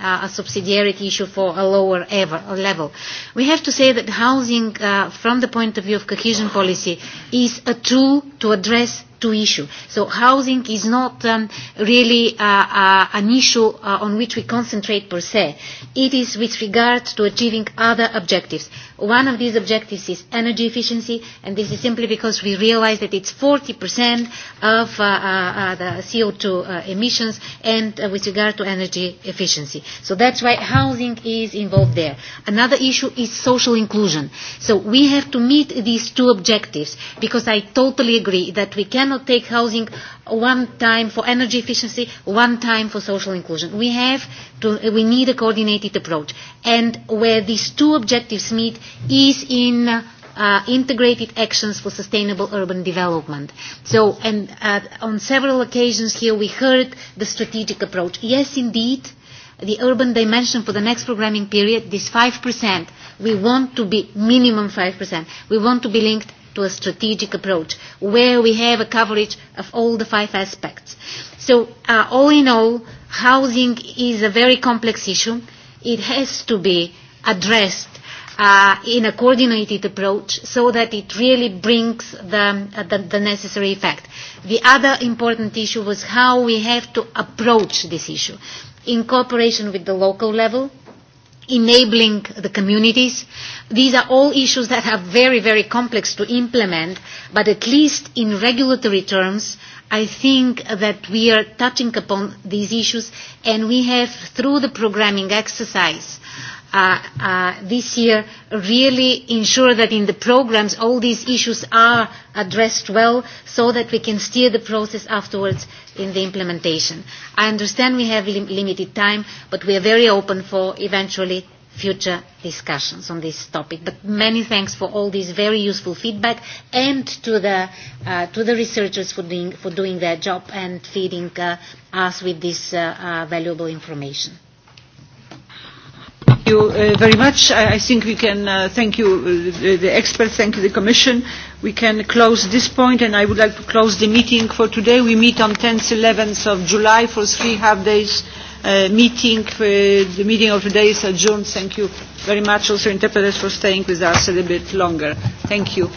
Speaker 10: a subsidiarity issue for a lower ever, a level, we have to say that housing, uh, from the point of view of cohesion policy, is a tool to address two issue. So housing is not um, really uh, uh, an issue uh, on which we concentrate per se. It is with regard to achieving other objectives. One of these objectives is energy efficiency, and this is simply because we realize that it's 40% of uh, uh, uh the CO2 uh, emissions and uh, with regard to energy efficiency. So that's why housing is involved there. Another issue is social inclusion. So we have to meet these two objectives because I totally agree that we cannot take housing one time for energy efficiency, one time for social inclusion. We have to, we need a coordinated approach. And where these two objectives meet is in uh, integrated actions for sustainable urban development. So, and uh, on several occasions here we heard the strategic approach. Yes, indeed, the urban dimension for the next programming period, this 5%, we want to be minimum 5%. We want to be linked to a strategic approach where we have a coverage of all the five aspects. So uh, all in all, housing is a very complex issue. It has to be addressed uh, in a coordinated approach so that it really brings the, uh, the, the necessary effect. The other important issue was how we have to approach this issue in cooperation with the local level, enabling the communities. These are all issues that are very, very complex to implement, but at least in regulatory terms, I think that we are touching upon these issues and we have, through the programming exercise uh, uh, this year, really ensure that in the programs all these issues are addressed well so that we can steer the process afterwards in the implementation. I understand we have lim limited time, but we are very open for eventually future discussions on this topic. But many thanks for all this very useful feedback and to the, uh, to the researchers for doing, for doing their job and feeding uh, us with this uh, uh, valuable information
Speaker 3: you uh, very much. I, I think we can uh, thank you, uh, the, the experts, thank you, the Commission. We can close this point, and I would like to close the meeting for today. We meet on 10th, 11th of July for three half days uh, meeting. Uh, the meeting of today is adjourned. Thank you very much, also interpreters, for staying with us a little bit longer. Thank you.